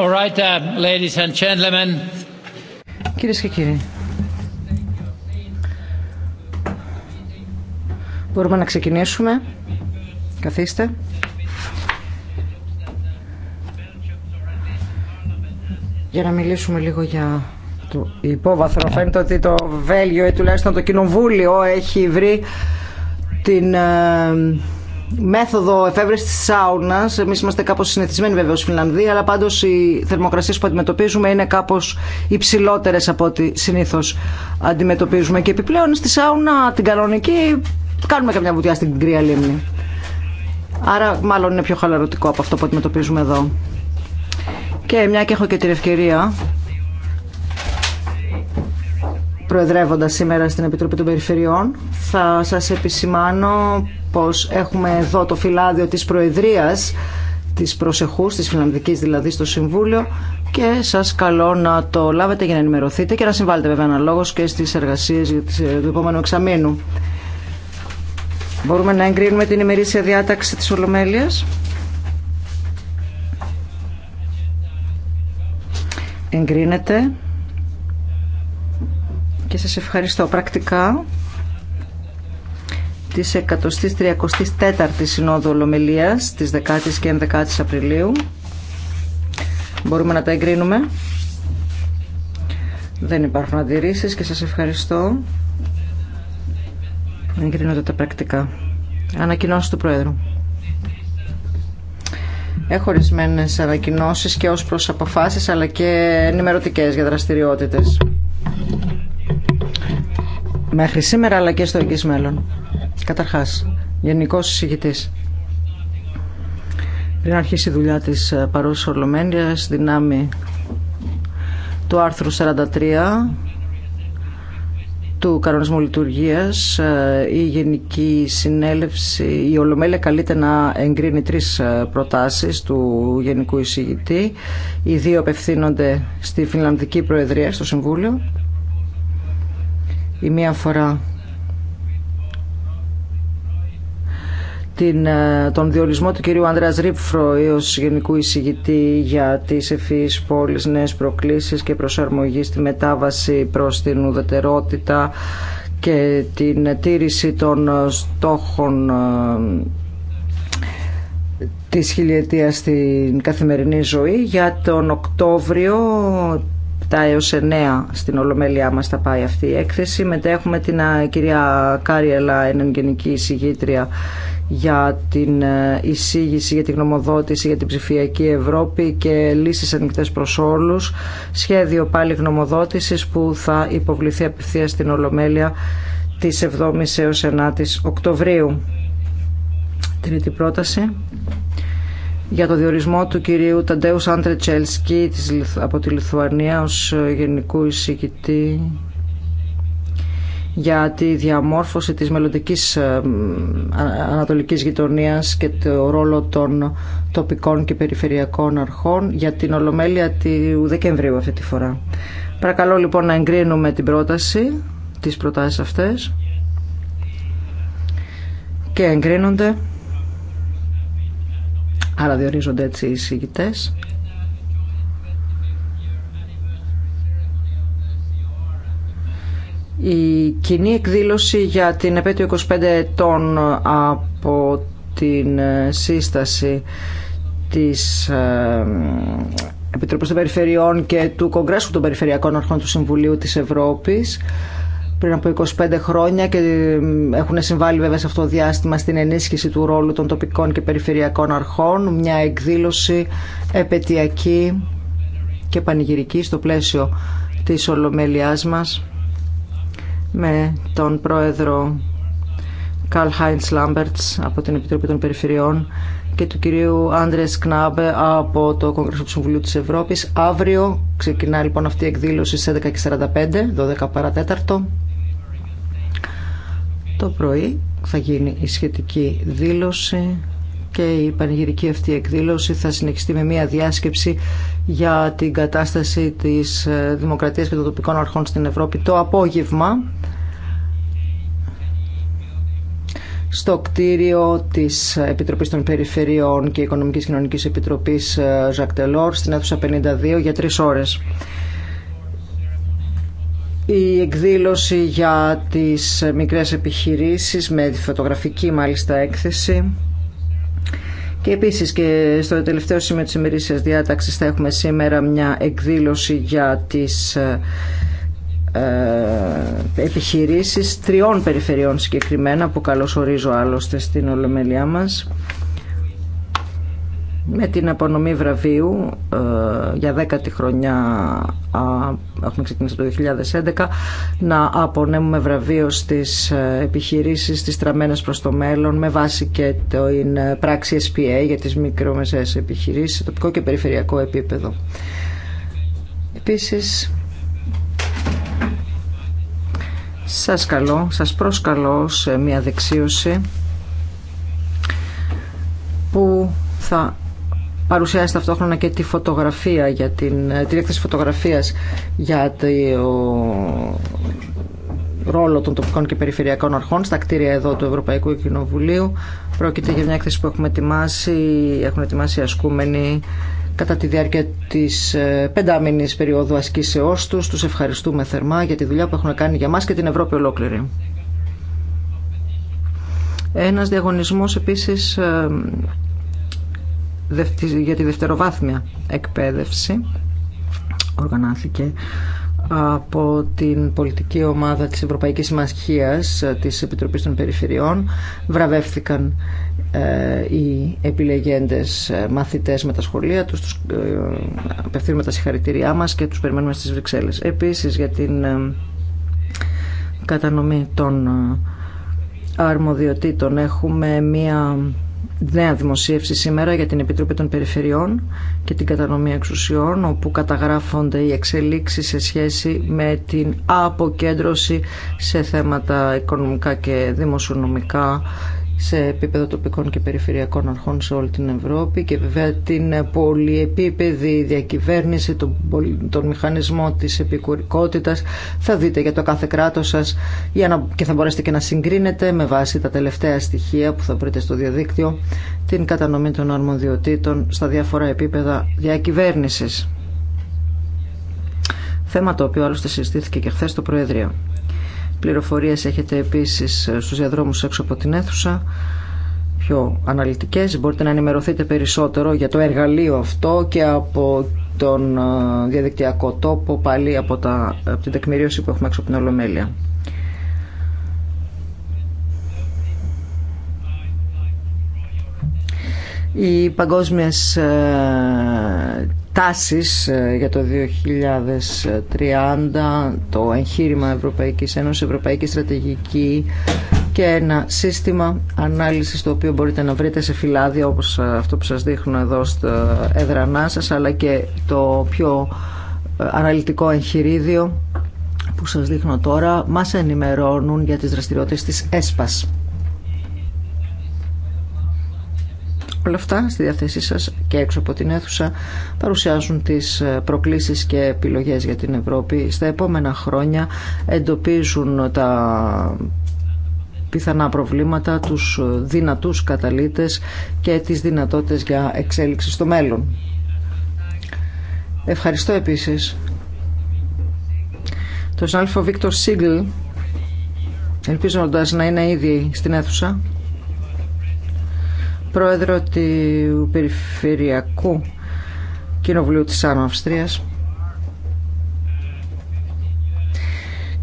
Κυρίε uh, Κυρίες και κύριοι, μπορούμε να ξεκινήσουμε. Καθίστε. Για να μιλήσουμε λίγο για το υπόβαθρο. Φαίνεται ότι το Βέλγιο ή τουλάχιστον το Κοινοβούλιο έχει βρει την ε, μέθοδο εφεύρεση τη σάουνα. Εμεί είμαστε κάπω συνηθισμένοι βέβαια ω Φιλανδία, αλλά πάντω οι θερμοκρασίε που αντιμετωπίζουμε είναι κάπω υψηλότερε από ό,τι συνήθω αντιμετωπίζουμε. Και επιπλέον στη σάουνα την κανονική κάνουμε καμιά βουτιά στην κρύα λίμνη. Άρα μάλλον είναι πιο χαλαρωτικό από αυτό που αντιμετωπίζουμε εδώ. Και μια και έχω και την ευκαιρία προεδρεύοντας σήμερα στην Επιτροπή των Περιφερειών θα σας επισημάνω πως έχουμε εδώ το φυλάδιο της Προεδρίας της προσεχούς, της Φιλανδικής δηλαδή στο Συμβούλιο και σας καλώ να το λάβετε για να ενημερωθείτε και να συμβάλλετε βέβαια αναλόγως και στις εργασίες ε, του επόμενου εξαμήνου. Μπορούμε να εγκρίνουμε την ημερήσια διάταξη της Ολομέλειας. Εγκρίνεται και σας ευχαριστώ πρακτικά της 134 η Συνόδου Ολομελίας της 10 η και 11 η Απριλίου. Μπορούμε να τα εγκρίνουμε. Δεν υπάρχουν αντιρρήσεις και σας ευχαριστώ. Εγκρίνονται τα πρακτικά. Ανακοινώσει του Πρόεδρου. Έχω ορισμένε ανακοινώσει και ω προ αποφάσει αλλά και ενημερωτικέ για δραστηριότητε. Μέχρι σήμερα αλλά και στο εγγύ μέλλον. Καταρχάς, γενικός συζητητής. Πριν αρχίσει η δουλειά της ε, παρός Ολομέλειας, δυνάμει του άρθρου 43 του κανονισμού λειτουργίας ε, η Γενική Συνέλευση, η Ολομέλεια καλείται να εγκρίνει τρεις ε, προτάσεις του Γενικού Εισηγητή. Οι δύο απευθύνονται στη Φινλανδική Προεδρία, στο Συμβούλιο. Η μία φορά. την, ε, τον διορισμό του κυρίου Ανδρέας Ρίπφρο, ως Γενικού Εισηγητή για τις ευφύης πόλεις, νέες προκλήσεις και προσαρμογή στη μετάβαση προς την ουδετερότητα και την τήρηση των στόχων ε, της χιλιετίας στην καθημερινή ζωή. Για τον Οκτώβριο τα έως 9 στην Ολομέλειά μας θα πάει αυτή η έκθεση. Μετά έχουμε την ε, κυρία Κάριελα, έναν γενική εισηγήτρια για την ε, εισήγηση, για την γνωμοδότηση για την ψηφιακή Ευρώπη και λύσεις ανοιχτές προς όλους. Σχέδιο πάλι γνωμοδότησης που θα υποβληθεί απευθεία στην Ολομέλεια της 7ης έως 9ης Οκτωβρίου. Τρίτη πρόταση για το διορισμό του κυρίου Ταντέου Άντρε Τσέλσκι από τη Λιθουανία ως ε, Γενικού Εισηγητή για τη διαμόρφωση της μελλοντική ε, ε, ανατολικής γειτονίας και το ρόλο των τοπικών και περιφερειακών αρχών για την Ολομέλεια του Δεκεμβρίου αυτή τη φορά. Παρακαλώ λοιπόν να εγκρίνουμε την πρόταση, τις προτάσεις αυτές και εγκρίνονται, άρα διορίζονται έτσι οι συγκητές. Η κοινή εκδήλωση για την επέτειο 25 ετών από την ε, σύσταση της ε, Επιτροπής των Περιφερειών και του Κογκρέσου των Περιφερειακών Αρχών του Συμβουλίου της Ευρώπης πριν από 25 χρόνια και έχουν συμβάλει βέβαια σε αυτό το διάστημα στην ενίσχυση του ρόλου των τοπικών και περιφερειακών αρχών μια εκδήλωση επαιτειακή και πανηγυρική στο πλαίσιο της Ολομέλειάς μας με τον πρόεδρο Καλ Χάιντ Λάμπερτ, από την Επιτροπή των Περιφερειών και του κυρίου Άντρε Κνάμπε από το Κόγκρεσο του Συμβουλίου της Ευρώπης. Αύριο ξεκινά λοιπόν αυτή η εκδήλωση στι 11.45, 12 παρατέταρτο. Το πρωί θα γίνει η σχετική δήλωση και η πανηγυρική αυτή εκδήλωση θα συνεχιστεί με μια διάσκεψη για την κατάσταση της ε, δημοκρατίας και των τοπικών αρχών στην Ευρώπη το απόγευμα στο κτίριο της Επιτροπής των Περιφερειών και Οικονομικής Κοινωνικής Επιτροπής Ζακτελόρ στην αίθουσα 52 για τρεις ώρες. Η εκδήλωση για τις μικρές επιχειρήσεις με φωτογραφική μάλιστα έκθεση και επίση, και στο τελευταίο σημείο της ημερήσια διάταξη, θα έχουμε σήμερα μια εκδήλωση για τις ε, ε, επιχειρήσεις τριών περιφερειών συγκεκριμένα που καλωσορίζω άλλωστε στην Ολομέλειά μας με την απονομή βραβείου ε, για δέκατη χρονιά έχουμε ξεκινήσει το 2011 να απονέμουμε βραβείο στις ε, επιχειρήσεις στις τραμμένες προς το μέλλον με βάση και το in ε, πράξη SPA για τις μικρομεσαίες επιχειρήσεις σε τοπικό και περιφερειακό επίπεδο. Επίσης σας καλώ, σας προσκαλώ σε μια δεξίωση που θα παρουσιάσει ταυτόχρονα και τη φωτογραφία για την, ε, έκθεση φωτογραφίας για το ρόλο των τοπικών και περιφερειακών αρχών στα κτίρια εδώ του Ευρωπαϊκού Κοινοβουλίου. Πρόκειται για μια έκθεση που έχουμε ετοιμάσει, έχουν ετοιμάσει ασκούμενοι κατά τη διάρκεια της ε, πεντάμινης περίοδου ασκήσεώς τους. Τους ευχαριστούμε θερμά για τη δουλειά που έχουν κάνει για μας και την Ευρώπη ολόκληρη. Ένας διαγωνισμός επίσης ε, για τη δευτεροβάθμια εκπαίδευση οργανάθηκε από την πολιτική ομάδα της Ευρωπαϊκής Συμμαχίας ε, της Επιτροπής των Περιφερειών βραβεύθηκαν ε, οι επιλεγέντες ε, μαθητές με τα σχολεία τους, τους απευθύνουμε τα συγχαρητήριά μας και τους περιμένουμε στις Βρυξέλλες. Επίσης για την κατανομή των αρμοδιοτήτων έχουμε μία νέα δημοσίευση σήμερα για την Επιτροπή των Περιφερειών και την κατανομή εξουσιών, όπου καταγράφονται οι εξελίξεις σε σχέση με την αποκέντρωση σε θέματα οικονομικά και δημοσιονομικά σε επίπεδο τοπικών και περιφερειακών αρχών σε όλη την Ευρώπη και βέβαια την πολυεπίπεδη διακυβέρνηση, τον, τον μηχανισμό της επικουρικότητας θα δείτε για το κάθε κράτος σας για να, και θα μπορέσετε και να συγκρίνετε με βάση τα τελευταία στοιχεία που θα βρείτε στο διαδίκτυο την κατανομή των αρμοδιοτήτων στα διάφορα επίπεδα διακυβέρνησης. Θέμα το οποίο άλλωστε συζητήθηκε και χθε στο Προεδρείο. Πληροφορίες έχετε επίσης στους διαδρόμους έξω από την αίθουσα πιο αναλυτικές. Μπορείτε να ενημερωθείτε περισσότερο για το εργαλείο αυτό και από τον ε, διαδικτυακό τόπο πάλι από, τα, από την τεκμηρίωση που έχουμε έξω από την Ολομέλεια. οι παγκόσμιες ε, τάσεις ε, για το 2030, το εγχείρημα Ευρωπαϊκής Ένωσης, Ευρωπαϊκή Στρατηγική και ένα σύστημα ανάλυσης το οποίο μπορείτε να βρείτε σε φυλάδια όπως αυτό που σας δείχνω εδώ στο έδρανά σας αλλά και το πιο ε, αναλυτικό εγχειρίδιο που σας δείχνω τώρα μας ενημερώνουν για τις δραστηριότητες της ΕΣΠΑΣ. Όλα αυτά στη διάθεσή σας και έξω από την αίθουσα παρουσιάζουν τις ε, προκλήσεις και επιλογές για την Ευρώπη. Στα επόμενα χρόνια εντοπίζουν τα πιθανά προβλήματα, τους δυνατούς καταλήτες και τις δυνατότητες για εξέλιξη στο μέλλον. Ευχαριστώ επίσης τον συνάδελφο Βίκτορ Σίγκλ, ελπίζοντας να είναι ήδη στην αίθουσα πρόεδρο του Περιφερειακού Κοινοβουλίου της Άνω Αυστρίας.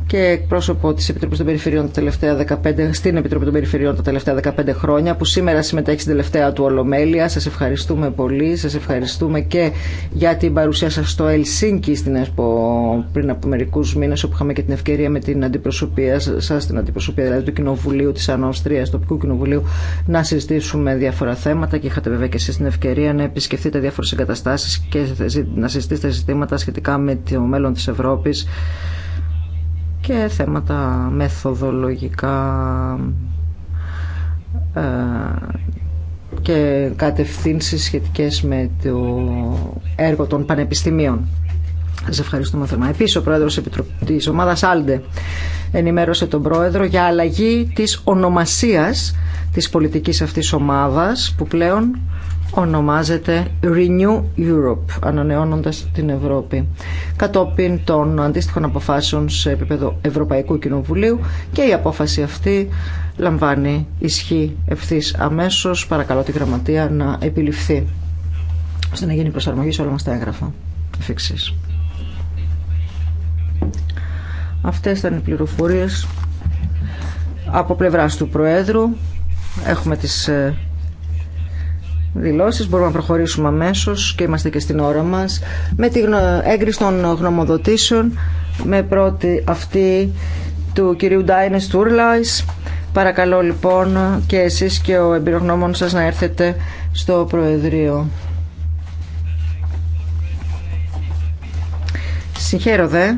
και εκπρόσωπο τη Επιτροπή των Περιφερειών τα τελευταία 15, στην Επιτροπή των Περιφερειών τα τελευταία 15 χρόνια, που σήμερα συμμετέχει στην τελευταία του Ολομέλεια. Σα ευχαριστούμε πολύ. Σα ευχαριστούμε και για την παρουσία σα στο Ελσίνκι στην ΕΣΠΟ πριν από μερικού μήνε, όπου είχαμε και την ευκαιρία με την αντιπροσωπεία σα, την αντιπροσωπεία δηλαδή του Κοινοβουλίου τη Ανώστρια, του τοπικού κοινοβουλίου, να συζητήσουμε διάφορα θέματα και είχατε βέβαια και εσεί την ευκαιρία να επισκεφτείτε διάφορε εγκαταστάσει και να συζητήσετε ζητήματα σχετικά με το μέλλον τη Ευρώπη και θέματα μεθοδολογικά ε, και κατευθύνσεις σχετικές με το έργο των πανεπιστημίων. Σας ευχαριστούμε θερμά. Επίσης ο πρόεδρος της ομάδας Άλντε ενημέρωσε τον πρόεδρο για αλλαγή της ονομασίας της πολιτικής αυτής ομάδας που πλέον ονομάζεται Renew Europe, ανανεώνοντας την Ευρώπη, κατόπιν των αντίστοιχων αποφάσεων σε επίπεδο Ευρωπαϊκού Κοινοβουλίου και η απόφαση αυτή λαμβάνει ισχύ ευθύ αμέσως. Παρακαλώ τη Γραμματεία να επιληφθεί ώστε να γίνει προσαρμογή σε όλα μας τα έγγραφα. Αυτέ Αυτές ήταν οι πληροφορίες από πλευράς του Προέδρου. Έχουμε τις ε, δηλώσεις. Μπορούμε να προχωρήσουμε αμέσω και είμαστε και στην ώρα μας με την έγκριση των γνωμοδοτήσεων με πρώτη αυτή του κυρίου Ντάινε Τούρλαϊς. Παρακαλώ λοιπόν και εσείς και ο εμπειρογνώμων σας να έρθετε στο Προεδρείο. Συγχαίρω δε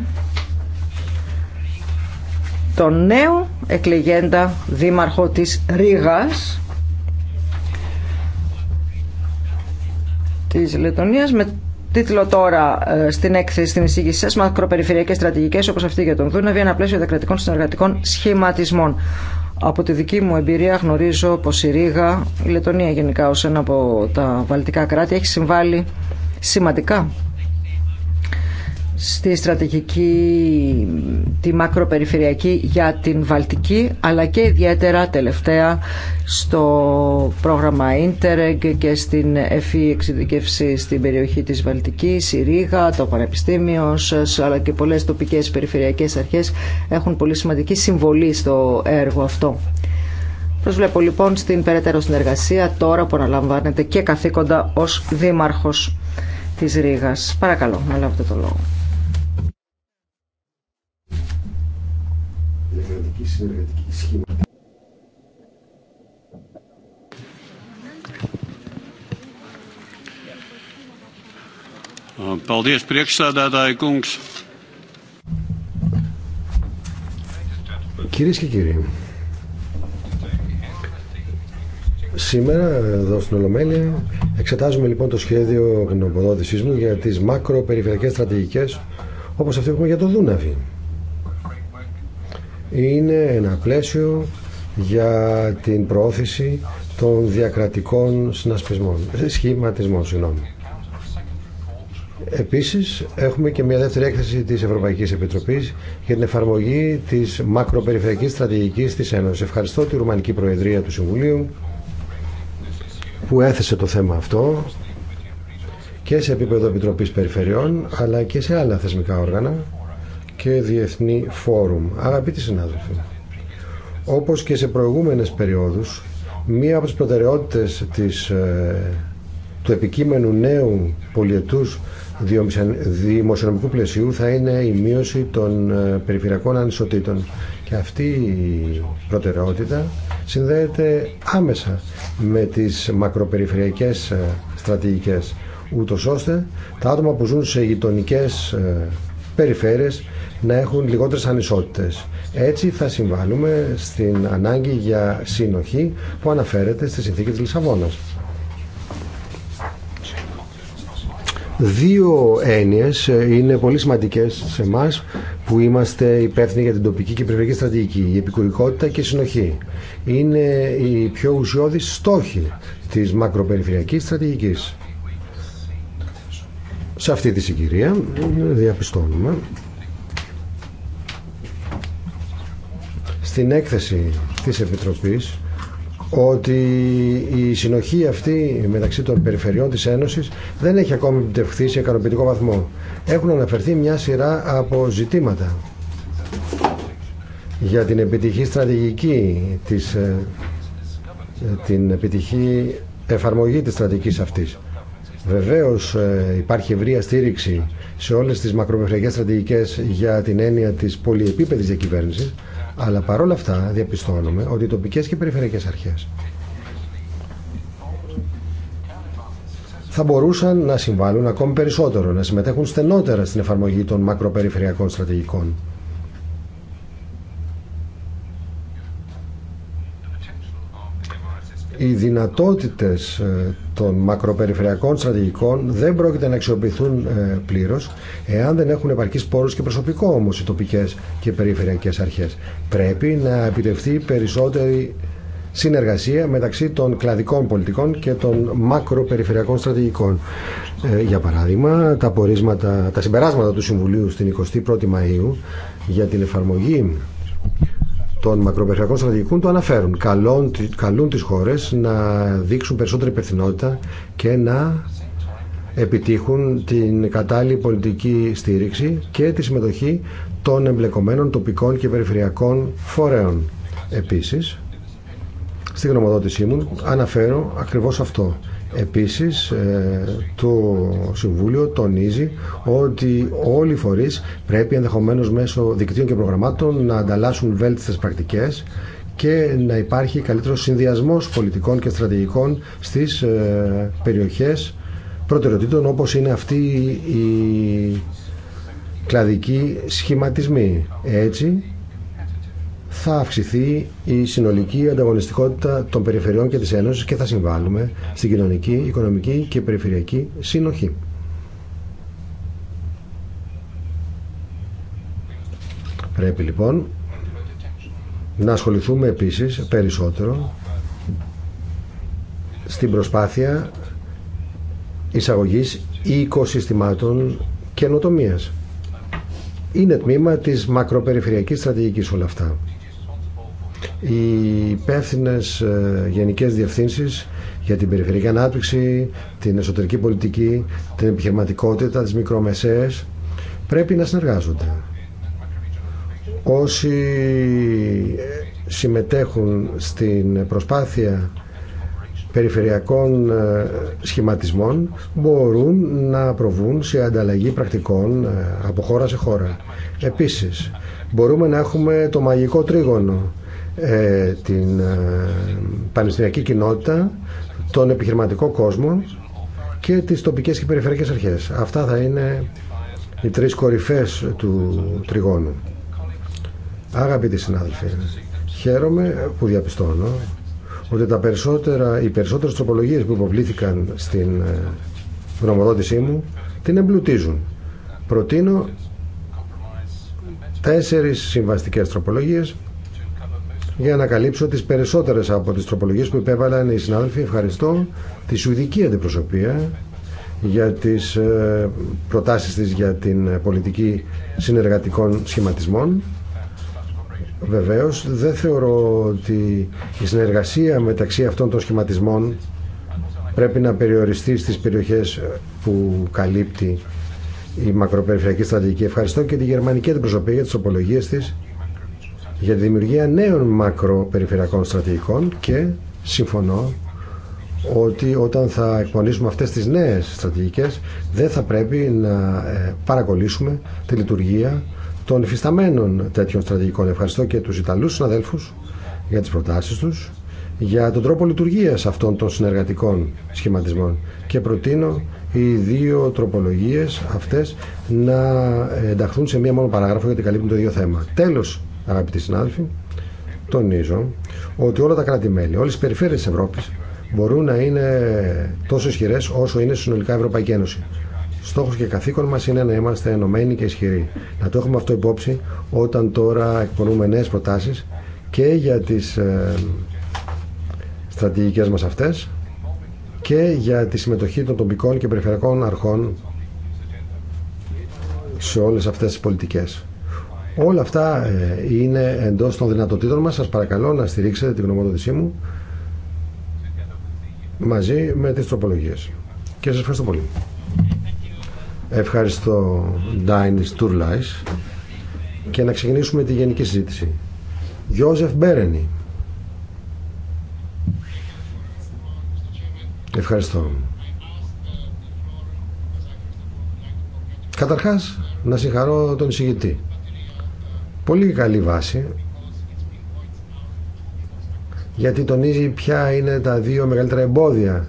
τον νέο εκλεγέντα δήμαρχο της Ρήγας Τη Λετωνίας με τίτλο τώρα ε, στην έκθεση στην εισήγησή σας «Μακροπεριφερειακές στρατηγικές όπως αυτή για τον Δούναβη, ένα πλαίσιο δεκρατικών συνεργατικών σχηματισμών». Από τη δική μου εμπειρία γνωρίζω πως η Ρήγα, η Λετωνία γενικά ως ένα από τα βαλτικά κράτη, έχει συμβάλει σημαντικά στη στρατηγική τη μακροπεριφερειακή για την Βαλτική αλλά και ιδιαίτερα τελευταία στο πρόγραμμα Interreg και στην ΕΦΗ e εξειδικεύση στην περιοχή της Βαλτικής, η Ρήγα, το Πανεπιστήμιο αλλά και πολλές τοπικές περιφερειακές αρχές έχουν πολύ σημαντική συμβολή στο έργο αυτό. Προσβλέπω λοιπόν στην περαιτέρω συνεργασία τώρα που αναλαμβάνεται και καθήκοντα ως δήμαρχος της Ρήγας. Παρακαλώ, να λάβετε το λόγο. ευρωπαϊκή συνεργατική σχήμα. Ε, και κύριοι, σήμερα εδώ στην Ολομέλεια εξετάζουμε λοιπόν το σχέδιο γνωμοδότησή μου για τις μακροπεριφερειακές στρατηγικές όπως που έχουμε για το Δούναβι είναι ένα πλαίσιο για την προώθηση των διακρατικών συνασπισμών, σχηματισμών. Συγγνώμη. Επίσης, έχουμε και μια δεύτερη έκθεση της Ευρωπαϊκής Επιτροπής για την εφαρμογή της μακροπεριφερειακής στρατηγικής της Ένωσης. Ευχαριστώ τη Ρουμανική Προεδρία του Συμβουλίου που έθεσε το θέμα αυτό και σε επίπεδο Επιτροπής Περιφερειών αλλά και σε άλλα θεσμικά όργανα και διεθνή φόρουμ. Αγαπητοί συνάδελφοι, όπως και σε προηγούμενες περιόδους, μία από τις προτεραιότητες της, ε, του επικείμενου νέου πολιετούς δημοσιονομικού πλαισίου θα είναι η μείωση των ε, περιφερειακών ανισοτήτων. Και αυτή η προτεραιότητα συνδέεται άμεσα με τις μακροπεριφερειακές ε, στρατηγικές, ούτως ώστε τα άτομα που ζουν σε γειτονικές περιφέρειες να έχουν λιγότερες ανισότητες. Έτσι θα συμβάλλουμε στην ανάγκη για συνοχή που αναφέρεται στη συνθήκη της Λισαβόνας. Δύο έννοιες είναι πολύ σημαντικές σε εμά που είμαστε υπεύθυνοι για την τοπική και περιφερειακή στρατηγική. Η επικουρικότητα και η συνοχή είναι οι πιο ουσιώδεις στόχοι της μακροπεριφερειακής στρατηγικής σε αυτή τη συγκυρία διαπιστώνουμε στην έκθεση της Επιτροπής ότι η συνοχή αυτή μεταξύ των περιφερειών της Ένωσης δεν έχει ακόμη επιτευχθεί σε ικανοποιητικό βαθμό. Έχουν αναφερθεί μια σειρά από ζητήματα για την επιτυχή στρατηγική της, ε, την επιτυχή εφαρμογή της στρατηγικής αυτής. Βεβαίως ε, υπάρχει ευρεία στήριξη σε όλες τις μακροπεριφερειακές στρατηγικές για την έννοια της πολυεπίπεδης διακυβέρνηση, αλλά παρόλα αυτά διαπιστώνουμε ότι οι τοπικές και περιφερειακές αρχές θα μπορούσαν να συμβάλλουν ακόμη περισσότερο, να συμμετέχουν στενότερα στην εφαρμογή των μακροπεριφερειακών στρατηγικών. οι δυνατότητες ε, των μακροπεριφερειακών στρατηγικών δεν πρόκειται να αξιοποιηθούν ε, πλήρως εάν δεν έχουν επαρκείς πόρους και προσωπικό όμως οι τοπικές και περιφερειακές αρχές. Πρέπει να επιτευχθεί περισσότερη συνεργασία μεταξύ των κλαδικών πολιτικών και των μακροπεριφερειακών στρατηγικών. Ε, για παράδειγμα, τα, τα συμπεράσματα του Συμβουλίου στην 21η Μαΐου για την εφαρμογή των μακροπεριφερειακών στρατηγικών το αναφέρουν. Καλούν, καλούν τις χώρες να δείξουν περισσότερη υπευθυνότητα και να επιτύχουν την κατάλληλη πολιτική στήριξη και τη συμμετοχή των εμπλεκομένων τοπικών και περιφερειακών φορέων. Επίσης, στη γνωμοδότησή μου αναφέρω ακριβώς αυτό. Επίσης ε, το Συμβούλιο τονίζει ότι όλοι οι φορείς πρέπει ενδεχομένως μέσω δικτύων και προγραμμάτων να ανταλλάσσουν βέλτιστες πρακτικές και να υπάρχει καλύτερος συνδυασμός πολιτικών και στρατηγικών στις ε, περιοχές προτεραιοτήτων όπως είναι αυτή η κλαδική σχηματισμοί. Έτσι, θα αυξηθεί η συνολική ανταγωνιστικότητα των περιφερειών και της Ένωσης και θα συμβάλλουμε στην κοινωνική, οικονομική και περιφερειακή συνοχή. Πρέπει λοιπόν να ασχοληθούμε επίσης περισσότερο στην προσπάθεια εισαγωγής οικοσυστημάτων καινοτομίας. Είναι τμήμα της μακροπεριφερειακής στρατηγικής όλα αυτά οι υπεύθυνε ε, γενικές διευθύνσεις για την περιφερειακή ανάπτυξη, την εσωτερική πολιτική, την επιχειρηματικότητα, τις μικρομεσαίες πρέπει να συνεργάζονται. Όσοι ε, συμμετέχουν στην προσπάθεια περιφερειακών ε, σχηματισμών μπορούν να προβούν σε ανταλλαγή πρακτικών από χώρα σε χώρα. Επίσης, μπορούμε να έχουμε το μαγικό τρίγωνο ε, την ε, πανεπιστημιακή κοινότητα, τον επιχειρηματικό κόσμο και τις τοπικές και περιφερειακές αρχές. Αυτά θα είναι οι τρεις κορυφές του τριγώνου. Αγαπητοί συνάδελφοι, χαίρομαι που διαπιστώνω ότι τα περισσότερα, οι περισσότερες τροπολογίες που υποβλήθηκαν στην ε, γνωμοδότησή μου την εμπλουτίζουν. Προτείνω τέσσερις συμβαστικές τροπολογίες για να καλύψω τις περισσότερες από τις τροπολογίες που υπέβαλαν οι συνάδελφοι. Ευχαριστώ τη Σουηδική Αντιπροσωπεία για τις ε, προτάσεις της για την πολιτική συνεργατικών σχηματισμών. Βεβαίως δεν θεωρώ ότι η συνεργασία μεταξύ αυτών των σχηματισμών πρέπει να περιοριστεί στις περιοχές που καλύπτει η μακροπεριφερειακή στρατηγική. Ευχαριστώ και τη γερμανική αντιπροσωπεία για τις τροπολογίες της για τη δημιουργία νέων μακροπεριφερειακών στρατηγικών και συμφωνώ ότι όταν θα εκπονήσουμε αυτές τις νέες στρατηγικές δεν θα πρέπει να ε, παρακολύσουμε τη λειτουργία των υφισταμένων τέτοιων στρατηγικών. Ευχαριστώ και τους Ιταλούς συναδέλφους για τις προτάσεις τους, για τον τρόπο λειτουργίας αυτών των συνεργατικών σχηματισμών και προτείνω οι δύο τροπολογίες αυτές να ενταχθούν σε μία μόνο παράγραφο γιατί καλύπτουν το ίδιο θέμα. Τέλος, αγαπητοί συνάδελφοι, τονίζω ότι όλα τα κράτη-μέλη, όλες οι περιφέρειες της Ευρώπης μπορούν να είναι τόσο ισχυρέ όσο είναι συνολικά η Ευρωπαϊκή Ένωση. Στόχος και καθήκον μας είναι να είμαστε ενωμένοι και ισχυροί. Να το έχουμε αυτό υπόψη όταν τώρα εκπονούμε νέες προτάσεις και για τις ε, στρατηγικές μας αυτές και για τη συμμετοχή των τοπικών και περιφερειακών αρχών σε όλες αυτές τις πολιτικές. Όλα αυτά ε, είναι εντός των δυνατοτήτων μας. Σας παρακαλώ να στηρίξετε την γνωμοδότησή μου μαζί με τις τροπολογίε. Και σας ευχαριστώ πολύ. Ευχαριστώ Ντάινι Τουρλάι. και να ξεκινήσουμε τη γενική συζήτηση. Γιώζεφ Μπέρενι. Ευχαριστώ. Καταρχάς, να συγχαρώ τον εισηγητή πολύ καλή βάση γιατί τονίζει ποια είναι τα δύο μεγαλύτερα εμπόδια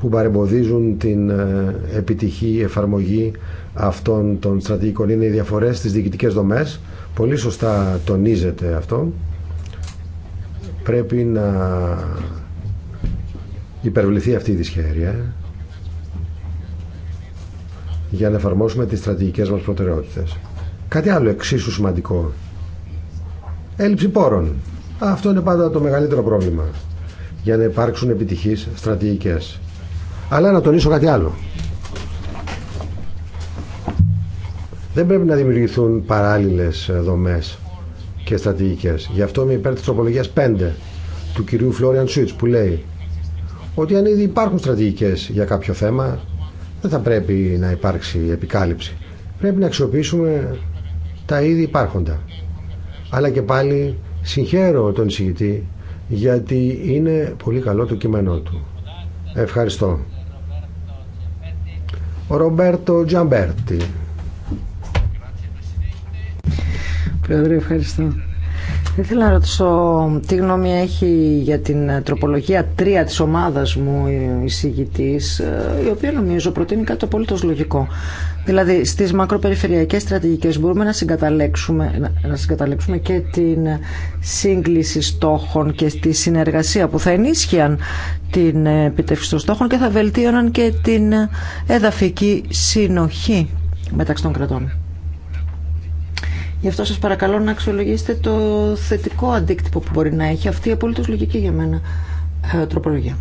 που παρεμποδίζουν την ε, επιτυχή εφαρμογή αυτών των στρατηγικών. Είναι οι διαφορές στις διοικητικές δομές. Πολύ σωστά τονίζεται αυτό. Πρέπει να υπερβληθεί αυτή η δυσχέρεια για να εφαρμόσουμε τις στρατηγικές μας προτεραιότητες. Κάτι άλλο εξίσου σημαντικό έλλειψη πόρων. Αυτό είναι πάντα το μεγαλύτερο πρόβλημα για να υπάρξουν επιτυχείς στρατηγικές. Αλλά να τονίσω κάτι άλλο. Δεν πρέπει να δημιουργηθούν παράλληλες δομές και στρατηγικές. Γι' αυτό είμαι υπέρ της τροπολογίας 5 του κυρίου Φλόριαν Σουίτς που λέει ότι αν ήδη υπάρχουν στρατηγικές για κάποιο θέμα δεν θα πρέπει να υπάρξει επικάλυψη. Πρέπει να αξιοποιήσουμε τα ήδη υπάρχοντα αλλά και πάλι συγχαίρω τον εισηγητή γιατί είναι πολύ καλό το κείμενό του. Ευχαριστώ. Ο Ρομπέρτο Τζαμπέρτη. Πρόεδρε, ευχαριστώ. Ήθελα να ρωτήσω τι γνώμη έχει για την ε, τροπολογία 3 της ομάδας μου ε, η ε, η οποία νομίζω προτείνει κάτι απολύτως λογικό. Δηλαδή στις μακροπεριφερειακές στρατηγικές μπορούμε να συγκαταλέξουμε, να συγκαταλέξουμε και την σύγκληση στόχων και τη συνεργασία που θα ενίσχυαν την επιτεύξη των στόχων και θα βελτίωναν και την εδαφική συνοχή μεταξύ των κρατών. Γι' αυτό σας παρακαλώ να αξιολογήσετε το θετικό αντίκτυπο που μπορεί να έχει. Αυτή η απολύτως λογική για μένα ε, τροπολογία.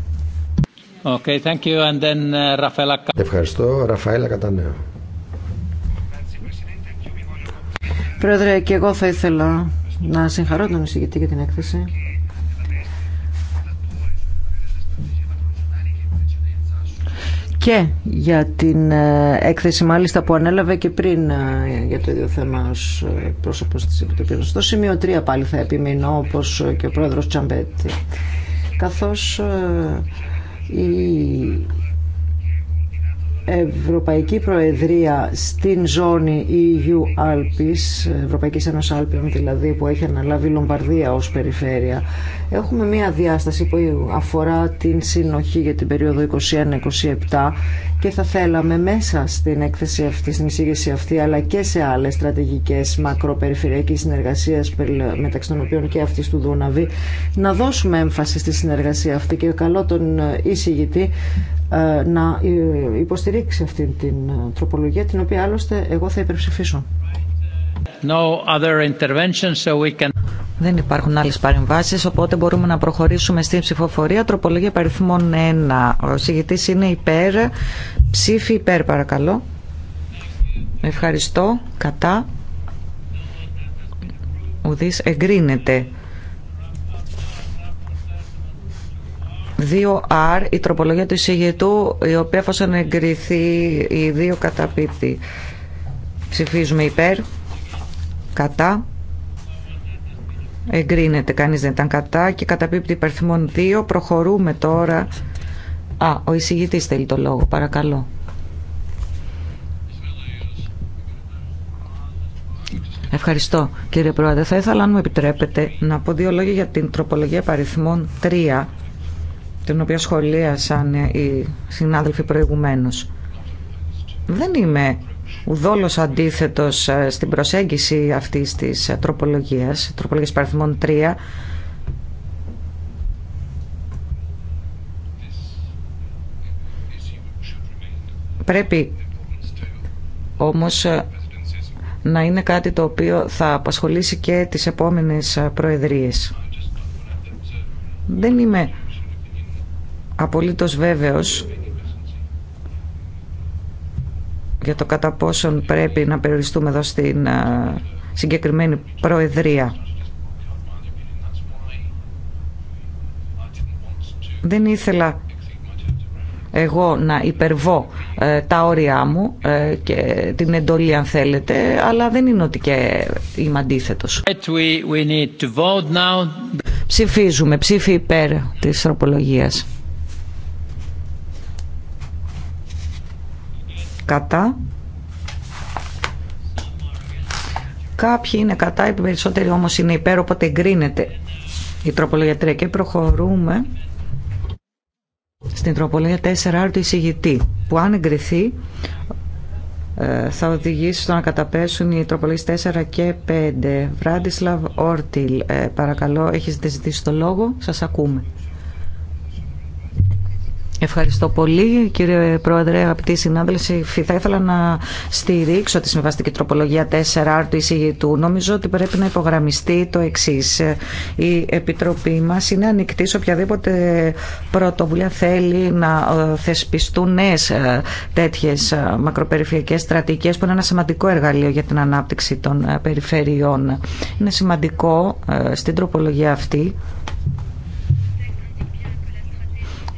Okay, thank you. And then, uh, Rafaela... Ευχαριστώ. Ραφαέλα Κατανέο. Πρόεδρε, και εγώ θα ήθελα να συγχαρώ τον εισηγητή για την έκθεση. και για την ε, έκθεση μάλιστα που ανέλαβε και πριν ε, για το ίδιο θέμα ως ε, πρόσωπος της Επιτροπής. Στο σημείο 3 πάλι θα επιμείνω όπως και ο πρόεδρος Τσαμπέτη καθώς η Ευρωπαϊκή Προεδρία στην ζώνη EU Alpes, Ευρωπαϊκής Ένωσης Άλπιων δηλαδή που έχει αναλάβει Λομπαρδία ως περιφέρεια Έχουμε μία διάσταση που αφορά την συνοχή για την περιοδο 2021 21-27 και θα θέλαμε μέσα στην έκθεση αυτή, στην εισήγηση αυτή, αλλά και σε άλλες στρατηγικές μακροπεριφερειακής συνεργασίας μεταξύ των οποίων και αυτής του Δούναβη, να δώσουμε έμφαση στη συνεργασία αυτή και καλό τον ε, εισηγητή ε, να ε, υποστηρίξει αυτή την τροπολογία την οποία άλλωστε εγώ θα υπερψηφίσω. Δεν υπάρχουν άλλες παρεμβάσεις, οπότε μπορούμε να προχωρήσουμε στην ψηφοφορία. Τροπολογία παριθμών 1. Ο συγητής είναι υπέρ. Ψήφι υπέρ, παρακαλώ. Ευχαριστώ. Κατά. Ουδής εγκρίνεται. 2R, η τροπολογία του εισηγητού, η οποία εφόσον εγκριθεί οι δύο καταπίπτει. Ψηφίζουμε υπέρ κατά εγκρίνεται κανείς δεν ήταν κατά και καταπίπτει υπερθυμών 2 προχωρούμε τώρα α ο εισηγητής θέλει το λόγο παρακαλώ Ευχαριστώ κύριε Πρόεδρε. Θα ήθελα αν μου επιτρέπετε να πω δύο λόγια για την τροπολογία παριθμών 3 την οποία σχολίασαν οι συνάδελφοι προηγουμένως. Δεν είμαι ουδόλως αντίθετος ε, στην προσέγγιση αυτής της τροπολογίας, τροπολογίας παριθμών 3, Πρέπει όμως ε, να είναι κάτι το οποίο θα απασχολήσει και τις επόμενες ε, προεδρίες. Δεν είμαι απολύτως βέβαιος για το κατά πόσον πρέπει να περιοριστούμε εδώ στην ε, συγκεκριμένη προεδρία. Δεν ήθελα εγώ να υπερβώ ε, τα όρια μου ε, και την εντολή αν θέλετε, αλλά δεν είναι ότι και είμαι αντίθετο. Ψηφίζουμε. Ψήφι υπέρ της τροπολογίας. κατά. Κάποιοι είναι κατά, οι περισσότεροι όμως είναι υπέρ, οπότε εγκρίνεται η τροπολογία και προχωρούμε στην τροπολογία 4 του εισηγητή που αν εγκριθεί ε, θα οδηγήσει στο να καταπέσουν οι τροπολογίες 4 και 5. Βράντισλαβ Όρτιλ, ε, παρακαλώ, έχεις ζητήσει το λόγο, σας ακούμε. Ευχαριστώ πολύ κύριε Πρόεδρε, αγαπητοί συνάδελφοι. Θα ήθελα να στηρίξω τη συμβαστική τροπολογία 4R του εισηγητού. Νομίζω ότι πρέπει να υπογραμμιστεί το εξή. Η Επιτροπή μα είναι ανοιχτή σε οποιαδήποτε πρωτοβουλία θέλει να ε, θεσπιστούν νέε τέτοιε μακροπεριφερειακέ στρατηγικέ που είναι ένα σημαντικό εργαλείο για την ανάπτυξη των ε, περιφερειών. Είναι σημαντικό ε, στην τροπολογία αυτή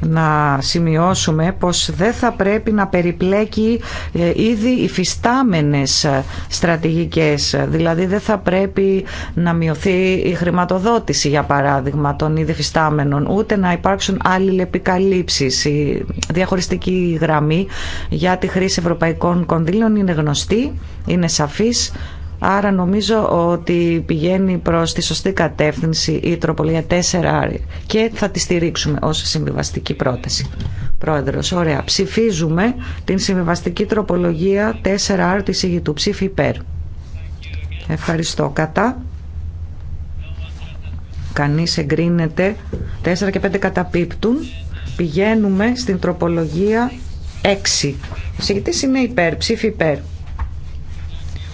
να σημειώσουμε πως δεν θα πρέπει να περιπλέκει ε, ήδη υφιστάμενες στρατηγικές. Δηλαδή δεν θα πρέπει να μειωθεί η χρηματοδότηση για παράδειγμα των ήδη υφιστάμενων ούτε να υπάρξουν αλληλεπικαλύψεις. Η διαχωριστική γραμμή για τη χρήση ευρωπαϊκών κονδύλων είναι γνωστή, είναι σαφής Άρα νομίζω ότι πηγαίνει προς τη σωστή κατεύθυνση η τροπολογία 4 και θα τη στηρίξουμε ως συμβιβαστική πρόταση. Πρόεδρος, ωραία. Ψηφίζουμε την συμβιβαστική τροπολογία 4R της ηγητού. Ψήφι υπέρ. Ευχαριστώ. Κατά. Κανείς εγκρίνεται. 4 και 5 καταπίπτουν. Πηγαίνουμε στην τροπολογία 6. Ο είναι υπέρ. Ψήφι υπέρ.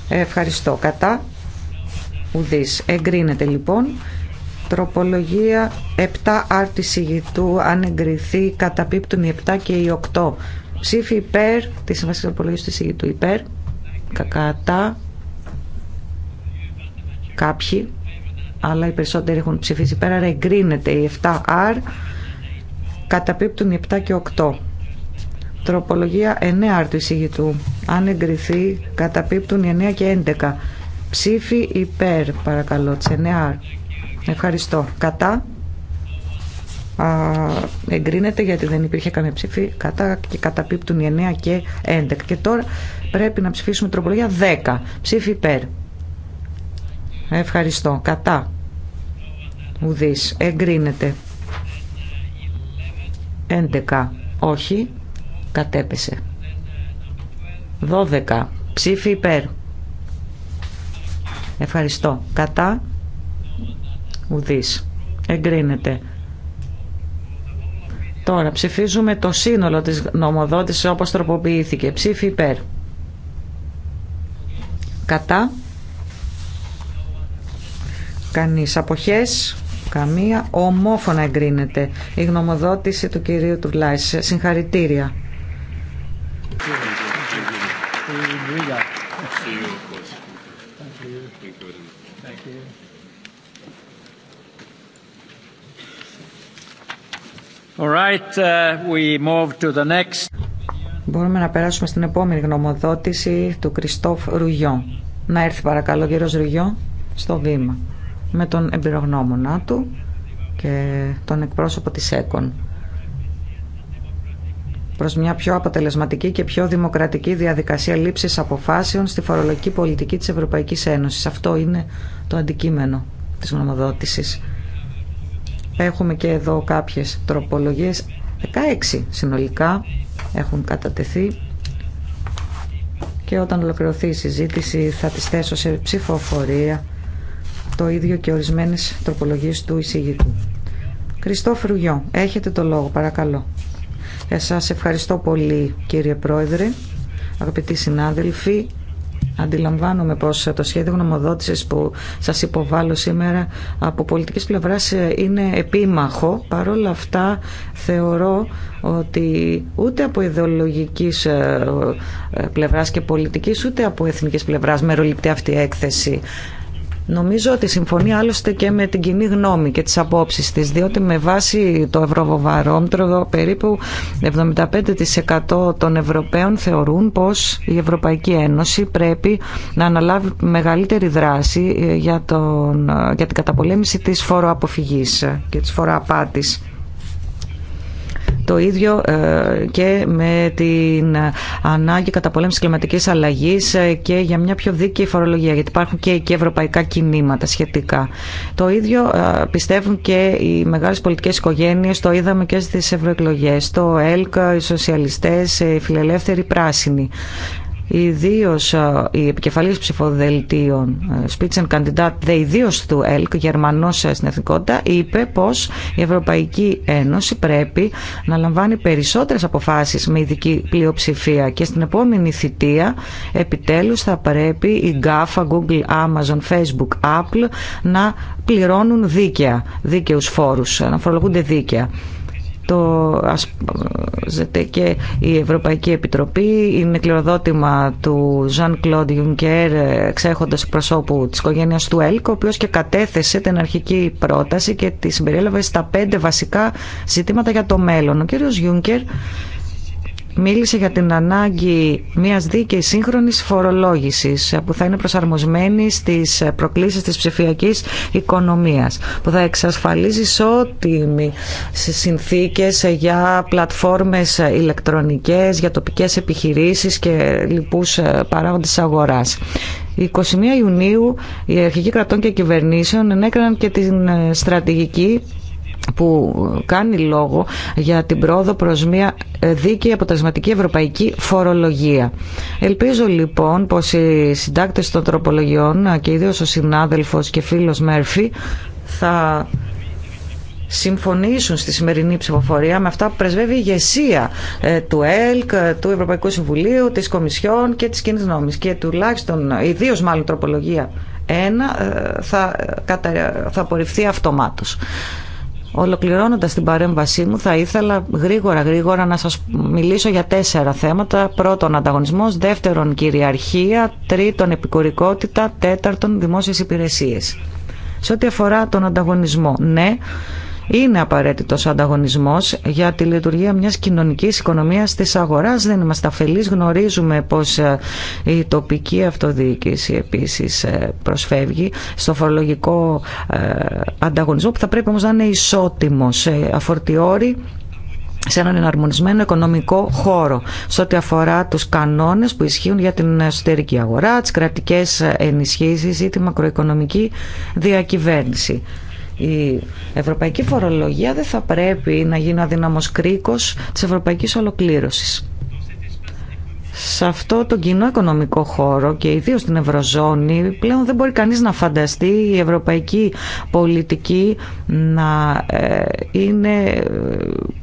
Ευχαριστώ. Κατά. Ουδής. Εγκρίνεται λοιπόν. Τροπολογία 7 άρτηση γητού αν εγκριθεί καταπίπτουν οι 7 και οι 8. Ψήφι υπέρ τη συμβασία τροπολογία του εισηγητού υπέρ. Κατά. Κάποιοι. Αλλά οι περισσότεροι έχουν ψηφίσει υπέρ. Άρα εγκρίνεται η 7R. Καταπίπτουν οι 7 και 8. Τροπολογία 9 του εισηγητού. Αν εγκριθεί, καταπίπτουν οι 9 και 11. Ψήφι υπέρ, παρακαλώ, τη 9. Ευχαριστώ. Κατά. Α, εγκρίνεται γιατί δεν υπήρχε καμία ψήφι. Κατά και καταπίπτουν οι 9 και 11. Και τώρα πρέπει να ψηφίσουμε τροπολογία 10. Ψήφι υπέρ. Ευχαριστώ. Κατά. Ουδής. Εγκρίνεται. 11. Όχι κατέπεσε. 12. Ψήφι υπέρ. Ευχαριστώ. Κατά. Ουδής. Εγκρίνεται. Τώρα ψηφίζουμε το σύνολο της νομοδότησης όπως τροποποιήθηκε. Ψήφι υπέρ. Κατά. Κανείς αποχές. Καμία. Ομόφωνα εγκρίνεται η γνωμοδότηση του κυρίου Τουρλάης. Συγχαρητήρια. Uh, Μπορούμε να περάσουμε στην επόμενη γνωμοδότηση του Κριστόφ Ρουγιό. Να έρθει παρακαλώ ο κύριος Ρουγιό στο βήμα με τον εμπειρογνώμονα του και τον εκπρόσωπο της ΕΚΟΝ προς μια πιο αποτελεσματική και πιο δημοκρατική διαδικασία λήψης αποφάσεων στη φορολογική πολιτική της Ευρωπαϊκής Ένωσης. Αυτό είναι το αντικείμενο της γνωμοδότησης. Έχουμε και εδώ κάποιες τροπολογίες. 16 συνολικά έχουν κατατεθεί και όταν ολοκληρωθεί η συζήτηση θα τις θέσω σε ψηφοφορία το ίδιο και ορισμένες τροπολογίες του εισηγητού. Κριστόφ Ρουγιό, έχετε το λόγο παρακαλώ. Σας ευχαριστώ πολύ κύριε Πρόεδρε, αγαπητοί συνάδελφοι. Αντιλαμβάνομαι πως το σχέδιο γνωμοδότησης που σας υποβάλλω σήμερα από πολιτικής πλευράς είναι επίμαχο. Παρ' όλα αυτά θεωρώ ότι ούτε από ιδεολογικής ε, ε, πλευράς και πολιτικής ούτε από εθνικής πλευράς μεροληπτεί αυτή η έκθεση. Νομίζω ότι συμφωνεί άλλωστε και με την κοινή γνώμη και τις απόψεις της, διότι με βάση το ευρωβοβαρόμτρο περίπου 75% των Ευρωπαίων θεωρούν πως η Ευρωπαϊκή Ένωση πρέπει να αναλάβει μεγαλύτερη δράση ε, για, τον, ε, για την καταπολέμηση της φοροαποφυγής και της φοροαπάτης. Το ίδιο ε, και με την ανάγκη καταπολέμησης κλιματικής αλλαγής ε, και για μια πιο δίκαιη φορολογία, γιατί υπάρχουν και ευρωπαϊκά κινήματα σχετικά. Το ίδιο ε, πιστεύουν και οι μεγάλες πολιτικές οικογένειες, το είδαμε και στις ευρωεκλογές, το ΕΛΚ, οι σοσιαλιστές, οι φιλελεύθεροι πράσινοι. Ιδίω η ε, επικεφαλής ψηφοδελτίων, ε, Spitzenkandidat, δε ιδίω του ΕΛΚ, Γερμανό ε, στην εθνικότητα, είπε πω η Ευρωπαϊκή Ένωση πρέπει να λαμβάνει περισσότερε αποφάσει με ειδική πλειοψηφία και στην επόμενη θητεία επιτέλου θα πρέπει η GAFA, Google, Amazon, Facebook, Apple να πληρώνουν δίκαια, δίκαιου φόρου, να φορολογούνται δίκαια το και η Ευρωπαϊκή Επιτροπή. Είναι κληροδότημα του Ζαν Κλοντ Ιουνκέρ, ξέχοντας προσώπου της οικογένεια του ΕΛΚ, ο οποίο και κατέθεσε την αρχική πρόταση και τη συμπεριέλαβε στα πέντε βασικά ζητήματα για το μέλλον. Ο κύριος Γιούνκερ μίλησε για την ανάγκη μιας δίκαιης σύγχρονης φορολόγησης που θα είναι προσαρμοσμένη στις προκλήσεις της ψηφιακής οικονομίας που θα εξασφαλίζει ισότιμη συνθήκες για πλατφόρμες ηλεκτρονικές, για τοπικές επιχειρήσεις και λοιπούς ε, παράγοντες αγοράς. 21 Ιουνίου οι Αρχική κρατών και κυβερνήσεων ενέκριναν και την ε, στρατηγική που κάνει λόγο για την πρόοδο προς μια δίκαιη αποτελεσματική ευρωπαϊκή φορολογία. Ελπίζω λοιπόν πως οι συντάκτες των τροπολογιών και ιδίως ο συνάδελφος και φίλος Μέρφυ θα συμφωνήσουν στη σημερινή ψηφοφορία με αυτά που πρεσβεύει η ηγεσία ε, του ΕΛΚ, ε, του Ευρωπαϊκού Συμβουλίου, της Κομισιόν και της Κοινής Νόμης και τουλάχιστον ε, ιδίω μάλλον τροπολογία 1, θα, θα απορριφθεί αυτομάτως. Ολοκληρώνοντας την παρέμβασή μου θα ήθελα γρήγορα γρήγορα να σας μιλήσω για τέσσερα θέματα. Πρώτον ανταγωνισμός, δεύτερον κυριαρχία, τρίτον επικουρικότητα, τέταρτον δημόσιες υπηρεσίες. Σε ό,τι αφορά τον ανταγωνισμό, ναι, είναι απαραίτητος ανταγωνισμό ανταγωνισμός για τη λειτουργία μιας κοινωνικής οικονομίας τη αγορά. Δεν είμαστε αφελεί. Γνωρίζουμε πως ε, η τοπική αυτοδιοίκηση επίσης ε, προσφεύγει στο φορολογικό ε, ανταγωνισμό που θα πρέπει όμω να είναι ισότιμος αφορτιόρι σε έναν εναρμονισμένο οικονομικό χώρο σε ό,τι αφορά τους κανόνες που ισχύουν για την εσωτερική αγορά, τις κρατικές ενισχύσεις ή τη μακροοικονομική διακυβέρνηση η ευρωπαϊκή φορολογία δεν θα πρέπει να γίνει ο αδύναμος κρίκος της ευρωπαϊκής ολοκλήρωσης. Σε αυτό το κοινό οικονομικό χώρο και ιδίως στην Ευρωζώνη πλέον δεν μπορεί κανείς να φανταστεί η ευρωπαϊκή πολιτική να ε, είναι ε,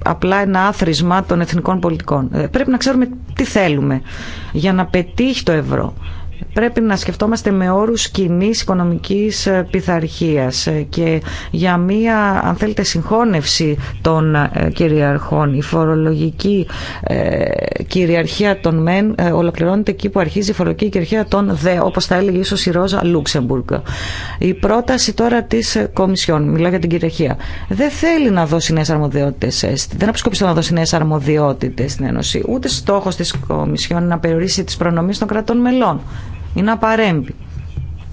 απλά ένα άθροισμα των εθνικών πολιτικών. Ε, πρέπει να ξέρουμε τι θέλουμε για να πετύχει το ευρώ πρέπει να σκεφτόμαστε με όρους κοινή οικονομικής ε, πειθαρχία ε, και για μία αν θέλετε συγχώνευση των ε, κυριαρχών η φορολογική κυριαρχία των ΜΕΝ ολοκληρώνεται εκεί που αρχίζει η φορολογική κυριαρχία των ΔΕ όπως θα έλεγε ίσως η Ρόζα Λούξεμπουργκ η πρόταση τώρα της Κομισιόν μιλάω για την κυριαρχία δεν θέλει να δώσει νέες αρμοδιότητες δεν αποσκόπησε να δώσει νέες αρμοδιότητες στην Ένωση ούτε στόχος της Κομισιόν να περιορίσει τις προνομίες των κρατών μελών είναι να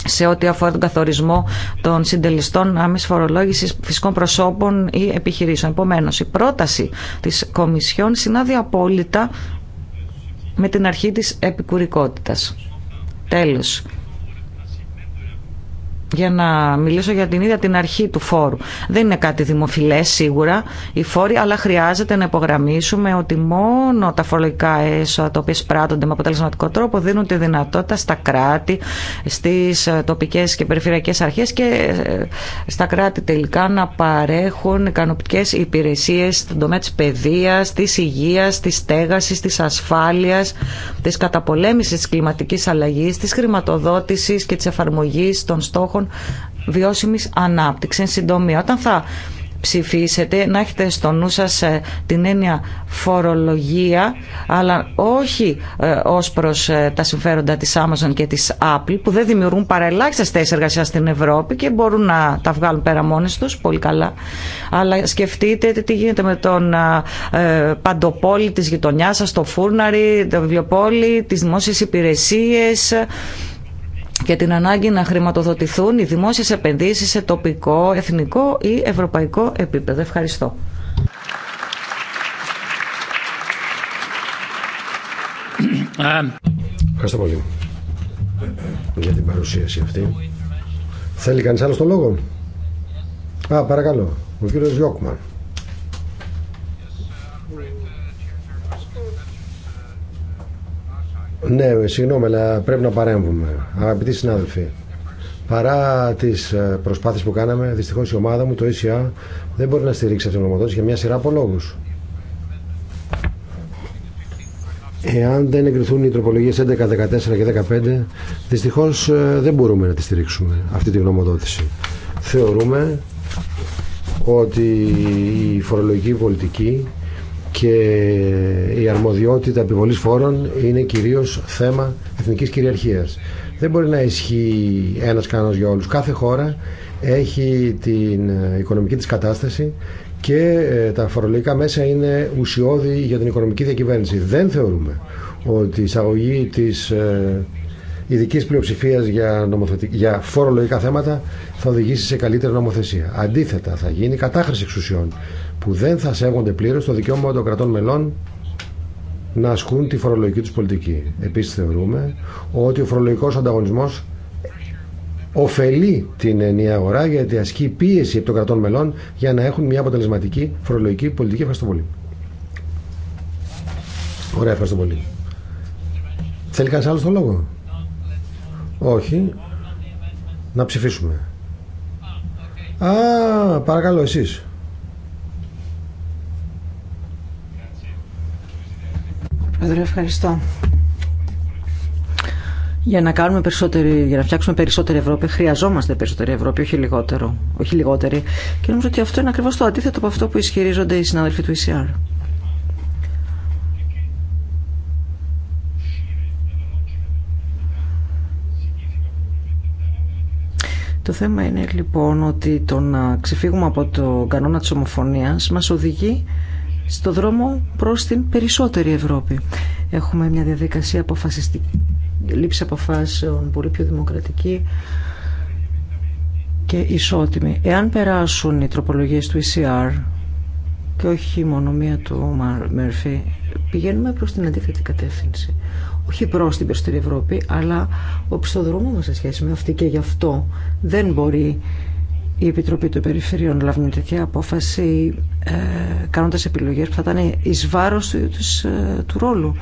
σε οτι αφορα τον καθορισμο των συντελεστων αμεση φορολογηση φυσικων προσωπων η επιχειρησεων επομενω η προταση τη Κομισιόν συνάδει απόλυτα με την αρχή της επικουρικότητας. Τέλος, για να μιλήσω για την ίδια την αρχή του φόρου. Δεν είναι κάτι δημοφιλέ σίγουρα οι φόροι, αλλά χρειάζεται να υπογραμμίσουμε ότι μόνο τα φορολογικά έσοδα τα οποία σπράττονται με αποτελεσματικό τρόπο δίνουν τη δυνατότητα στα κράτη, στι ε, τοπικέ και περιφερειακέ αρχέ και ε, στα κράτη τελικά να παρέχουν ικανοποιητικέ υπηρεσίε στον τομέα τη παιδεία, τη υγεία, τη στέγαση, τη ασφάλεια, τη καταπολέμηση τη κλιματική αλλαγή, τη χρηματοδότηση και τη εφαρμογή των στόχων Βιώσιμη λοιπόν βιώσιμης ανάπτυξης. Συντομία, όταν θα ψηφίσετε, να έχετε στο νου σας ε, την έννοια φορολογία, αλλά όχι ε, ως προς ε, τα συμφέροντα της Amazon και της Apple, που δεν δημιουργούν παρά ελάχιστες εργασίας στην Ευρώπη και μπορούν να τα βγάλουν πέρα μόνες τους, πολύ καλά. Αλλά σκεφτείτε τι γίνεται με τον παντοπόλη της γειτονιάς σας, το φούρναρι, το βιβλιοπόλη, τις δημόσιες υπηρεσίες, και την ανάγκη να χρηματοδοτηθούν οι δημόσιες επενδύσεις σε τοπικό, εθνικό ή ευρωπαϊκό επίπεδο. Ευχαριστώ. Ευχαριστώ πολύ για την παρουσίαση αυτή. Θέλει κανείς άλλο το λόγο. Α, παρακαλώ. Ο κύριος Γιώκμαν. Ναι, συγγνώμη, αλλά πρέπει να παρέμβουμε. Αγαπητοί συνάδελφοι, παρά τι ε, προσπάθειε που κάναμε, δυστυχώ η ομάδα μου, το ECA, δεν μπορεί να στηρίξει αυτήν την γνωμοδότηση για μια σειρά από λόγου. Εάν δεν εγκριθούν οι τροπολογίε 11, 14 και 15, δυστυχώ ε, δεν μπορούμε να τη στηρίξουμε αυτή τη γνωμοδότηση. Θεωρούμε ότι η φορολογική πολιτική και η αρμοδιότητα επιβολής φόρων είναι κυρίως θέμα εθνικής κυριαρχίας. Δεν μπορεί να ισχύει ένας κανόνας για όλους. Κάθε χώρα έχει την οικονομική της κατάσταση και ε, τα φορολογικά μέσα είναι ουσιώδη για την οικονομική διακυβέρνηση. Δεν θεωρούμε ότι η εισαγωγή της ε, ειδική πλειοψηφία για, για φορολογικά θέματα θα οδηγήσει σε καλύτερη νομοθεσία. Αντίθετα, θα γίνει κατάχρηση εξουσιών που δεν θα σέβονται πλήρω το δικαίωμα των κρατών μελών να ασκούν τη φορολογική του πολιτική. Επίση, θεωρούμε ότι ο φορολογικό ανταγωνισμό ωφελεί την ενιαία αγορά γιατί ασκεί πίεση από των κρατών μελών για να έχουν μια αποτελεσματική φορολογική πολιτική. Ευχαριστώ πολύ. Ωραία, ευχαριστώ πολύ. Θέλει κανένα άλλο το λόγο. Όχι. Να ψηφίσουμε. Α, παρακαλώ εσείς. Πρόεδρε, ευχαριστώ. Για να, κάνουμε περισσότερη, για να φτιάξουμε περισσότερη Ευρώπη, χρειαζόμαστε περισσότερη Ευρώπη, όχι, λιγότερο, όχι λιγότερη. Και νομίζω ότι αυτό είναι ακριβώ το αντίθετο από αυτό που ισχυρίζονται οι συνάδελφοι του ECR. Το θέμα είναι λοιπόν ότι το να ξεφύγουμε από το κανόνα της ομοφωνίας μας οδηγεί στο δρόμο προς την περισσότερη Ευρώπη. Έχουμε μια διαδικασία αποφασιστική, λήψη αποφάσεων πολύ πιο δημοκρατική και ισότιμη. Εάν περάσουν οι τροπολογίες του ECR και όχι μόνο μία του Μέρφυ, πηγαίνουμε προς την αντίθετη κατεύθυνση. Όχι προς την περισσότερη Ευρώπη, αλλά ο δρόμο μας σε σχέση με αυτή και γι' αυτό δεν μπορεί η Επιτροπή των Περιφερειών λάβουν τέτοια απόφαση ε, κάνοντας επιλογές που θα ήταν εις βάρος του, ε, του ρόλου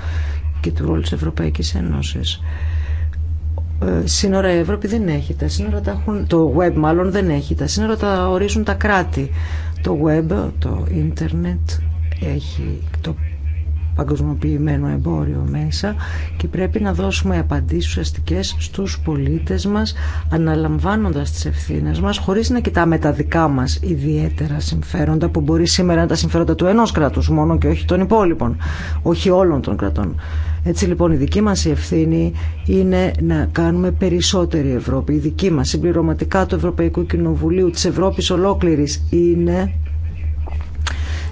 και του ρόλου της Ευρωπαϊκής Ένωσης. Ε, σύνορα η Ευρώπη δεν έχει τα σύνορα τα έχουν, το web μάλλον δεν έχει τα σύνορα τα ορίζουν τα κράτη το web, το ίντερνετ έχει το παγκοσμιοποιημένο εμπόριο μέσα και πρέπει να δώσουμε απαντήσεις ουσιαστικές στους πολίτες μας αναλαμβάνοντας τις ευθύνες μας χωρίς να κοιτάμε τα δικά μας ιδιαίτερα συμφέροντα που μπορεί σήμερα να τα συμφέροντα του ενός κράτους μόνο και όχι των υπόλοιπων, όχι όλων των κρατών. Έτσι λοιπόν η δική μας ευθύνη είναι να κάνουμε περισσότερη Ευρώπη. Η δική μας συμπληρωματικά του Ευρωπαϊκού Κοινοβουλίου της Ευρώπης ολόκληρης είναι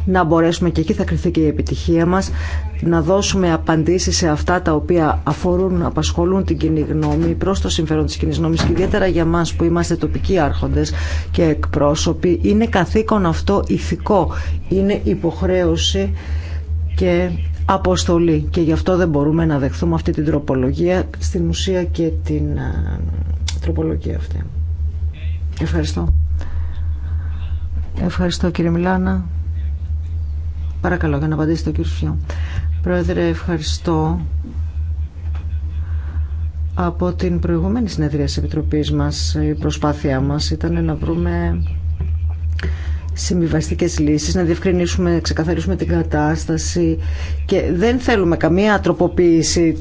να μπορέσουμε και εκεί θα κρυθεί και η επιτυχία μας να δώσουμε απαντήσεις σε αυτά τα οποία αφορούν, απασχολούν την κοινή γνώμη προς το συμφέρον της κοινή γνώμης και ιδιαίτερα για μας που είμαστε τοπικοί άρχοντες και εκπρόσωποι είναι καθήκον αυτό ηθικό, είναι υποχρέωση και αποστολή και γι' αυτό δεν μπορούμε να δεχθούμε αυτή την τροπολογία στην ουσία και την ε, τροπολογία αυτή. Ευχαριστώ. Ευχαριστώ κύριε Μιλάνα. Παρακαλώ για να απαντήσετε κύριο Φιό. Πρόεδρε, ευχαριστώ. Από την προηγούμενη συνεδρία της Επιτροπής μας η προσπάθειά μας ήταν να βρούμε συμβιβαστικέ λύσεις, να διευκρινίσουμε, να ξεκαθαρίσουμε την κατάσταση και δεν θέλουμε καμία τροποποίηση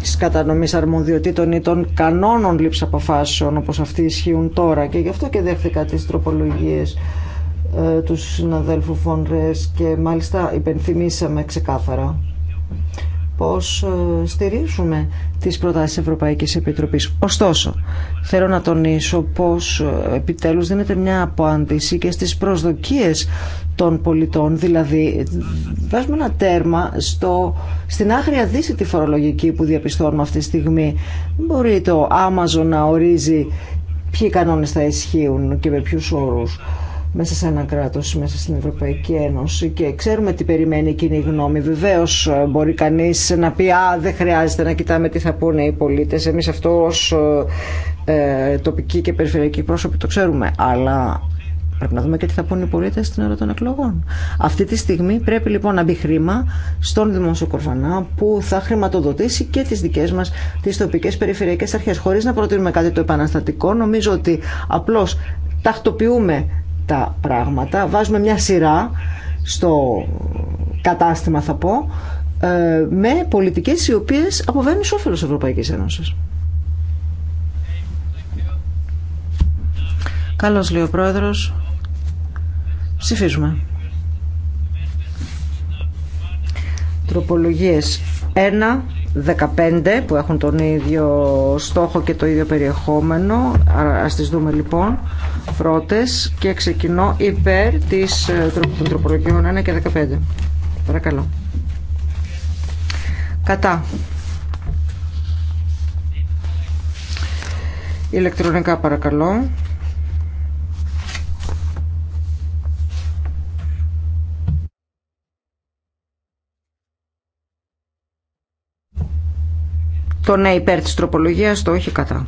της κατανομής αρμοδιοτήτων ή των κανόνων λήψη αποφάσεων όπως αυτοί ισχύουν τώρα και γι' αυτό και δέχθηκα τις τροπολογίες ε, του συναδέλφου Φονρές και μάλιστα υπενθυμίσαμε ξεκάθαρα πώς ε, στηρίζουμε τις προτάσεις Ευρωπαϊκής Επιτροπής. Ωστόσο, θέλω να τονίσω πώς ε, επιτέλους δίνεται μια απάντηση και στις προσδοκίες των πολιτών. Δηλαδή, βάζουμε ένα τέρμα στο, στην άγρια δύση τη φορολογική που διαπιστώνουμε αυτή τη στιγμή. Μπορεί το Amazon να ορίζει ποιοι κανόνες θα ισχύουν και με ποιους όρους μέσα σε ένα κράτο, μέσα στην Ευρωπαϊκή Ένωση και ξέρουμε τι περιμένει η κοινή γνώμη. Βεβαίω ε, μπορεί κανεί να πει Α, δεν χρειάζεται να κοιτάμε τι θα πούνε οι πολίτε. Εμεί αυτό ω ε, ε, τοπικοί και περιφερειακοί πρόσωποι το ξέρουμε. Αλλά πρέπει να δούμε και τι θα πούνε οι πολίτε στην ώρα των εκλογών. Αυτή τη στιγμή πρέπει λοιπόν να μπει χρήμα στον δημόσιο κορφανά που θα χρηματοδοτήσει και τι δικέ μα τι τοπικέ περιφερειακέ αρχέ. Χωρί να προτείνουμε κάτι το επαναστατικό, νομίζω ότι απλώ τακτοποιούμε τα πράγματα. Βάζουμε μια σειρά στο κατάστημα θα πω ε, με πολιτικές οι οποίες αποβαίνουν σ' όφελος Ευρωπαϊκής Ένωσης. Καλώς λέει ο Πρόεδρος. Ψηφίζουμε. Τροπολογίες 1 15 που έχουν τον ίδιο στόχο και το ίδιο περιεχόμενο. Ας τις δούμε λοιπόν πρώτες και ξεκινώ υπέρ της, ε, των τροπολογιών 1 και 15. Παρακαλώ. Κατά. Ηλεκτρονικά παρακαλώ. Το ναι υπέρ της τροπολογίας, το όχι κατά.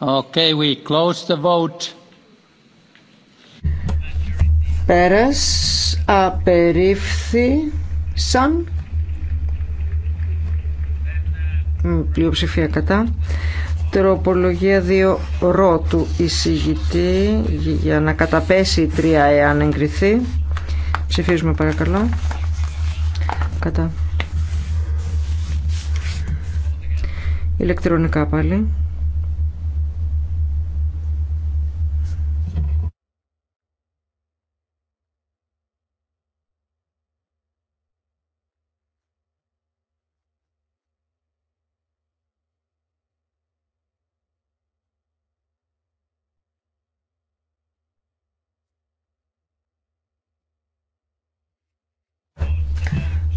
Okay, we close the vote. Πέρας απερίφθη σαν πλειοψηφία κατά τροπολογία 2 ρότου εισηγητή για να καταπέσει η 3 εάν εγκριθεί ψηφίζουμε παρακαλώ κατά ηλεκτρονικά πάλι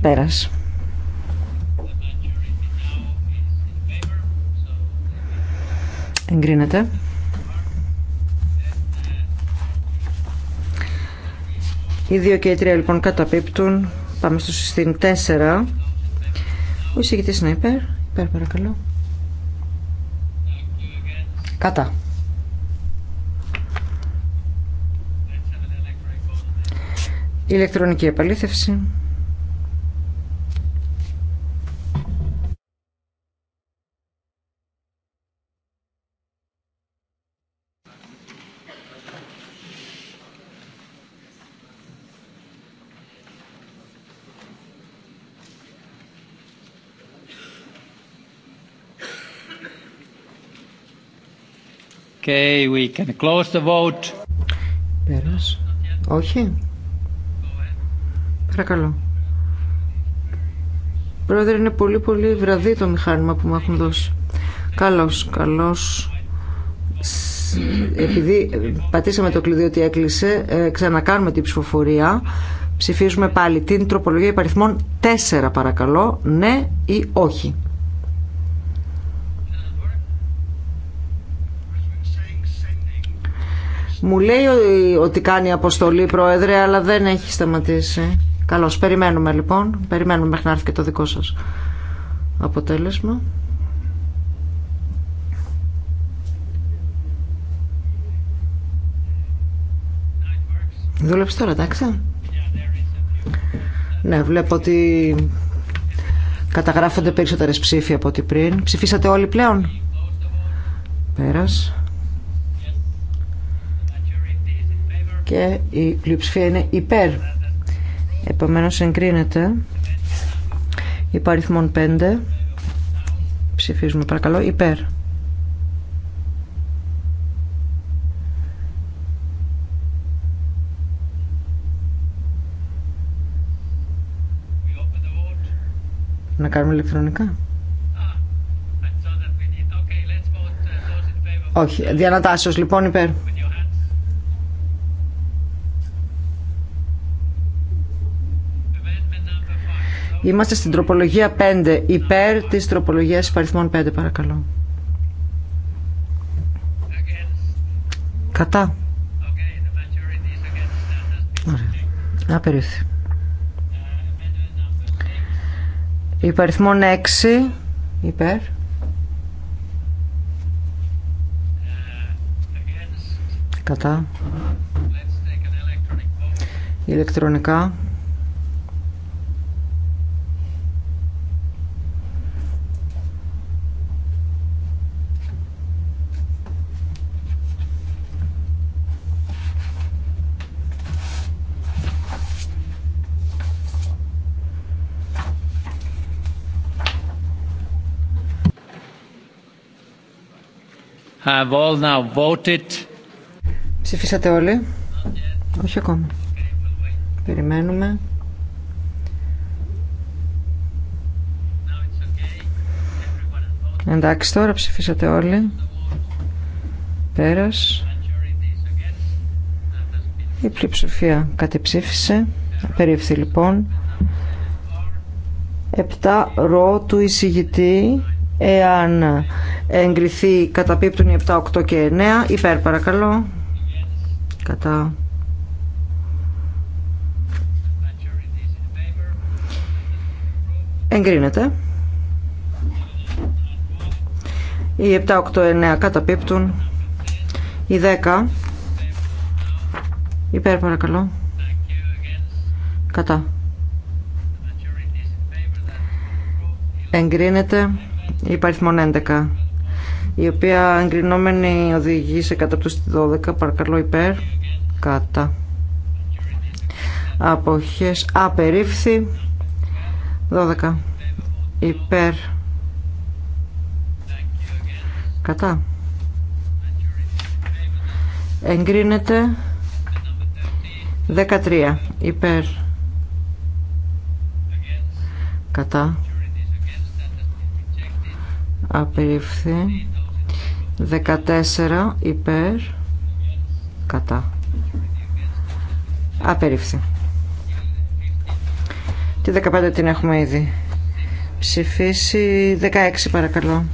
Πέρας. Εγκρίνεται. Οι δύο και οι τρία λοιπόν καταπίπτουν. Πάμε στο συστήν 4. Ο εισηγητής είναι υπέρ. Υπέρ παρακαλώ. Κατά. Ηλεκτρονική επαλήθευση. Όχι. Παρακαλώ. Πρόεδρε, είναι πολύ πολύ βραδύ το μηχάνημα που μου έχουν δώσει. Καλώς, καλώς. Επειδή πατήσαμε το κλειδί ότι έκλεισε, ε, ξανακάνουμε την ψηφοφορία. Ψηφίζουμε πάλι την τροπολογία υπαριθμών 4 παρακαλώ, ναι ή όχι. Μου λέει ότι κάνει αποστολή, Πρόεδρε, αλλά δεν έχει σταματήσει. Καλώς, περιμένουμε λοιπόν. Περιμένουμε μέχρι να έρθει και το δικό σας αποτέλεσμα. Δούλεψε τώρα, εντάξει. Ναι, βλέπω ότι καταγράφονται περισσότερες ψήφοι από ό,τι πριν. Ψηφίσατε όλοι πλέον. Πέρας. και η πλειοψηφία είναι υπέρ. Επομένως εγκρίνεται υπαριθμόν 5. Ψηφίζουμε παρακαλώ υπέρ. Να κάνουμε ηλεκτρονικά. Ah, uh, Όχι. Διανατάσσεως λοιπόν υπέρ. Είμαστε στην τροπολογία 5. Υπέρ της τροπολογίας υπαριθμών 5 παρακαλώ. Κατά. Ωραία. Απερίφθη. Υπαριθμών 6. Υπέρ. Κατά. Ηλεκτρονικά. Have Ψηφίσατε όλοι. Όχι ακόμα. Περιμένουμε. Εντάξει τώρα ψηφίσατε όλοι. Πέρας. Η πλειοψηφία κατεψήφισε. Περίφθη λοιπόν. Επτά ρο του εισηγητή Εάν εγκριθεί καταπίπτουν οι 7, 8 και 9. Υπέρ παρακαλώ. Κατά. Εγκρίνεται. Οι 7, 8, 9 καταπίπτουν. Οι 10. Υπέρ παρακαλώ. Κατά. Εγκρίνεται υπαριθμών 11 η οποία εγκρινόμενη οδηγεί σε καταπτώση 12 παρακαλώ υπέρ κατά αποχές απερίφθη 12 υπέρ κατά εγκρίνεται 13 υπέρ κατά Απερίφθη. 14 υπέρ κατά Απερίφθη. τη 15 την έχουμε ήδη ψηφίσει 16 παρακαλώ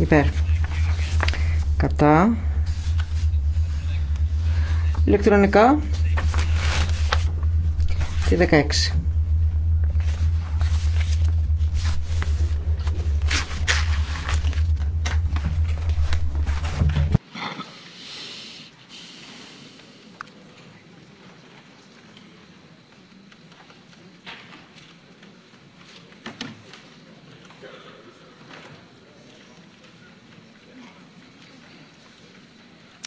υπέρ κατά ηλεκτρονικά τη 16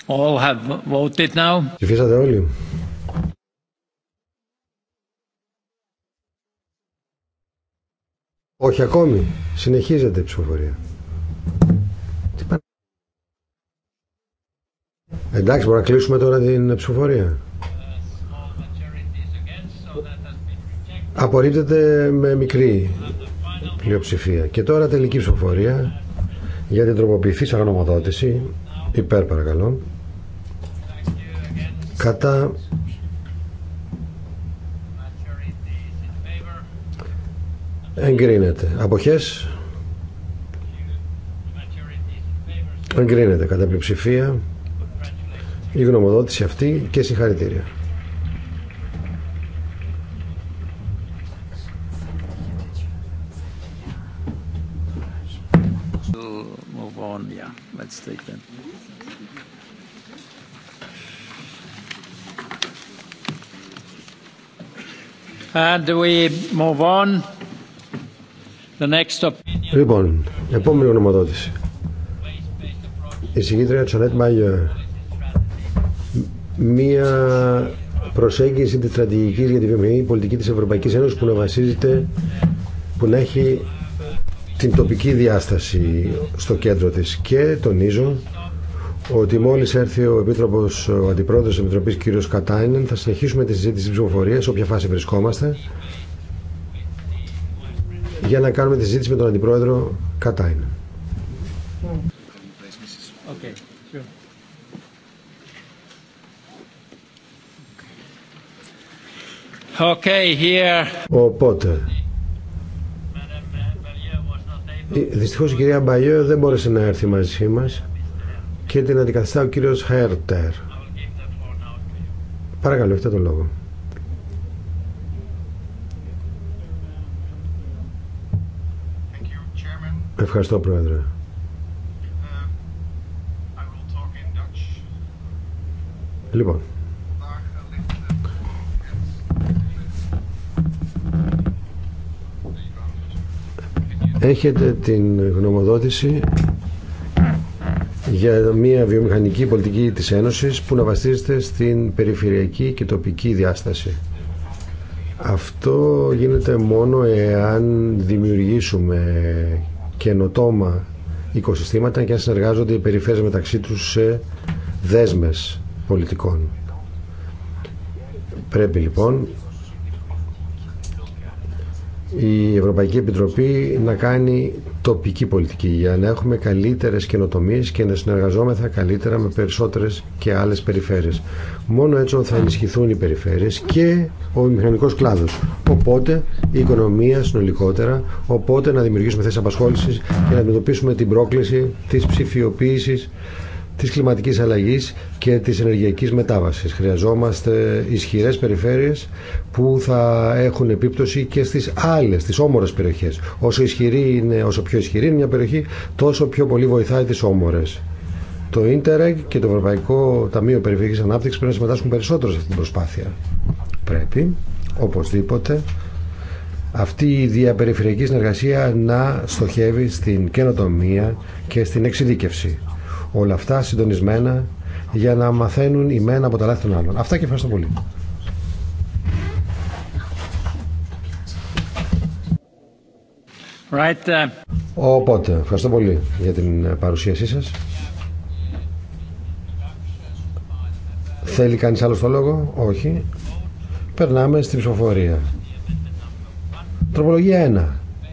All have voted now. Ψηφίσατε όλοι. Όχι ακόμη. Συνεχίζεται η ψηφοφορία. Εντάξει, μπορούμε να κλείσουμε τώρα την ψηφοφορία. Απορρίπτεται με μικρή πλειοψηφία. Και τώρα τελική ψηφοφορία για την τροποποιηθή σαγνωμοδότηση. Υπέρ παρακαλώ κατά εγκρίνεται αποχές εγκρίνεται κατά πλειοψηφία η γνωμοδότηση αυτή και συγχαρητήρια Let's λοιπόν, επόμενη γνωμοδότηση. Η συγκίτρια Τσονέτ Μάγιο. Μία προσέγγιση της στρατηγικής για τη βιομηχανική πολιτική της Ευρωπαϊκής Ένωσης που να βασίζεται, που να έχει την τοπική διάσταση στο κέντρο της και τονίζω ότι μόλις έρθει ο Επίτροπος, ο Αντιπρόεδρος της Επιτροπής κ. Κατάινεν θα συνεχίσουμε τη συζήτηση ψηφοφορία, σε όποια φάση βρισκόμαστε για να κάνουμε τη συζήτηση με τον Αντιπρόεδρο Κατάινεν. Okay. Okay, here. Οπότε, δυστυχώς η κυρία Μπαγιό δεν μπόρεσε να έρθει μαζί μας και την αντικαθιστά ο κύριος Χέρτερ. Παρακαλώ, έχετε τον λόγο. Ευχαριστώ, Πρόεδρε. Λοιπόν, έχετε την γνωμοδότηση για μια βιομηχανική πολιτική της Ένωσης που να βασίζεται στην περιφερειακή και τοπική διάσταση. Αυτό γίνεται μόνο εάν δημιουργήσουμε καινοτόμα οικοσυστήματα και αν συνεργάζονται οι περιφέρειες μεταξύ τους σε δέσμες πολιτικών. Πρέπει λοιπόν η Ευρωπαϊκή Επιτροπή να κάνει τοπική πολιτική για να έχουμε καλύτερες καινοτομίε και να συνεργαζόμεθα καλύτερα με περισσότερες και άλλες περιφέρειες. Μόνο έτσι θα ενισχυθούν οι περιφέρειες και ο μηχανικός κλάδος. Οπότε η οικονομία συνολικότερα, οπότε να δημιουργήσουμε θέσεις απασχόλησης και να αντιμετωπίσουμε την πρόκληση τη ψηφιοποίηση της κλιματικής αλλαγής και της ενεργειακής μετάβασης. Χρειαζόμαστε ισχυρές περιφέρειες που θα έχουν επίπτωση και στις άλλες, στις όμορες περιοχές. Όσο, ισχυρή είναι, όσο πιο ισχυρή είναι μια περιοχή, τόσο πιο πολύ βοηθάει τις όμορες. Το Ίντερεγ και το Ευρωπαϊκό Ταμείο Περιφερειακής Ανάπτυξης πρέπει να συμμετάσχουν περισσότερο σε αυτή την προσπάθεια. Πρέπει, οπωσδήποτε, αυτή η διαπεριφερειακή συνεργασία να στοχεύει στην καινοτομία και στην εξειδίκευση Όλα αυτά συντονισμένα για να μαθαίνουν η μένα από τα λάθη των άλλων. Αυτά και ευχαριστώ πολύ. Right. Uh, Οπότε, ευχαριστώ πολύ για την παρουσίασή σας. Θέλει κανείς άλλο το λόγο? Όχι. Περνάμε στην ψηφοφορία. Τροπολογία 1.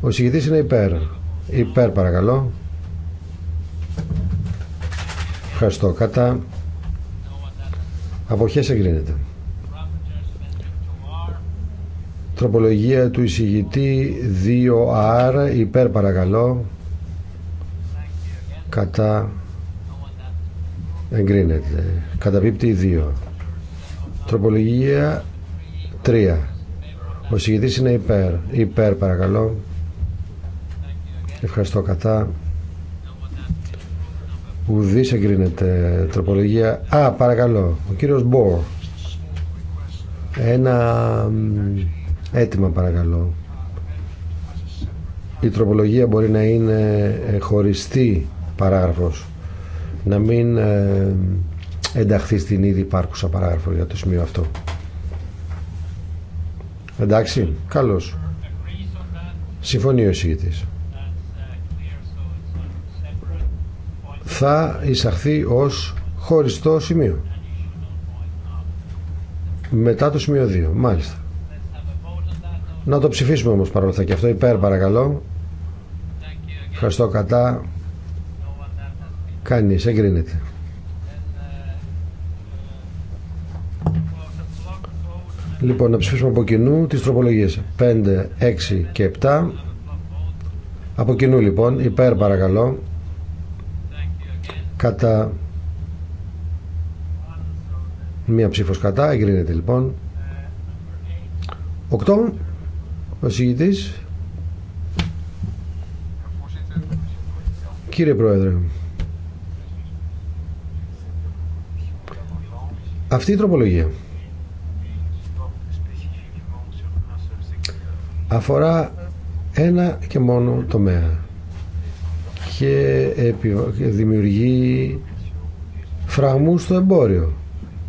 Ο εισηγητής είναι υπέρ. Υπέρ παρακαλώ. Ευχαριστώ. Κατά αποχές εγκρίνεται. Τροπολογία του εισηγητή 2R υπέρ παρακαλώ. Κατά εγκρίνεται. Καταπίπτει 2. Τροπολογία 3. Ο εισηγητής είναι υπέρ. Υπέρ παρακαλώ. Ευχαριστώ κατά που εγκρίνεται τροπολογία. Α, παρακαλώ, ο κύριος Μπορ. Ένα έτοιμα παρακαλώ. Η τροπολογία μπορεί να είναι ε, χωριστή παράγραφος. Να μην ε, ενταχθεί στην ήδη υπάρχουσα παράγραφο για το σημείο αυτό. Εντάξει, καλώς. Συμφωνεί ο εισηγητής. θα εισαχθεί ως χωριστό σημείο. Μετά το σημείο 2, μάλιστα. Να το ψηφίσουμε όμως παρόλα αυτά και αυτό υπέρ παρακαλώ. Ευχαριστώ κατά. Κανείς, εγκρίνεται. Λοιπόν, να ψηφίσουμε από κοινού τις τροπολογίες 5, 6 και 7. Από κοινού λοιπόν, υπέρ παρακαλώ κατά μία ψήφος κατά εγκρίνεται λοιπόν 8 ο συγητής κύριε πρόεδρε αυτή η τροπολογία αφορά ένα και μόνο τομέα και δημιουργεί φραγμούς στο εμπόριο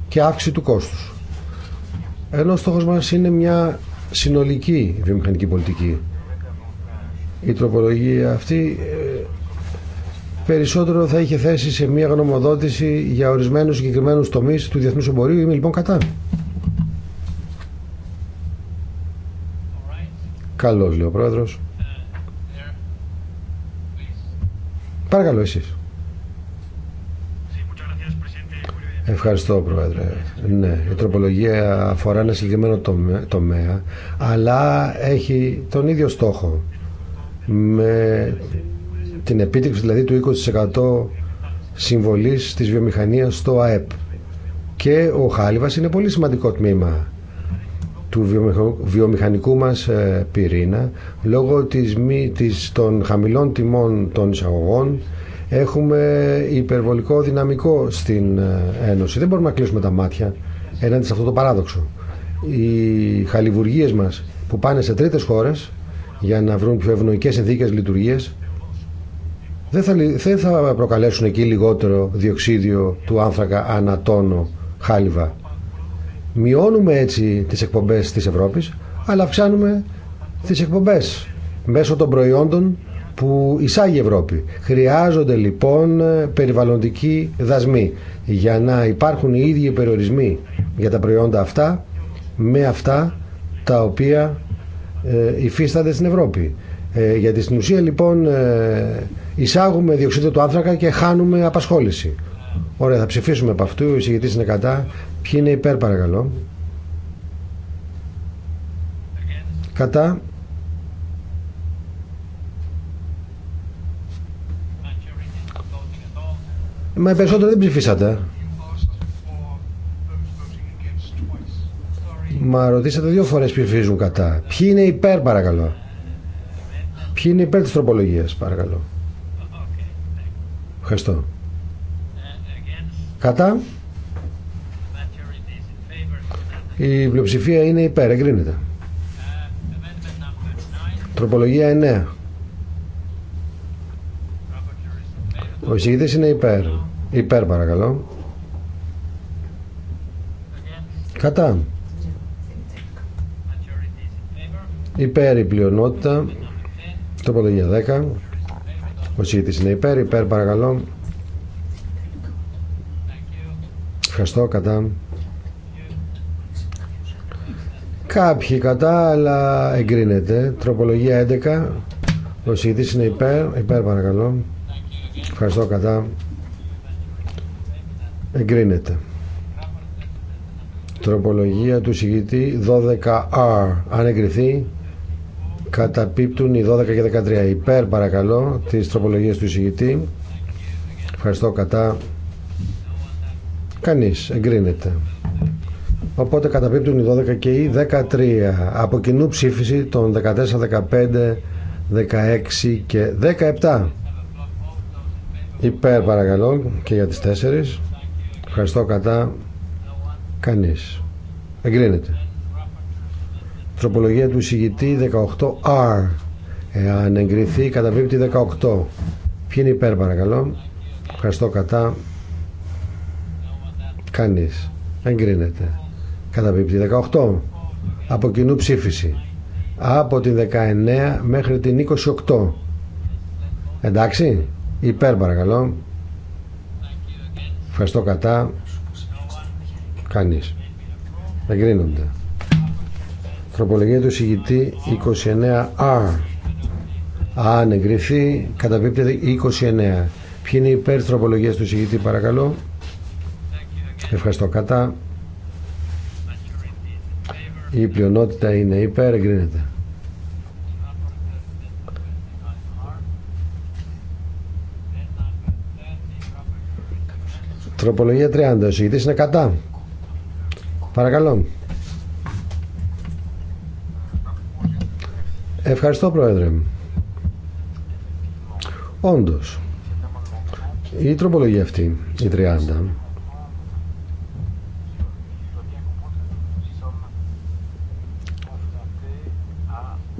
και αύξηση του κόστους. Ενώ ο στόχος μας είναι μια συνολική βιομηχανική πολιτική. Η τροπολογία αυτή ε, περισσότερο θα είχε θέση σε μια γνωμοδότηση για ορισμένους συγκεκριμένους τομείς του διεθνούς εμπορίου. Είμαι λοιπόν κατά. Καλώς λέει ο Πρόεδρος. Παρακαλώ εσείς. Ευχαριστώ Πρόεδρε. Ναι, η τροπολογία αφορά ένα συγκεκριμένο τομέα, αλλά έχει τον ίδιο στόχο με την επίτευξη δηλαδή του 20% συμβολής της βιομηχανίας στο ΑΕΠ. Και ο Χάλιβας είναι πολύ σημαντικό τμήμα του βιομηχανικού μας ε, πυρήνα λόγω της, της, των χαμηλών τιμών των εισαγωγών έχουμε υπερβολικό δυναμικό στην ε, Ένωση. Δεν μπορούμε να κλείσουμε τα μάτια έναντι σε αυτό το παράδοξο. Οι χαλιβουργίες μας που πάνε σε τρίτες χώρες για να βρουν πιο ευνοϊκές συνθήκες λειτουργίας δεν θα, δεν θα προκαλέσουν εκεί λιγότερο διοξίδιο του άνθρακα ανατόνο χάλιβα Μειώνουμε έτσι τις εκπομπές της Ευρώπης, αλλά αυξάνουμε τις εκπομπές μέσω των προϊόντων που εισάγει η Ευρώπη. Χρειάζονται λοιπόν περιβαλλοντικοί δασμοί για να υπάρχουν οι ίδιοι περιορισμοί για τα προϊόντα αυτά με αυτά τα οποία ε, υφίστανται στην Ευρώπη. Ε, γιατί στην ουσία λοιπόν ε, εισάγουμε διοξείδιο του άνθρακα και χάνουμε απασχόληση. Ωραία, θα ψηφίσουμε από αυτού. Ο είναι κατά. Ποιοι είναι υπέρ παρακαλώ. Κατά. Μα οι περισσότεροι δεν ψηφίσατε. Μα ρωτήσατε δύο φορές ψηφίζουν κατά. Ποιοι είναι υπέρ παρακαλώ. Ποιοι είναι υπέρ της τροπολογίας παρακαλώ. Ευχαριστώ. Uh, κατά. Η πλειοψηφία είναι υπέρ, εγκρίνεται. Τροπολογία 9. Ο εισηγητής είναι υπέρ. Υπέρ παρακαλώ. Κατά. Υπέρ η πλειονότητα. Τροπολογία 10. Ο εισηγητής είναι υπέρ. Υπέρ παρακαλώ. Ευχαριστώ. Κατά. Κάποιοι κατά, αλλά εγκρίνεται. Τροπολογία 11. Ο συγητή είναι υπέρ. Υπέρ παρακαλώ. Ευχαριστώ κατά. Εγκρίνεται. Τροπολογία του συγητη 12 12R. Αν εγκριθεί, καταπίπτουν οι 12 και 13. Υπέρ παρακαλώ τις τροπολογίες του συγητή, Ευχαριστώ κατά. Κανείς. Εγκρίνεται. Οπότε καταπίπτουν οι 12 και οι 13. Από κοινού ψήφιση των 14, 15, 16 και 17. Υπέρ παρακαλώ και για τις 4. Ευχαριστώ κατά κανείς. Εγκρίνεται. Τροπολογία του εισηγητή 18R. Εάν εγκριθεί καταπίπτει 18. Ποιοι είναι υπέρ παρακαλώ. Ευχαριστώ κατά κανείς. Εγκρίνεται. Καταπίπτει 18. Από κοινού ψήφιση. Από την 19 μέχρι την 28. Εντάξει. Υπέρ παρακαλώ. Ευχαριστώ κατά. Κανείς. Εγκρίνονται. Τροπολογία του συγητή 29α. Αν εγκριθεί, καταπίπτεται 29. Ποιοι είναι υπέρ τροπολογίας του συγητή, παρακαλώ. Ευχαριστώ κατά. Η πλειονότητα είναι υπέρ, εγκρίνεται. Τροπολογία 30. Ο συγητής είναι κατά. Παρακαλώ. Ευχαριστώ Πρόεδρε. Όντως, η τροπολογία αυτή, η 30,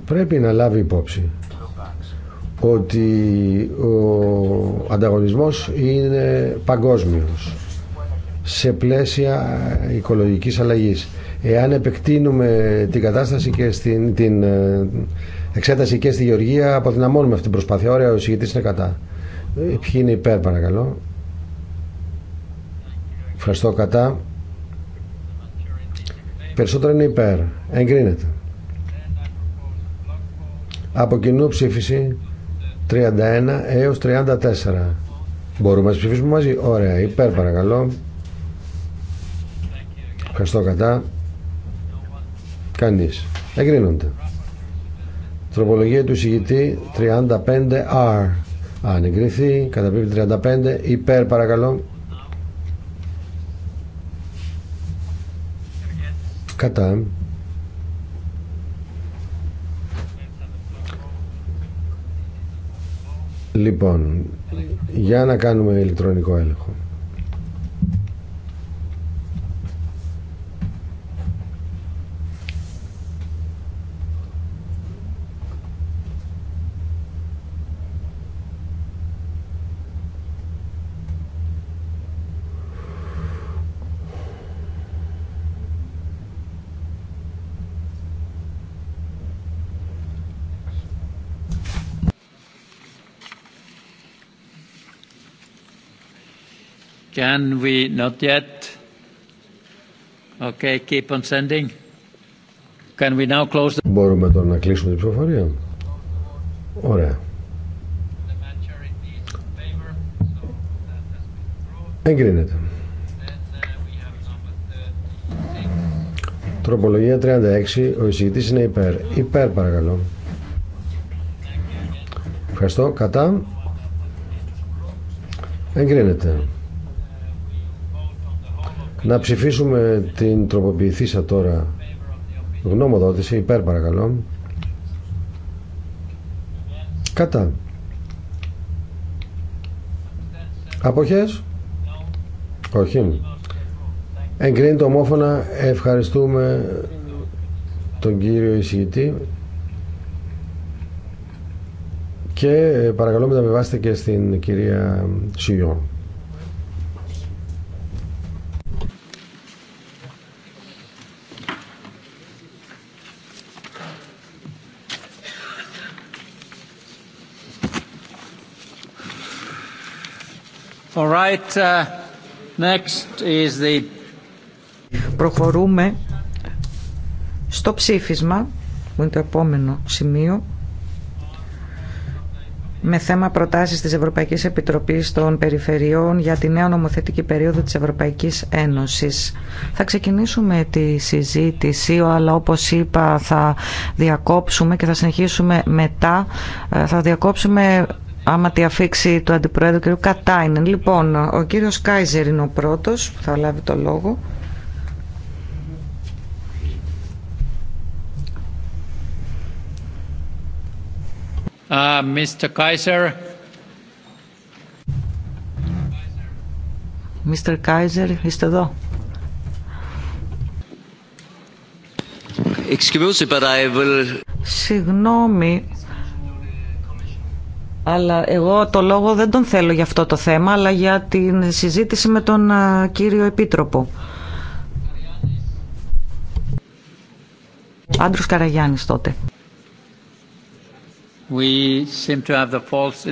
πρέπει να λάβει υπόψη ότι ο ανταγωνισμός είναι παγκόσμιος σε πλαίσια οικολογικής αλλαγής. Εάν επεκτείνουμε την κατάσταση και στην, την ε, εξέταση και στη Γεωργία, αποδυναμώνουμε αυτή την προσπάθεια. Ωραία, ο εισηγητής είναι κατά. Ε, ποιοι είναι υπέρ, παρακαλώ. Ευχαριστώ, κατά. Περισσότερο είναι υπέρ. Εγκρίνεται από κοινού ψήφιση 31 έως 34. Μπορούμε να ψηφίσουμε μαζί. Ωραία. Υπέρ παρακαλώ. Ευχαριστώ κατά. Κανείς. Εγκρίνονται. Τροπολογία του εισηγητή 35R. Αν εγκριθεί, καταπίπτει 35. Υπέρ παρακαλώ. Κατά. Λοιπόν, για να κάνουμε ηλεκτρονικό έλεγχο. Can we not yet? Okay, keep on sending. Can we now close the... Μπορούμε τώρα να κλείσουμε την ψηφοφορία. Ωραία. Εγκρίνεται. Τροπολογία 36. Ο εισηγητής είναι υπέρ. Υπέρ παρακαλώ. Ευχαριστώ. Κατά. Εγκρίνεται. Να ψηφίσουμε την τροποποιηθήσα τώρα γνώμοδότηση υπέρ παρακαλώ. Κατά. Αποχές. Όχι. Εγκρίνεται ομόφωνα. Ευχαριστούμε τον κύριο εισηγητή. Και παρακαλώ μεταβιβάστε και στην κυρία Σιγιόν. Uh, Προχωρούμε στο ψήφισμα, που είναι το επόμενο σημείο, με θέμα προτάσεις της Ευρωπαϊκής Επιτροπής των Περιφερειών για τη νέα νομοθετική περίοδο της Ευρωπαϊκής Ένωσης. Θα ξεκινήσουμε τη συζήτηση, αλλά όπως είπα θα διακόψουμε και θα συνεχίσουμε μετά. Ε, θα διακόψουμε άμα τη αφήξει του Αντιπρόεδρο κ. Κατάινεν. Λοιπόν, ο κύριος Κάιζερ είναι ο πρώτος που θα λάβει το λόγο. Uh, Mr. Kaiser. Mr. Kaiser, είστε εδώ. Excuse me, but I will... Συγγνώμη, αλλά εγώ το λόγο δεν τον θέλω για αυτό το θέμα, αλλά για την συζήτηση με τον κύριο Επίτροπο. Άντρος Καραγιάννης τότε. We seem to have the false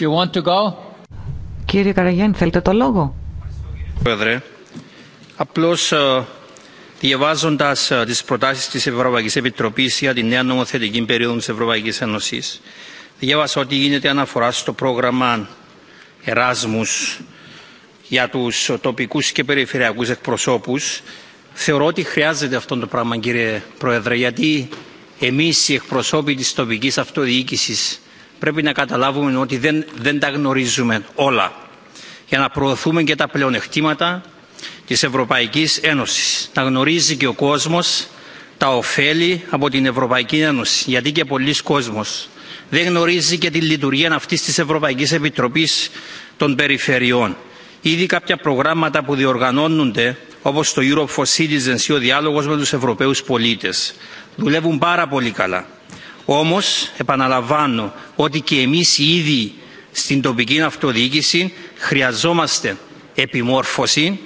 You want to go? Κύριε Καραγιάννη, θέλετε το λόγο. Πρόεδρε, απλώς διαβάζοντα ε, τι προτάσει τη Ευρωπαϊκή Επιτροπή για τη νέα νομοθετική περίοδο τη Ευρωπαϊκή Ένωση, διάβασα ότι γίνεται αναφορά στο πρόγραμμα Εράσμου για του τοπικού και περιφερειακού εκπροσώπου. Θεωρώ ότι χρειάζεται αυτό το πράγμα, κύριε Πρόεδρε, γιατί εμεί οι εκπροσώποι τη τοπική αυτοδιοίκηση πρέπει να καταλάβουμε ότι δεν, δεν τα γνωρίζουμε όλα. Για να προωθούμε και τα πλεονεκτήματα της Ευρωπαϊκής Ένωσης. Να γνωρίζει και ο κόσμος τα ωφέλη από την Ευρωπαϊκή Ένωση, γιατί και πολλοί κόσμος δεν γνωρίζει και τη λειτουργία αυτής της Ευρωπαϊκής Επιτροπής των Περιφερειών. Ήδη κάποια προγράμματα που διοργανώνονται, όπως το Europe for Citizens ή ο διάλογος με τους Ευρωπαίους πολίτες, δουλεύουν πάρα πολύ καλά. Όμως, επαναλαμβάνω ότι και εμείς ήδη στην τοπική αυτοδιοίκηση χρειαζόμαστε επιμόρφωση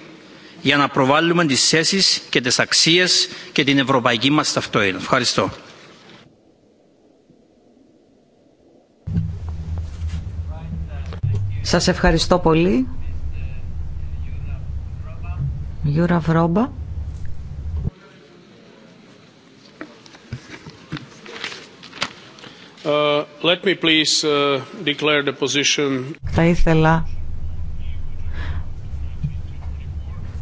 για να προβάλλουμε τις θέσεις και τις αξίες και την ευρωπαϊκή μας ταυτότητα. Ευχαριστώ. Σας ευχαριστώ πολύ. Γιούρα Βρόμπα. Uh, let me please, uh, declare the position. Θα ήθελα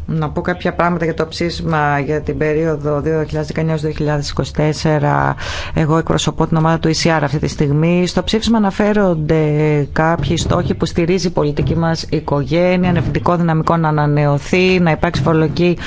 να πω κάποια πράγματα για το ψήσμα για την περίοδο 2019-2024. Εγώ εκπροσωπώ την ομάδα του ECR αυτή τη στιγμή. Στο ψήφισμα αναφέρονται κάποιοι στόχοι που στηρίζει η πολιτική μα οικογένεια, ανευτικό δυναμικό να ανανεωθεί, να υπάρξει φορολογική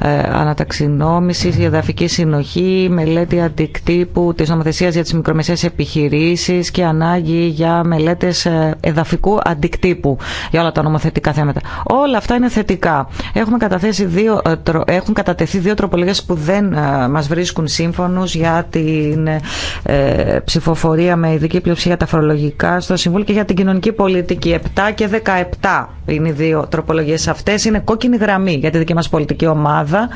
ε, αναταξινόμηση, η εδαφική συνοχή, μελέτη αντικτύπου τη νομοθεσία για τι μικρομεσαίες επιχειρήσει και ανάγκη για μελέτε ε, εδαφικού αντικτύπου για όλα τα νομοθετικά θέματα. Όλα αυτά είναι θετικά έχουμε καταθέσει δύο, ε, έχουν κατατεθεί δύο τροπολογίες που δεν ε, μας βρίσκουν σύμφωνους για την ε, ψηφοφορία με ειδική πλειοψηφία για τα φορολογικά στο Συμβούλιο και για την κοινωνική πολιτική. 7 και 17 είναι οι δύο τροπολογίες αυτές. Είναι κόκκινη γραμμή για τη δική μας πολιτική ομάδα.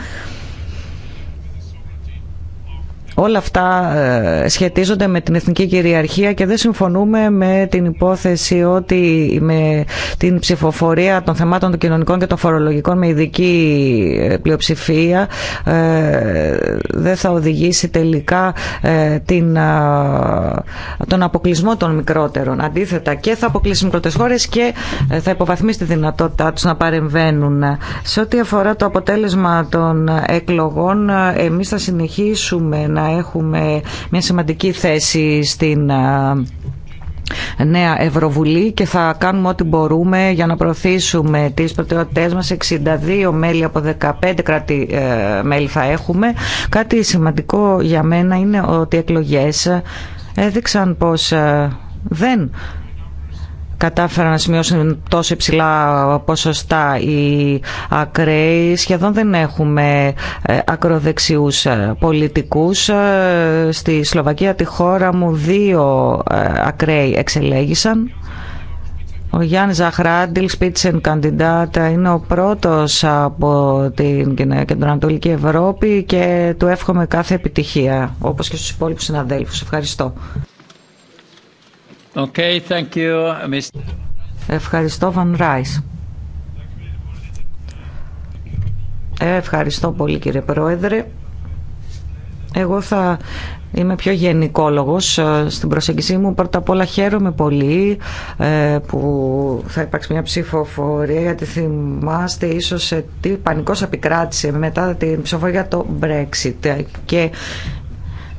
Όλα αυτά ε, σχετίζονται με την εθνική κυριαρχία και δεν συμφωνούμε με την υπόθεση ότι με την ψηφοφορία των θεμάτων των κοινωνικών και των φορολογικών με ειδική ε, πλειοψηφία ε, δεν θα οδηγήσει τελικά την, τον αποκλεισμό των μικρότερων. Αντίθετα και θα αποκλείσει μικρότερες χώρες και θα υποβαθμίσει τη δυνατότητά τους να παρεμβαίνουν. Σε ό,τι αφορά το αποτέλεσμα των εκλογών, εμείς θα συνεχίσουμε να έχουμε μια σημαντική θέση στην νέα Ευρωβουλή και θα κάνουμε ό,τι μπορούμε για να προωθήσουμε τις προτεραιότητες μας. 62 μέλη από 15 κράτη ε, μέλη θα έχουμε. Κάτι σημαντικό για μένα είναι ότι οι εκλογές έδειξαν πως ε, δεν κατάφεραν να σημειώσουν τόσο υψηλά ποσοστά οι ακραίοι. Σχεδόν δεν έχουμε ε, ακροδεξιούς ε, πολιτικούς. Ε, στη Σλοβακία, τη χώρα μου, δύο ακραίοι εξελέγησαν. Ο Γιάννη Ζαχράντιλ, Σπίτσεν Καντιντάτα, είναι ο πρώτος από την Κεντροανατολική Ευρώπη και του εύχομαι κάθε επιτυχία, όπως και στους υπόλοιπου συναδέλφου. Ευχαριστώ. Ευχαριστώ, Βαν Ράις. Ευχαριστώ πολύ κύριε Πρόεδρε. Εγώ θα είμαι πιο γενικόλογος ε, στην προσέγγιση μου. Πρώτα απ' όλα χαίρομαι πολύ ε, που θα υπάρξει μια ψηφοφορία γιατί θυμάστε ίσως ε, τι πανικός επικράτησε μετά την ψηφοφορία το Brexit και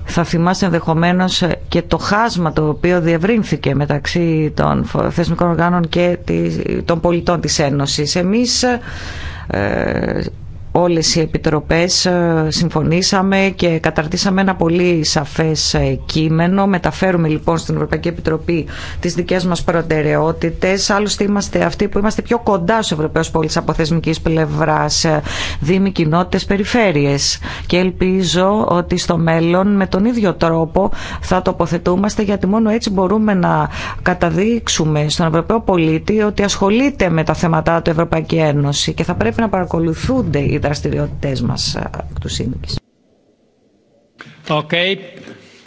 θα θυμάστε ενδεχομένω ε, και το χάσμα το οποίο διευρύνθηκε μεταξύ των θεσμικών οργάνων και των πολιτών της Ένωσης. Εμείς ε, όλες οι επιτροπές ε, συμφωνήσαμε και καταρτήσαμε ένα πολύ σαφές ε, κείμενο. Μεταφέρουμε λοιπόν στην Ευρωπαϊκή Επιτροπή τις δικές μας προτεραιότητες. Άλλωστε είμαστε αυτοί που είμαστε πιο κοντά στους Ευρωπαίους Πόλεις από θεσμικής πλευράς, ε, δήμοι, κοινότητες, περιφέρειες. Και ελπίζω ότι στο μέλλον με τον ίδιο τρόπο θα τοποθετούμαστε γιατί μόνο έτσι μπορούμε να καταδείξουμε στον Ευρωπαίο πολίτη ότι ασχολείται με τα θέματα του Ευρωπαϊκή Ένωση και θα πρέπει να παρακολουθούνται δραστηριότητε μας ε, του σύνοικης. Okay.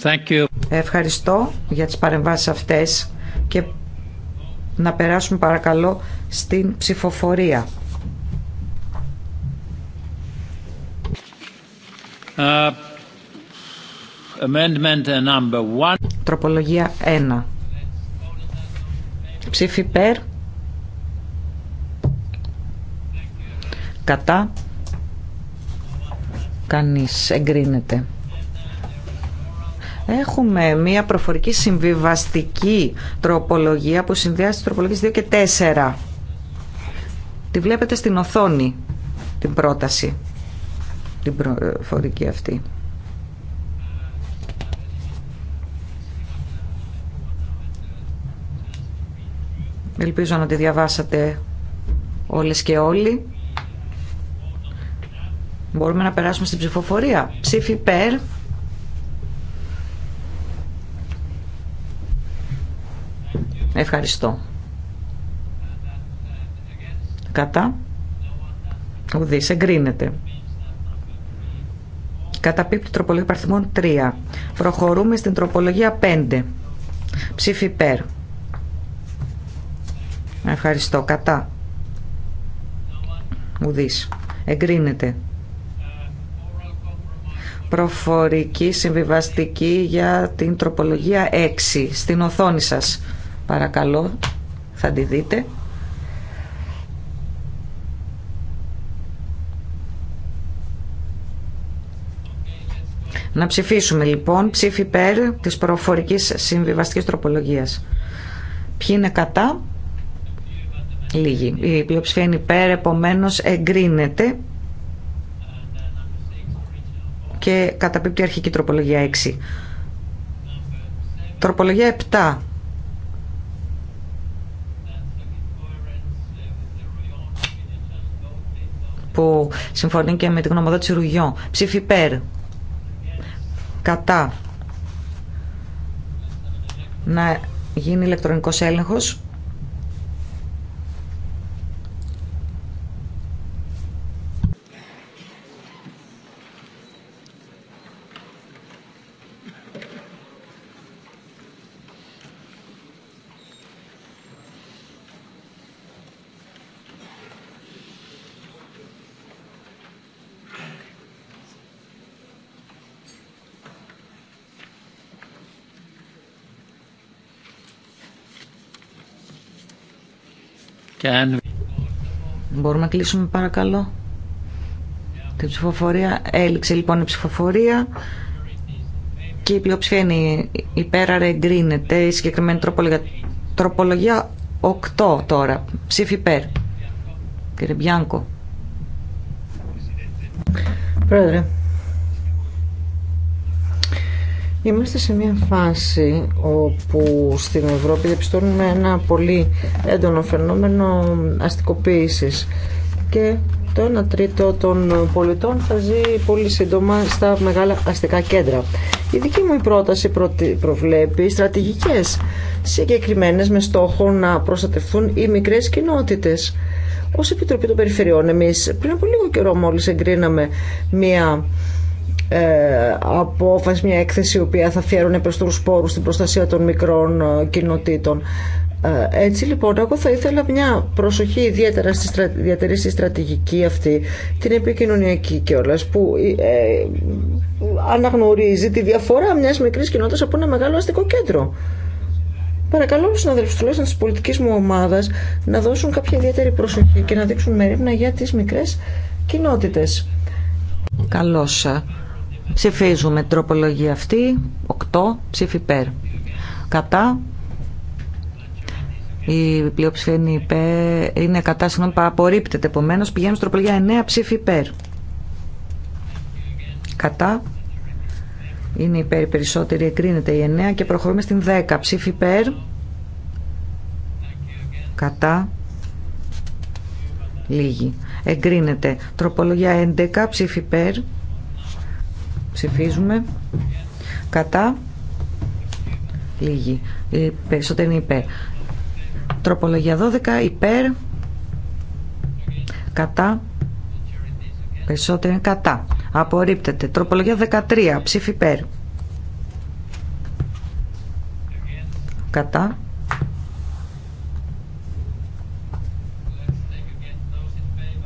Thank you. Ευχαριστώ για τις παρεμβάσεις αυτές και να περάσουμε παρακαλώ στην ψηφοφορία. Uh, amendment number one. Τροπολογία 1. Ψήφι περ. Κατά κανείς εγκρίνεται. Έχουμε μία προφορική συμβιβαστική τροπολογία που συνδυάζει τις τροπολογίες 2 και 4. Τη βλέπετε στην οθόνη την πρόταση, την προφορική αυτή. Ελπίζω να τη διαβάσατε όλες και όλοι. Μπορούμε να περάσουμε στην ψηφοφορία. Ψήφι υπέρ. Ευχαριστώ. Κατά. Ουδής. Εγκρίνεται. Καταπίπτει τροπολογία παρθυμών 3. Προχωρούμε στην τροπολογία 5. Ψήφι υπέρ. Ευχαριστώ. Κατά. Ουδής. Εγκρίνεται προφορική συμβιβαστική για την τροπολογία 6 στην οθόνη σας. Παρακαλώ, θα τη δείτε. Να ψηφίσουμε λοιπόν ψήφι υπέρ της προφορικής συμβιβαστικής τροπολογίας. Ποιοι είναι κατά, λίγοι. Η πλειοψηφία είναι υπέρ, επομένως εγκρίνεται και καταπίπτει η αρχική τροπολογία 6. Τροπολογία 7. που συμφωνεί και με την γνωμοδότηση Ρουγιό. Ψήφι υπέρ. Κατά. Να γίνει ηλεκτρονικός έλεγχος. Μπορούμε να κλείσουμε παρακαλώ. Την ψηφοφορία έληξε λοιπόν η ψηφοφορία και η πλειοψηφία είναι υπέρ, εγκρίνεται η συγκεκριμένη τροπολογία. Τροπολογία 8 τώρα. Ψήφι υπέρ. Κύριε Μπιάνκο. Πρόεδρε. Είμαστε σε μια φάση όπου στην Ευρώπη διαπιστώνουμε ένα πολύ έντονο φαινόμενο αστικοποίησης και το 1 τρίτο των πολιτών θα ζει πολύ σύντομα στα μεγάλα αστικά κέντρα. Η δική μου πρόταση προβλέπει στρατηγικές συγκεκριμένες με στόχο να προστατευτούν οι μικρές κοινότητες. Ως Επιτροπή των Περιφερειών εμείς πριν από λίγο καιρό μόλις εγκρίναμε μια ε, απόφαση, μια έκθεση η οποία θα φέρουν προς τους σπόρους στην προστασία των μικρών ε, κοινοτήτων. Ε, έτσι λοιπόν, εγώ θα ήθελα μια προσοχή ιδιαίτερα στη διατηρήσει στρατηγική αυτή, την επικοινωνιακή κιόλας, που ε, αναγνωρίζει τη διαφορά μιας μικρής κοινότητας από ένα μεγάλο αστικό κέντρο. Παρακαλώ του συναδέλφου τουλάχιστον τη πολιτική μου ομάδα να δώσουν κάποια ιδιαίτερη προσοχή και να δείξουν μερίμνα για τι μικρέ κοινότητε. Καλώ. Ψηφίζουμε τροπολογία αυτή. 8 ψήφι υπέρ. Κατά. Η πλειοψηφία είναι, υπέρ, είναι κατά, συγγνώμη, απορρίπτεται. Επομένω, πηγαίνουμε στην τροπολογία 9 ψήφι υπέρ. Κατά. Είναι υπέρ η περισσότερη, εκρίνεται η 9 και προχωρούμε στην 10 ψήφι υπέρ. Κατά. Λίγη. Εγκρίνεται. Τροπολογία 11 ψήφι υπέρ Ψηφίζουμε. Κατά. Λίγοι. Περισσότεροι είναι υπέρ. Τροπολογία 12. Υπέρ. Κατά. Περισσότεροι είναι κατά. Απορρίπτεται. Τροπολογία 13. Ψήφι υπέρ. Κατά.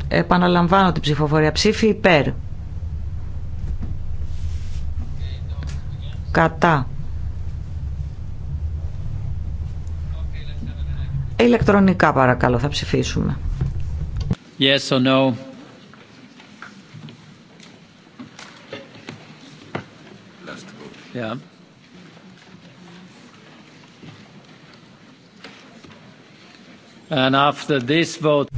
Επαναλαμβάνω την ψηφοφορία. Ψήφι υπέρ. Κατά. Ηλεκτρονικά παρακαλώ θα ψηφίσουμε. Yes or no. Yeah. And after this vote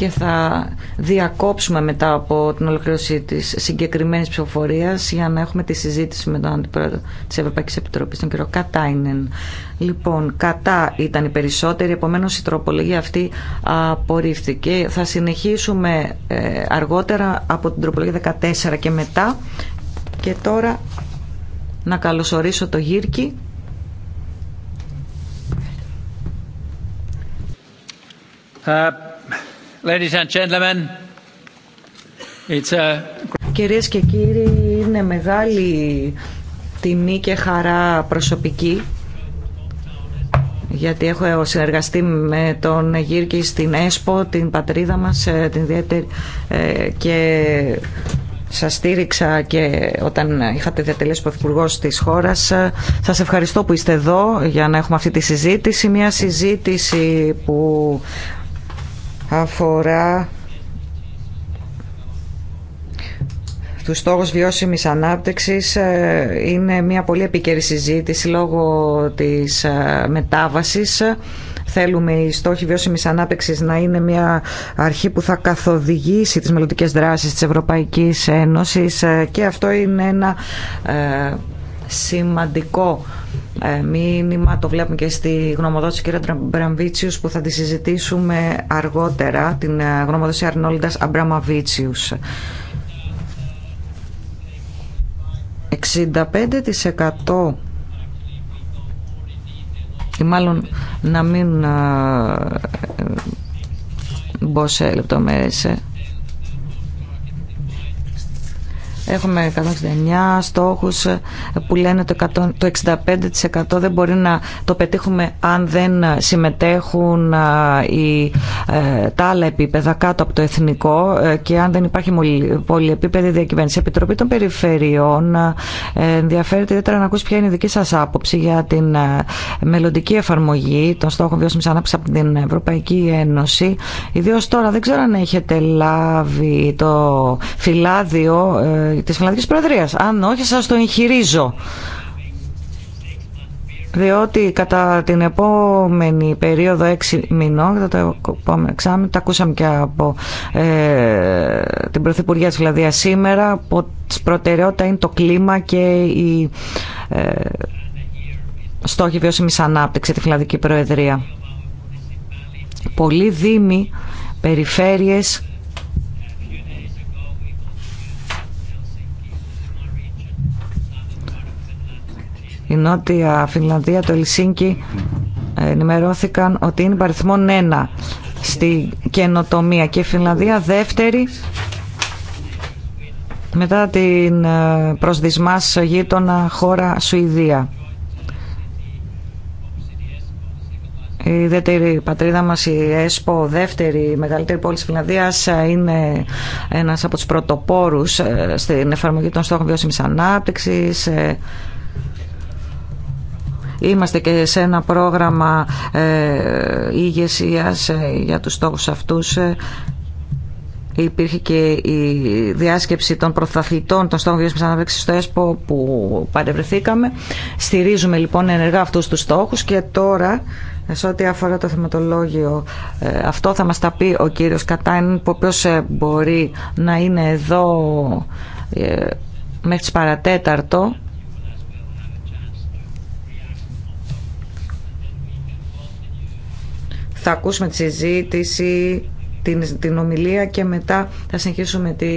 και θα διακόψουμε μετά από την ολοκλήρωση τη συγκεκριμένης ψηφοφορίας για να έχουμε τη συζήτηση με τον Αντιπρόεδρο τη Ευρωπαϊκή Επιτροπή, τον κύριο Κατάινεν. Λοιπόν, κατά ήταν οι περισσότεροι, επομένω η τροπολογία αυτή απορρίφθηκε. Θα συνεχίσουμε ε, αργότερα από την τροπολογία 14 και μετά. Και τώρα να καλωσορίσω το Γύρκι. Ε, Κυρίες και κύριοι, είναι μεγάλη τιμή και χαρά προσωπική γιατί έχω συνεργαστεί με τον Γύρκη στην ΕΣΠΟ, την πατρίδα μας, ε, την ε, και Σα στήριξα και όταν είχατε διατελέσει πρωθυπουργό της χώρας. Ε, σας ευχαριστώ που είστε εδώ για να έχουμε αυτή τη συζήτηση. Μια συζήτηση που αφορά τους στόχους βιώσιμης ανάπτυξης ε, είναι μια πολύ επίκαιρη συζήτηση λόγω της ε, μετάβασης θέλουμε οι στόχοι βιώσιμης ανάπτυξης να είναι μια αρχή που θα καθοδηγήσει τις μελλοντικέ δράσεις της Ευρωπαϊκής Ένωσης ε, και αυτό είναι ένα σημαντικό ε, μήνυμα, το βλέπουμε και στη γνωμοδότηση κ. Μπραμβίτσιους που θα τη συζητήσουμε αργότερα, την ε, γνωμοδότηση Αρνόλντα Αμπραμαβίτσιους. 65% ή μάλλον να μην ε, μπω σε λεπτομέρειες Έχουμε 169 στόχους που λένε το, 100, 65% δεν μπορεί να το πετύχουμε αν δεν συμμετέχουν οι, ε, τα άλλα επίπεδα κάτω από το εθνικό ε, και αν δεν υπάρχει πολυεπίπεδη διακυβέρνηση. Η Επιτροπή των Περιφερειών ε, ενδιαφέρεται ιδιαίτερα να ακούσει ποια είναι η δική σας άποψη για την μελλοντική εφαρμογή των στόχων βιώσιμης ανάπτυξης από την Ευρωπαϊκή Ένωση. ιδιώ τώρα δεν ξέρω αν έχετε λάβει το φυλάδιο της Φιλανδικής Προεδρίας. Αν όχι, σας το εγχειρίζω. Διότι κατά την επόμενη περίοδο έξι μηνών, κατά το επόμενο τα ακούσαμε και από ε, την Πρωθυπουργία της Φιλανδίας σήμερα, που προτεραιότητα είναι το κλίμα και η ε, στόχη βιώσιμης ανάπτυξη τη Φιλανδική Προεδρία. Πολλοί δήμοι, περιφέρειες η Νότια Φινλανδία, το Ελσίνκι, ενημερώθηκαν ότι είναι παριθμόν ένα στη καινοτομία και η Φινλανδία δεύτερη μετά την ε, προσδισμάς γείτονα χώρα Σουηδία. Η δεύτερη πατρίδα μας, η ΕΣΠΟ, δεύτερη μεγαλύτερη πόλη της Φιλανδίας, ε, είναι ένας από τους πρωτοπόρους ε, στην εφαρμογή των στόχων βιώσιμης ανάπτυξης, Είμαστε και σε ένα πρόγραμμα ε, ηγεσία ε, για τους στόχους αυτούς ε, υπήρχε και η διάσκεψη των πρωταθλητών των στόχων βιώσιμης ανάπτυξης στο ΕΣΠΟ που παρευρεθήκαμε. Στηρίζουμε λοιπόν ενεργά αυτούς τους στόχους και τώρα σε ό,τι αφορά το θεματολόγιο, αυτό θα μας τα πει ο κύριος Κατάιν, που ποιος μπορεί να είναι εδώ μέχρι τις παρατέταρτο Θα ακούσουμε τη συζήτηση, την, ομιλία και μετά θα συνεχίσουμε τη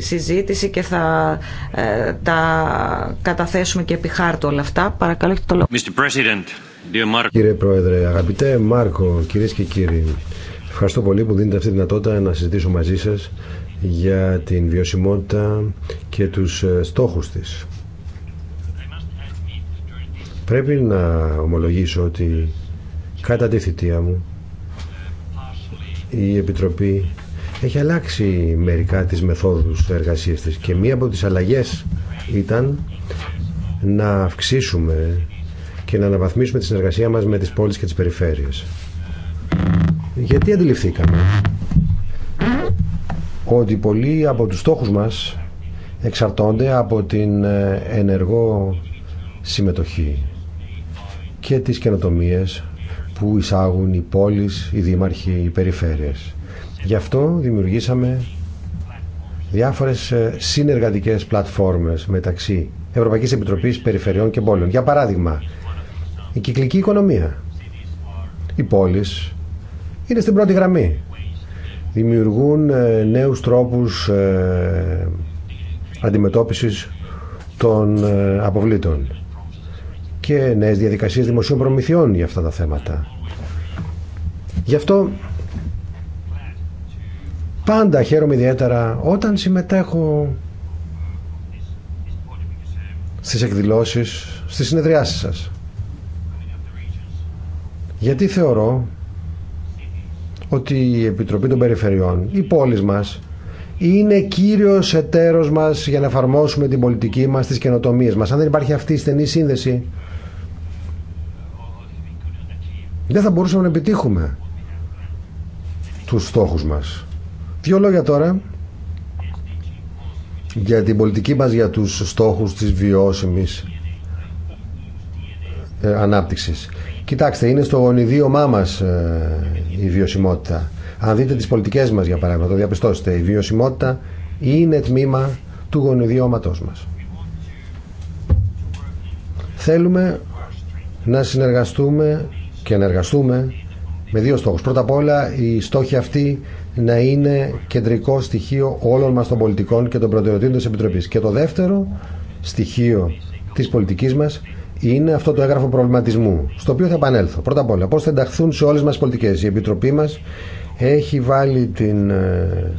συζήτηση και θα ε, τα καταθέσουμε και επί χάρτου όλα αυτά. Παρακαλώ, έχετε το λόγο. Κύριε Πρόεδρε, αγαπητέ Μάρκο, κυρίες και κύριοι, ευχαριστώ πολύ που δίνετε αυτή τη δυνατότητα να συζητήσω μαζί σας για την βιωσιμότητα και τους ε, στόχους της. Πρέπει να ομολογήσω ότι κατά τη θητεία μου η Επιτροπή έχει αλλάξει μερικά τις μεθόδους εργασίας της και μία από τις αλλαγές ήταν να αυξήσουμε και να αναβαθμίσουμε τη συνεργασία μας με τις πόλεις και τις περιφέρειες. Γιατί αντιληφθήκαμε ότι πολλοί από τους στόχους μας εξαρτώνται από την ε, ενεργό συμμετοχή και τις καινοτομίες που εισάγουν οι πόλεις, οι δήμαρχοι, οι περιφέρειες. Γι' αυτό δημιουργήσαμε διάφορες ε, συνεργατικές πλατφόρμες μεταξύ Ευρωπαϊκής Επιτροπής Περιφερειών και Πόλεων. Για παράδειγμα, η κυκλική οικονομία. Οι πόλεις είναι στην πρώτη γραμμή. Δημιουργούν ε, νέους τρόπους ε, αντιμετώπισης των αποβλήτων και νέε διαδικασίες δημοσίων προμηθειών για αυτά τα θέματα. Γι' αυτό πάντα χαίρομαι ιδιαίτερα όταν συμμετέχω στις εκδηλώσεις, στις συνεδριάσεις σας. Γιατί θεωρώ ότι η Επιτροπή των Περιφερειών, οι πόλεις μας, είναι κύριος εταίρος μας για να εφαρμόσουμε την πολιτική μας, τις καινοτομίες μας. Αν δεν υπάρχει αυτή η στενή σύνδεση, δεν θα μπορούσαμε να επιτύχουμε τους στόχους μας. Δύο λόγια τώρα για την πολιτική μας για τους στόχους της βιώσιμης ε, ανάπτυξης. Κοιτάξτε, είναι στο γονιδίωμά μας ε, η βιωσιμότητα. Αν δείτε τις πολιτικές μας, για παράδειγμα, το διαπιστώσετε, η βιωσιμότητα είναι τμήμα του γονιδιώματός μας. Θέλουμε να συνεργαστούμε και να εργαστούμε με δύο στόχους. Πρώτα απ' όλα οι στόχοι αυτοί να είναι κεντρικό στοιχείο όλων μας των πολιτικών και των προτεραιοτήτων της Επιτροπής. Και το δεύτερο στοιχείο της πολιτικής μας είναι αυτό το έγγραφο προβληματισμού, στο οποίο θα επανέλθω. Πρώτα απ' όλα, πώς θα ενταχθούν σε όλες μας τις πολιτικές. Η Επιτροπή μας έχει βάλει την ε,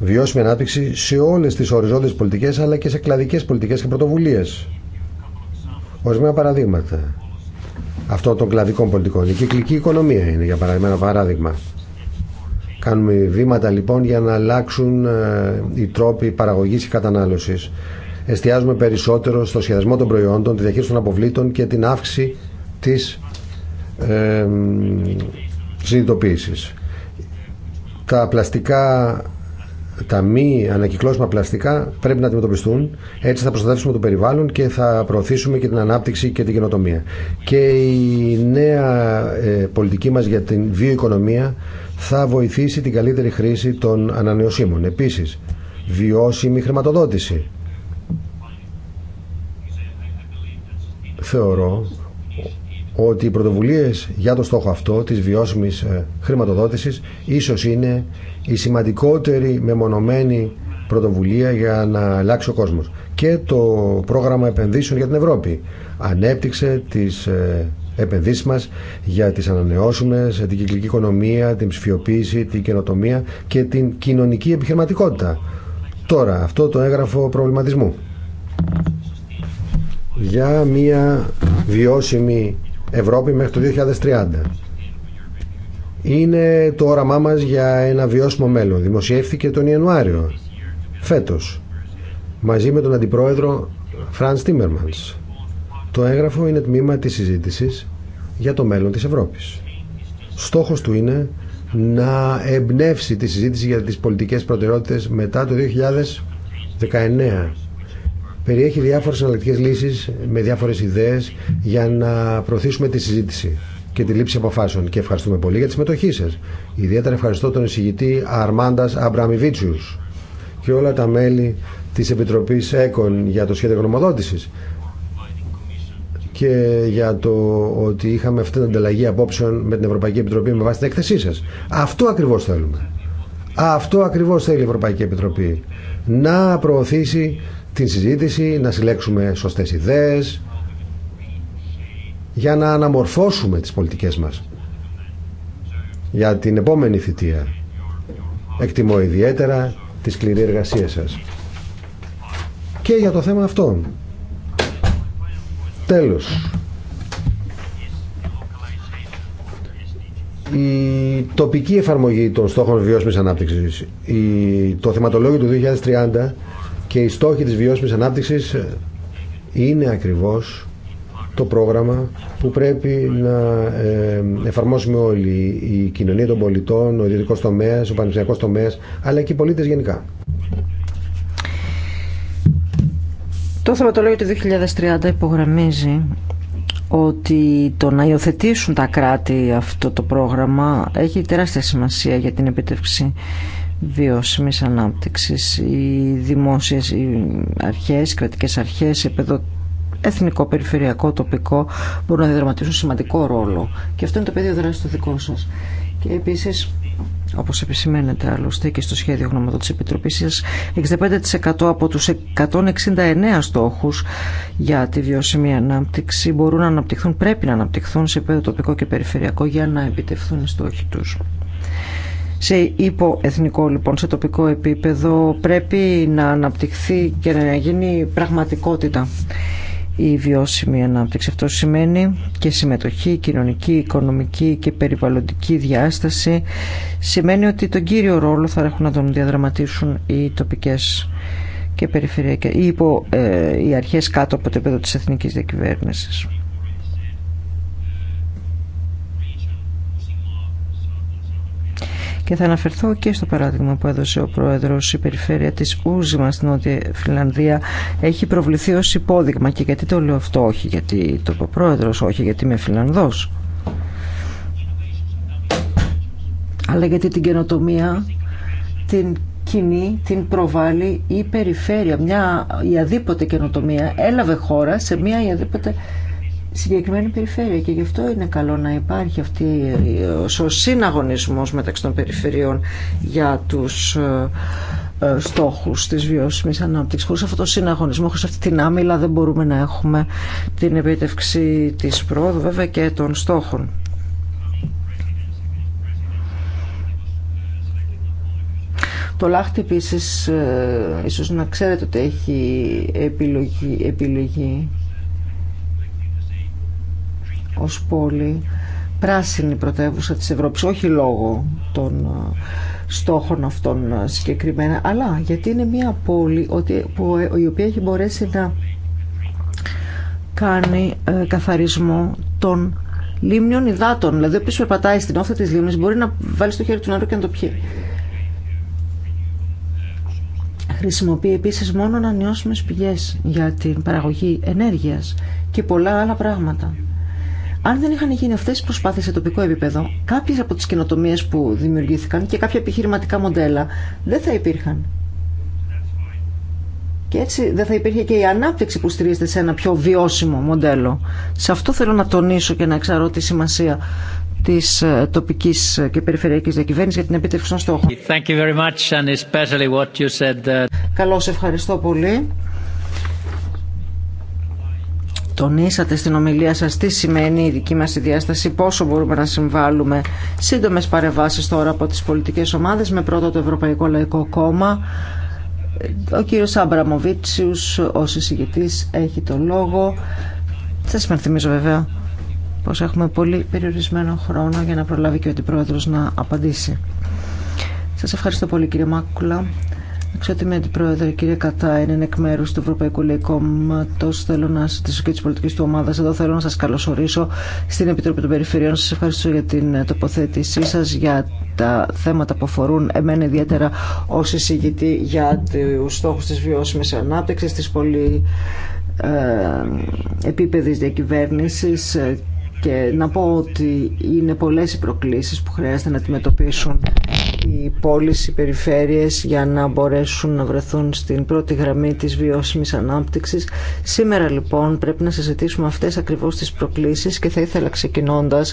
βιώσιμη ανάπτυξη σε όλες τις οριζόντες πολιτικές, αλλά και σε κλαδικές πολιτικές και πρωτοβουλίες. Ορισμένα παραδείγματα αυτό των κλαδικών πολιτικών. Η κυκλική οικονομία είναι για παράδειγμα παράδειγμα. Κάνουμε βήματα λοιπόν για να αλλάξουν ε, οι τρόποι παραγωγής και κατανάλωσης. Εστιάζουμε περισσότερο στο σχεδιασμό των προϊόντων, τη διαχείριση των αποβλήτων και την αύξηση της ε, Τα πλαστικά τα μη ανακυκλώσιμα πλαστικά πρέπει να αντιμετωπιστούν. Έτσι θα προστατεύσουμε το περιβάλλον και θα προωθήσουμε και την ανάπτυξη και την καινοτομία. Και η νέα ε, πολιτική μας για την βιοοικονομία θα βοηθήσει την καλύτερη χρήση των ανανεωσίμων. Επίσης, βιώσιμη χρηματοδότηση. Θεωρώ ότι οι πρωτοβουλίε για το στόχο αυτό της βιώσιμης ε, χρηματοδότησης ίσως είναι η σημαντικότερη μεμονωμένη πρωτοβουλία για να αλλάξει ο κόσμος. Και το πρόγραμμα επενδύσεων για την Ευρώπη ανέπτυξε τις ε, επενδύσεις μας για τις ανανεώσιμες, την κυκλική οικονομία, την ψηφιοποίηση, την καινοτομία και την κοινωνική επιχειρηματικότητα. Τώρα, αυτό το έγγραφο προβληματισμού για μια βιώσιμη Ευρώπη μέχρι το 2030. Είναι το όραμά μας για ένα βιώσιμο μέλλον. Δημοσιεύθηκε τον Ιανουάριο φέτος μαζί με τον Αντιπρόεδρο Φρανς Τίμερμανς. Το έγγραφο είναι τμήμα της συζήτησης για το μέλλον της Ευρώπης. Στόχος του είναι να εμπνεύσει τη συζήτηση για τις πολιτικές προτεραιότητες μετά το 2019 περιέχει διάφορες αναλυτικέ λύσεις με διάφορες ιδέες για να προωθήσουμε τη συζήτηση και τη λήψη αποφάσεων. Και ευχαριστούμε πολύ για τη συμμετοχή σα. Ιδιαίτερα ευχαριστώ τον εισηγητή Αρμάντα Αμπραμιβίτσιου και όλα τα μέλη της Επιτροπής ΕΚΟΝ για το σχέδιο γνωμοδότησης και για το ότι είχαμε αυτή την ανταλλαγή απόψεων με την Ευρωπαϊκή Επιτροπή με βάση την έκθεσή σας. Αυτό ακριβώς θέλουμε. Αυτό ακριβώς θέλει η Ευρωπαϊκή Επιτροπή. Να προωθήσει την συζήτηση, να συλλέξουμε σωστές ιδέες για να αναμορφώσουμε τις πολιτικές μας για την επόμενη θητεία. Εκτιμώ ιδιαίτερα τη σκληρή εργασία σας. Και για το θέμα αυτό. Τέλος. Η τοπική εφαρμογή των στόχων βιώσιμης ανάπτυξης, η, το θεματολόγιο του 2030 και οι στόχοι της βιώσιμης ανάπτυξης ε, είναι ακριβώς το πρόγραμμα που πρέπει να ε, εφαρμόσουμε όλοι η κοινωνία των πολιτών, ο ιδιωτικός τομέας, ο πανεπιστημιακός τομέας αλλά και οι πολίτες γενικά. Το θεματολόγιο του 2030 υπογραμμίζει ότι το να υιοθετήσουν τα κράτη αυτό το πρόγραμμα έχει τεράστια σημασία για την επιτεύξη βιώσιμης ανάπτυξης. Οι δημόσιες οι αρχές, οι κρατικές αρχές, σε εθνικό, περιφερειακό, τοπικό μπορούν να διδραματίσουν σημαντικό ρόλο. Και αυτό είναι το πεδίο δράση του δικό σας. Και επίσης όπως επισημαίνεται άλλωστε και στο σχέδιο γνώματο της Επιτροπής 65% από τους 169 στόχους για τη βιώσιμη ανάπτυξη μπορούν να αναπτυχθούν, πρέπει να αναπτυχθούν σε επίπεδο τοπικό και περιφερειακό για να επιτευθούν οι στόχοι τους σε υποεθνικό λοιπόν, σε τοπικό επίπεδο πρέπει να αναπτυχθεί και να γίνει πραγματικότητα η βιώσιμη ανάπτυξη. Αυτό σημαίνει και συμμετοχή, κοινωνική, οικονομική και περιβαλλοντική διάσταση. Σημαίνει ότι τον κύριο ρόλο θα έχουν να τον διαδραματίσουν οι τοπικές και περιφερειακές, υπό, ε, οι αρχές κάτω από το επίπεδο της εθνικής διακυβέρνησης. Και θα αναφερθώ και στο παράδειγμα που έδωσε ο πρόεδρο. Η περιφέρεια τη Ούζημα στην Νότια Φιλανδία έχει προβληθεί ω υπόδειγμα. Και γιατί το λέω αυτό, όχι γιατί το είπε ο πρόεδρο, όχι γιατί είμαι Φιλανδό. Αλλά γιατί την καινοτομία την κοινή την προβάλλει η περιφέρεια. Μια η αδίποτε καινοτομία έλαβε χώρα σε μια η αδίποτε συγκεκριμένη περιφέρεια και γι' αυτό είναι καλό να υπάρχει αυτή ε, ο συναγωνισμός μεταξύ των περιφερειών για τους ε, ε, στόχου τη βιώσιμη ανάπτυξη. Χωρί αυτόν τον συναγωνισμό, χωρί αυτή την άμυλα, δεν μπορούμε να έχουμε την επίτευξη τη πρόοδου, βέβαια και των στόχων. Το λάχτη επίση, ίσως να ξέρετε ότι έχει επιλογή, επιλογή ως πόλη πράσινη πρωτεύουσα της Ευρώπης, όχι λόγω των ε, στόχων αυτών ε, συγκεκριμένα, αλλά γιατί είναι μια πόλη ότι, ε, η οποία έχει μπορέσει να κάνει καθαρισμό των λίμνιων υδάτων. Δηλαδή, όποιος περπατάει στην όφτα της λίμνης μπορεί να βάλει στο χέρι του νερό και να το πιει. Χρησιμοποιεί επίσης μόνο ανανεώσιμες πηγές για την παραγωγή ενέργειας και πολλά άλλα πράγματα. Αν δεν είχαν γίνει αυτέ οι προσπάθειε σε τοπικό επίπεδο, κάποιε από τι καινοτομίε που δημιουργήθηκαν και κάποια επιχειρηματικά μοντέλα δεν θα υπήρχαν. Και έτσι δεν θα υπήρχε και η ανάπτυξη που στηρίζεται σε ένα πιο βιώσιμο μοντέλο. Σε αυτό θέλω να τονίσω και να εξαρώ τη σημασία τη ε, τοπική ε, και περιφερειακή διακυβέρνηση για την επίτευξη των στόχων. Uh, Καλώ ευχαριστώ πολύ τονίσατε στην ομιλία σας τι σημαίνει η δική μας η διάσταση, πόσο μπορούμε να συμβάλλουμε. Σύντομες παρεμβάσεις τώρα από τις πολιτικές ομάδες με πρώτο το Ευρωπαϊκό Λαϊκό Κόμμα. Ο κύριος Άμπραμοβίτσιους ο συζητητής, έχει το λόγο. Σα υπενθυμίζω βέβαια πως έχουμε πολύ περιορισμένο χρόνο για να προλάβει και ο Αντιπρόεδρος να απαντήσει. Σας ευχαριστώ πολύ κύριε Μάκουλα την Πρόεδρε, κύριε είναι εκ μέρου του Ευρωπαϊκού Λαϊκού Κόμματο, θέλω να σας και τη πολιτική του ομάδα. Εδώ θέλω να σα καλωσορίσω στην Επιτροπή των Περιφερειών. Σα ευχαριστώ για την τοποθέτησή σα, για τα θέματα που αφορούν εμένα ιδιαίτερα ω εισηγητή για του στόχου τη βιώσιμη ανάπτυξη, τη πολύ ε, επίπεδη διακυβέρνησης και να πω ότι είναι πολλές οι προκλήσεις που χρειάζεται να αντιμετωπίσουν οι πόλεις, οι περιφέρειες για να μπορέσουν να βρεθούν στην πρώτη γραμμή της βιώσιμης ανάπτυξης. Σήμερα λοιπόν πρέπει να συζητήσουμε αυτές ακριβώς τις προκλήσεις και θα ήθελα ξεκινώντα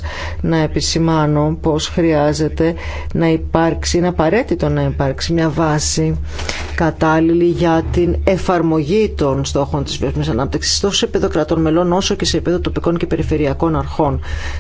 να επισημάνω πως χρειάζεται να υπάρξει, είναι απαραίτητο να υπάρξει μια βάση κατάλληλη για την εφαρμογή των στόχων της βιώσιμης ανάπτυξης τόσο σε επίπεδο κρατών μελών όσο και σε επίπεδο τοπικών και περιφερειακών αρχών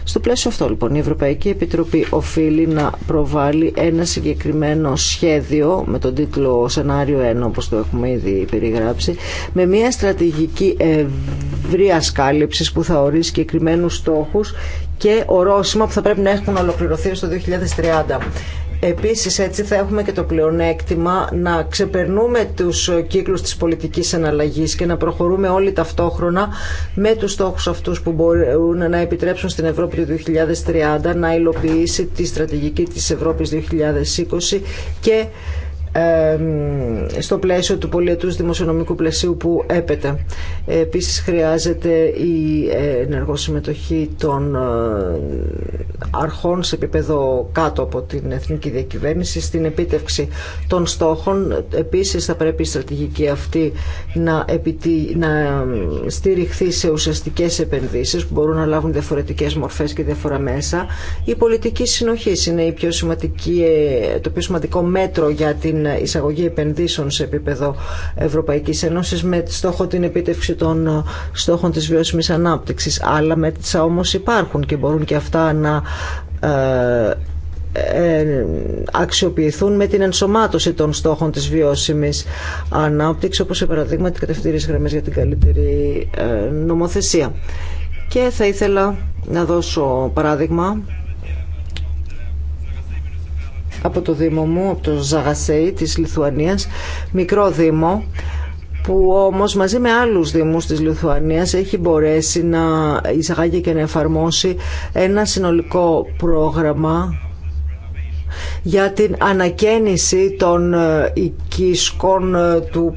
στο πλαίσιο αυτό λοιπόν η Ευρωπαϊκή Επιτροπή οφείλει να προβάλλει ένα συγκεκριμένο σχέδιο με τον τίτλο Σενάριο 1 όπως το έχουμε ήδη περιγράψει με μια στρατηγική ευρεία κάλυψη που θα ορίσει συγκεκριμένου στόχους και ορόσημα που θα πρέπει να έχουν ολοκληρωθεί στο 2030. Επίσης έτσι θα έχουμε και το πλεονέκτημα να ξεπερνούμε τους κύκλους της πολιτικής εναλλαγής και να προχωρούμε όλοι ταυτόχρονα με τους στόχους αυτούς που μπορούν να επιτρέψουν στην Ευρώπη το 2030 να υλοποιήσει τη στρατηγική της Ευρώπης 2020 και στο πλαίσιο του πολιετούς δημοσιονομικού πλαισίου που έπεται. Επίσης χρειάζεται η ε, ενεργό συμμετοχή των ε, αρχών σε επίπεδο κάτω από την εθνική διακυβέρνηση στην επίτευξη των στόχων. Επίσης θα πρέπει η στρατηγική αυτή να, επιτύ... να στηριχθεί σε ουσιαστικές επενδύσεις που μπορούν να λάβουν διαφορετικές μορφές και διαφορά μέσα. Η πολιτική συνοχή είναι πιο σημαντική, ε, το πιο σημαντικό μέτρο για την εισαγωγή επενδύσεων σε επίπεδο Ευρωπαϊκής Ένωση με στόχο την επίτευξη των ε, στόχων της βιώσιμης ανάπτυξης. Άλλα μέτρα όμω υπάρχουν και μπορούν και αυτά να ε, ε, αξιοποιηθούν με την ενσωμάτωση των στόχων της βιώσιμης ανάπτυξης όπως σε παραδείγμα την κατευθύνηση γραμμές για την καλύτερη νομοθεσία. Και θα ήθελα να δώσω παράδειγμα από το Δήμο μου, από το Ζαγασέι της Λιθουανίας, μικρό Δήμο, που όμως μαζί με άλλους δήμους της Λιθουανίας έχει μπορέσει να εισαγάγει και να εφαρμόσει ένα συνολικό πρόγραμμα για την ανακαίνιση των ε, οικίσκων ε, του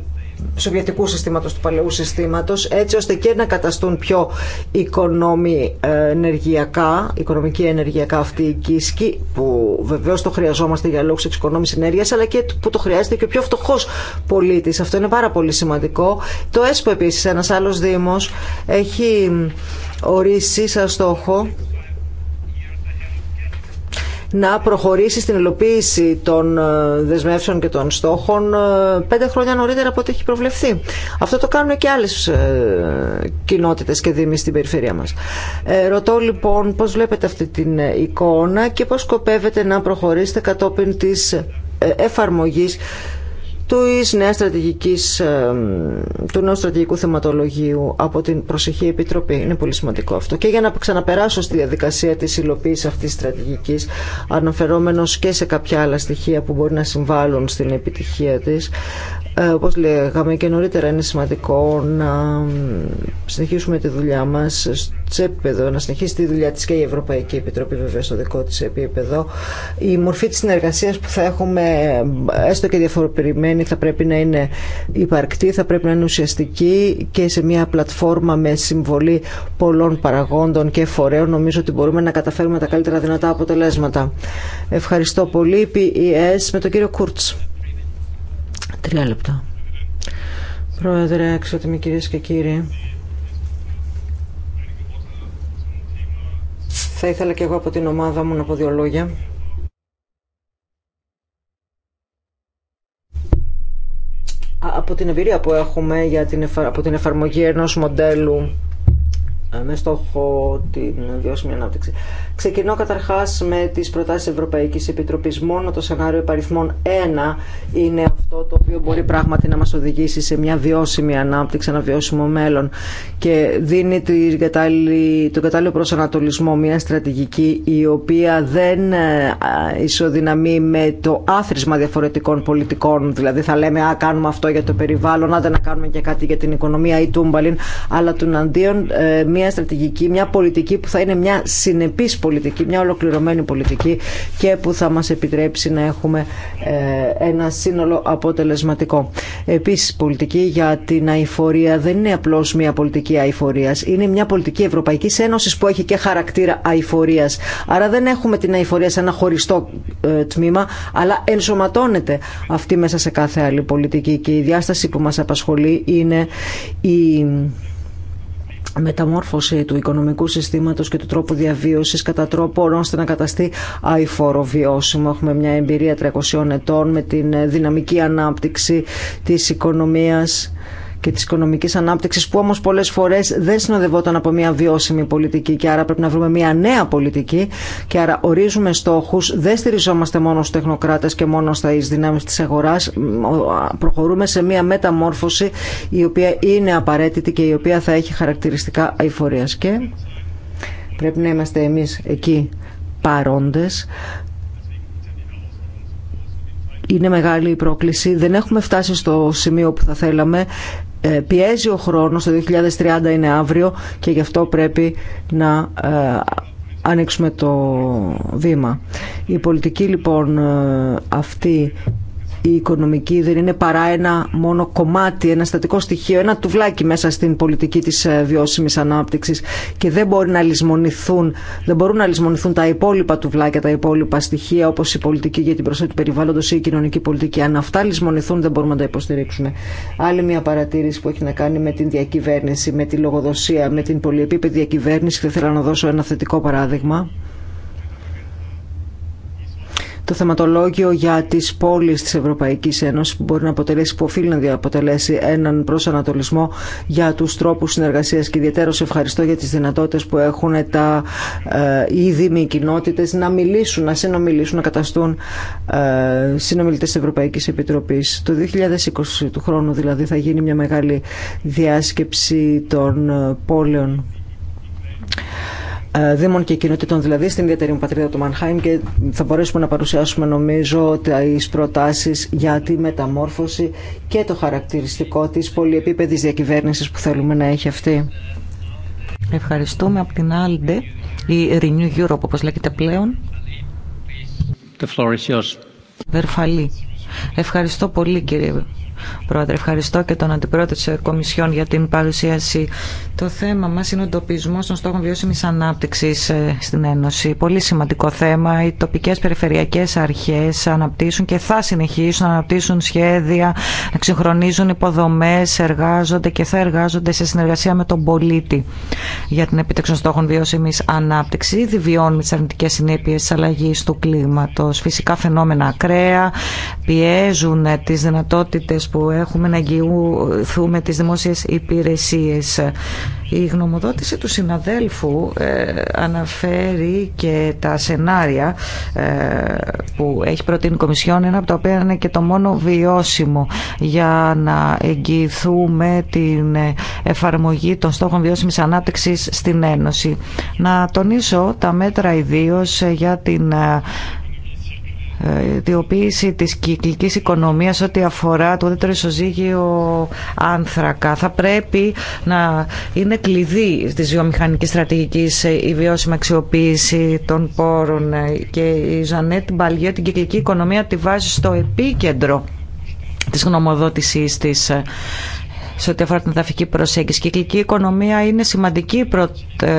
Σοβιετικού συστήματος, του παλαιού συστήματος, έτσι ώστε και να καταστούν πιο οικονομικοί ε, ενεργειακά, οικονομική ενεργειακά αυτή η κίσκη, που βεβαίως το χρειαζόμαστε για λόγους εξοικονόμησης ενέργειας, αλλά και που το χρειάζεται και ο πιο φτωχό πολίτης. Αυτό είναι πάρα πολύ σημαντικό. Το ΕΣΠΟ επίσης, ένας άλλος δήμος, έχει ορίσει σαν στόχο να προχωρήσει στην υλοποίηση των ε, δεσμεύσεων και των στόχων ε, πέντε χρόνια νωρίτερα από ό,τι έχει προβλεφθεί. Αυτό το κάνουν και άλλες ε, κοινότητες και δήμοι στην περιφέρεια μας. Ρωτώ λοιπόν πώς βλέπετε αυτή την εικόνα και πώς σκοπεύετε να προχωρήσετε κατόπιν της εφαρμογής του, νέας στρατηγικής, του νέου στρατηγικού θεματολογίου από την Προσεχή Επιτροπή. Είναι πολύ σημαντικό αυτό. Και για να ξαναπεράσω στη διαδικασία της υλοποίησης αυτής της στρατηγικής, αναφερόμενος και σε κάποια άλλα στοιχεία που μπορεί να συμβάλλουν στην επιτυχία της, ε, όπως λέγαμε και νωρίτερα είναι σημαντικό να συνεχίσουμε τη δουλειά μας σε επίπεδο, να συνεχίσει τη δουλειά της και η Ευρωπαϊκή Επιτροπή βέβαια στο δικό της επίπεδο. Η μορφή της συνεργασίας που θα έχουμε έστω και διαφοροποιημένη θα πρέπει να είναι υπαρκτή, θα πρέπει να είναι ουσιαστική και σε μια πλατφόρμα με συμβολή πολλών παραγόντων και φορέων νομίζω ότι μπορούμε να καταφέρουμε τα καλύτερα δυνατά αποτελέσματα. Ευχαριστώ πολύ. PES με τον κύριο Κούρτ. Τρία λεπτά. Πρόεδρε, εξωτιμοί κυρίες και κύριοι, θα ήθελα και εγώ από την ομάδα μου να πω δύο λόγια. Από την εμπειρία που έχουμε για την, από την εφαρμογή ενός μοντέλου με στόχο την βιώσιμη ανάπτυξη. Ξεκινώ καταρχά με τι προτάσει Ευρωπαϊκή Επιτροπή. Μόνο το σενάριο υπαριθμών 1 είναι αυτό το οποίο μπορεί πράγματι να μα οδηγήσει σε μια βιώσιμη ανάπτυξη, ένα βιώσιμο μέλλον και δίνει τον κατάλληλο προσανατολισμό μια στρατηγική η οποία δεν ε, ισοδυναμεί με το άθροισμα διαφορετικών πολιτικών. Δηλαδή θα λέμε «Α, κάνουμε αυτό για το περιβάλλον, άντε να κάνουμε και κάτι για την οικονομία ή τούμπαλιν», αλλά του αντίον ε, μια στρατηγική, μια πολιτική που θα είναι μια συνεπής πολιτική, μια ολοκληρωμένη πολιτική και που θα μα επιτρέψει να έχουμε ε, ένα σύνολο αποτελεσματικό. Επίση, πολιτική για την αηφορία δεν είναι απλώ μια πολιτική αηφορία. είναι μια πολιτική Ευρωπαϊκή Ένωση που έχει και χαρακτήρα αηφορία. Άρα δεν έχουμε την αηφορία σε ένα χωριστό ε, τμήμα, αλλά ενσωματώνεται αυτή μέσα σε κάθε άλλη πολιτική και η διάσταση που μα απασχολεί είναι η μεταμόρφωση του οικονομικού συστήματος και του τρόπου διαβίωσης κατά τρόπο ώστε να καταστεί αηφόρο βιώσιμο. Έχουμε μια εμπειρία 300 ετών με την δυναμική ανάπτυξη της οικονομίας και τη οικονομική ανάπτυξη που όμω πολλέ φορέ δεν συνοδευόταν από μια βιώσιμη πολιτική και άρα πρέπει να βρούμε μια νέα πολιτική και άρα ορίζουμε στόχου. δεν στηριζόμαστε μόνο στου τεχνοκράτε και μόνο στα ει δυνάμεις της αγοράς, προχωρούμε σε μια μεταμόρφωση η οποία είναι απαραίτητη και η οποία θα έχει χαρακτηριστικά αηφορία. και πρέπει να είμαστε εμεί εκεί παρόντε. είναι μεγάλη η πρόκληση. Δεν έχουμε φτάσει στο σημείο που θα θέλαμε. Ε, πιέζει ο χρόνος, το 2030 είναι αύριο και γι' αυτό πρέπει να ε, ανοίξουμε το βήμα. Η πολιτική λοιπόν ε, αυτή η οικονομική δεν είναι παρά ένα μόνο κομμάτι, ένα στατικό στοιχείο, ένα τουβλάκι μέσα στην πολιτική τη ε, βιώσιμης ανάπτυξη και δεν, μπορεί να λησμονηθούν, δεν μπορούν να λησμονηθούν τα υπόλοιπα τουβλάκια, τα υπόλοιπα στοιχεία όπω η πολιτική για την προσέγγιση του περιβάλλοντος ή η κοινωνική πολιτική. Αν αυτά λησμονηθούν δεν μπορούμε να τα υποστηρίξουμε. Άλλη μια παρατήρηση που έχει να κάνει με την διακυβέρνηση, με τη λογοδοσία, με την πολυεπίπεδη διακυβέρνηση Θα ήθελα να δώσω ένα θετικό παράδειγμα το θεματολόγιο για τις πόλεις της Ευρωπαϊκής Ένωση που μπορεί να αποτελέσει, που οφείλει να αποτελέσει έναν προσανατολισμό για τους τρόπους συνεργασίας και ιδιαίτερως ευχαριστώ για τις δυνατότητε που έχουν τα ε, οι δήμοι, κοινότητες να μιλήσουν, να συνομιλήσουν, να καταστούν ε, συνομιλητές της Ευρωπαϊκής Επιτροπής. Το 2020 του χρόνου δηλαδή θα γίνει μια μεγάλη διάσκεψη των ε, πόλεων. Ε, δήμων και Κοινότητων, δηλαδή στην ιδιαίτερη μου πατρίδα του Μανχάιμ και θα μπορέσουμε να παρουσιάσουμε νομίζω τι προτάσει για τη μεταμόρφωση και το χαρακτηριστικό της πολυεπίπεδης διακυβέρνηση που θέλουμε να έχει αυτή. Ευχαριστούμε από την Άλντε η Renew Europe όπως λέγεται πλέον. The Βερφαλή. Ευχαριστώ πολύ κύριε Πρόεδρε. Ευχαριστώ και τον Αντιπρόεδρο τη Κομισιόν για την παρουσίαση. Το θέμα μα είναι ο εντοπισμό των στόχων βιώσιμη ανάπτυξη ε, στην Ένωση. Πολύ σημαντικό θέμα. Οι τοπικέ περιφερειακέ αρχέ αναπτύσσουν και θα συνεχίσουν να αναπτύσσουν σχέδια, να ξεχρονίζουν υποδομέ, εργάζονται και θα εργάζονται σε συνεργασία με τον πολίτη για την επίτευξη των στόχων βιώσιμη ανάπτυξη. Ήδη βιώνουμε τι αρνητικέ συνέπειε τη αλλαγή του κλίματο. Φυσικά φαινόμενα ακραία πιέζουν τι δυνατότητε που έχουμε να εγγυηθούμε τις δημόσιες υπηρεσίες. Η γνωμοδότηση του συναδέλφου ε, αναφέρει και τα σενάρια ε, που έχει προτείνει η Κομισιόν, ένα από τα οποία είναι και το μόνο βιώσιμο για να εγγυηθούμε την εφαρμογή των στόχων βιώσιμης ανάπτυξης στην Ένωση. Να τονίσω τα μέτρα ιδίω για την ε, ιδιοποίηση της κυκλικής οικονομίας ό,τι αφορά το δεύτερο ισοζύγιο άνθρακα. Θα πρέπει να είναι κλειδί της βιομηχανικής στρατηγικής η βιώσιμη αξιοποίηση των πόρων και η Ζανέτ Μπαλιέ την κυκλική οικονομία τη βάζει στο επίκεντρο της γνωμοδότησής της σε ό,τι αφορά την εδαφική προσέγγιση. Η κυκλική οικονομία είναι σημαντική, ε,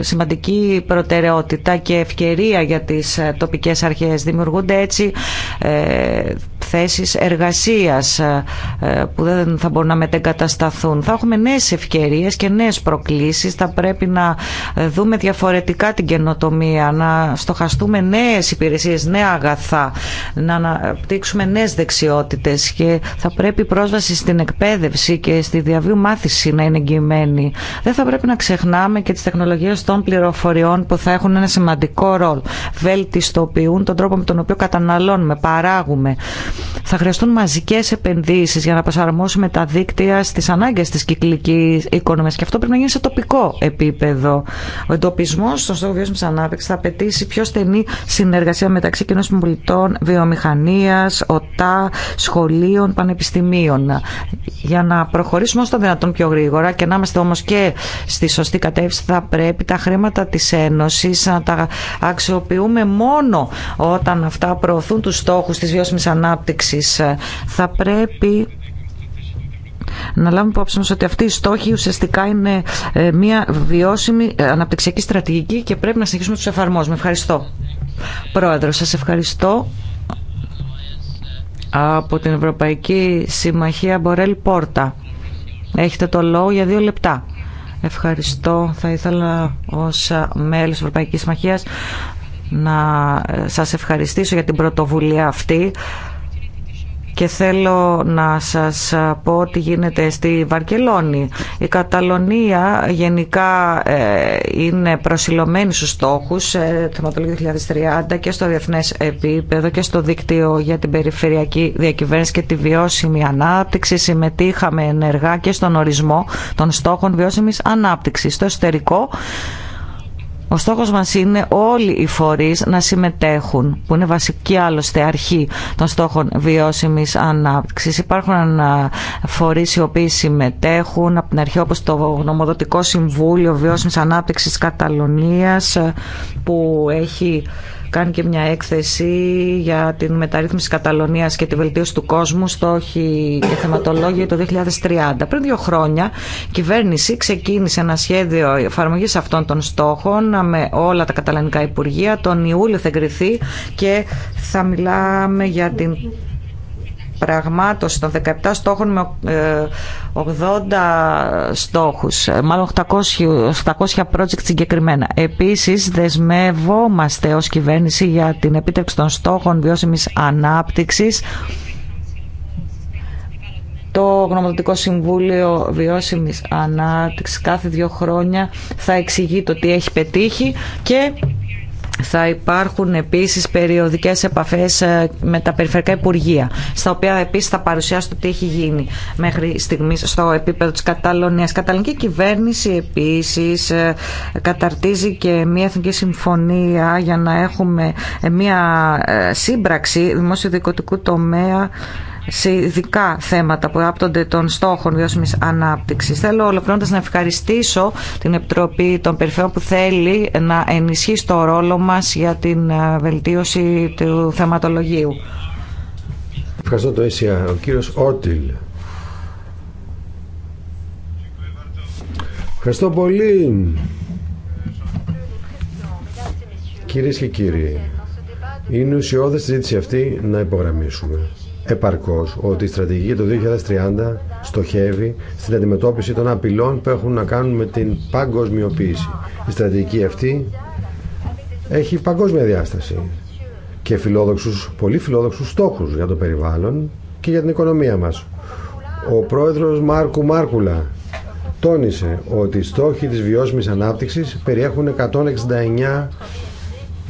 σημαντική προτεραιότητα και ευκαιρία για τις ε, τοπικές αρχές. Δημιουργούνται έτσι ε, θέσεις εργασίας ε, που δεν θα μπορούν να μετεγκατασταθούν. Θα έχουμε νέες ευκαιρίες και νέες προκλήσεις. Θα πρέπει να δούμε διαφορετικά την καινοτομία, να στοχαστούμε νέες υπηρεσίες, νέα αγαθά, να αναπτύξουμε νέες δεξιότητες και θα πρέπει η πρόσβαση στην εκπαίδευση και στη διαβίου μάθηση να είναι εγγυημένη. Δεν θα πρέπει να ξεχνάμε και τις τεχνολογίες των πληροφοριών που θα έχουν ένα σημαντικό ρόλο. Βελτιστοποιούν τον τρόπο με τον οποίο καταναλώνουμε, παράγουμε. Θα χρειαστούν μαζικές επενδύσεις για να προσαρμόσουμε τα δίκτυα στις ανάγκες της κυκλικής οικονομίας και αυτό πρέπει να γίνει σε τοπικό επίπεδο. Ο εντοπισμό των στόχων βιώσιμη ανάπτυξη θα απαιτήσει πιο στενή συνεργασία μεταξύ κοινών πολιτών, βιομηχανία, ΟΤΑ, σχολείων, πανεπιστημίων για να να προχωρήσουμε όσο το δυνατόν πιο γρήγορα και να είμαστε όμω και στη σωστή κατεύθυνση θα πρέπει τα χρήματα της Ένωση να τα αξιοποιούμε μόνο όταν αυτά προωθούν τους στόχους της βιώσιμης ανάπτυξης. Θα πρέπει να λάβουμε υπόψη μας ότι αυτοί οι στόχοι ουσιαστικά είναι ε, μια βιώσιμη ε, αναπτυξιακή στρατηγική και πρέπει να συνεχίσουμε να τους εφαρμόζουμε. Ευχαριστώ. Πρόεδρο, σας ευχαριστώ από την Ευρωπαϊκή Συμμαχία Μπορέλ Πόρτα. Έχετε το λόγο για δύο λεπτά. Ευχαριστώ. Θα ήθελα ως μέλος της Ευρωπαϊκής Συμμαχίας να σας ευχαριστήσω για την πρωτοβουλία αυτή και θέλω να σας πω ότι γίνεται στη Βαρκελόνη. Η Καταλωνία γενικά ε, είναι προσιλωμένη στους στόχους ε, του 2030 και στο διεθνές επίπεδο και στο δίκτυο για την περιφερειακή διακυβέρνηση και τη βιώσιμη ανάπτυξη. Συμμετείχαμε ενεργά και στον ορισμό των στόχων βιώσιμης ανάπτυξης στο εσωτερικό ο στόχο μας είναι όλοι οι φορείς να συμμετέχουν, που είναι βασική άλλωστε αρχή των στόχων βιώσιμης ανάπτυξης. Υπάρχουν φορεί οι οποίοι συμμετέχουν από την αρχή όπω το νομοδοτικό Συμβούλιο Βιώσιμης Ανάπτυξης Καταλονίας που έχει κάνει και μια έκθεση για την μεταρρύθμιση Καταλωνίας και τη βελτίωση του κόσμου, στόχοι και θεματολόγιο το 2030. Πριν δύο χρόνια η κυβέρνηση ξεκίνησε ένα σχέδιο εφαρμογή αυτών των στόχων με όλα τα καταλανικά υπουργεία. Τον Ιούλιο θα εγκριθεί και θα μιλάμε για την πραγμάτωση των 17 στόχων με 80 ε, στόχους, ε, μάλλον 800, 800 project συγκεκριμένα. Επίσης δεσμευόμαστε ως κυβέρνηση για την επίτευξη των στόχων βιώσιμης ανάπτυξης το Γνωμοδοτικό Συμβούλιο Βιώσιμης Ανάπτυξης κάθε δύο χρόνια θα εξηγεί το τι έχει πετύχει και θα υπάρχουν επίσης περιοδικές επαφές ε, με τα περιφερειακά υπουργεία, στα οποία επίσης θα παρουσιάσουν τι έχει γίνει μέχρι στιγμής στο επίπεδο της Καταλωνίας. Η Καταλωνική κυβέρνηση επίσης ε, καταρτίζει και μια εθνική συμφωνία για να έχουμε μια ε, σύμπραξη δημόσιο-δικοτικού τομέα σε ειδικά θέματα που άπτονται των στόχων βιώσιμη ανάπτυξη. Θέλω ολοκληρώνοντα να ευχαριστήσω την Επιτροπή των Περιφερειών που θέλει να ενισχύσει το ρόλο μα για την ε, βελτίωση του θεματολογίου. Ευχαριστώ το ΕΣΥΑ. Ο κύριος Ότιλ. Ευχαριστώ πολύ. Κυρίες και κύριοι, είναι ουσιώδες συζήτηση αυτή να υπογραμμίσουμε επαρκώς ότι η στρατηγική το 2030 στοχεύει στην αντιμετώπιση των απειλών που έχουν να κάνουν με την παγκοσμιοποίηση. Η στρατηγική αυτή έχει παγκόσμια διάσταση και φιλόδοξους, πολύ φιλόδοξους στόχους για το περιβάλλον και για την οικονομία μας. Ο πρόεδρος Μάρκου Μάρκουλα τόνισε ότι οι στόχοι της βιώσιμης ανάπτυξης περιέχουν 169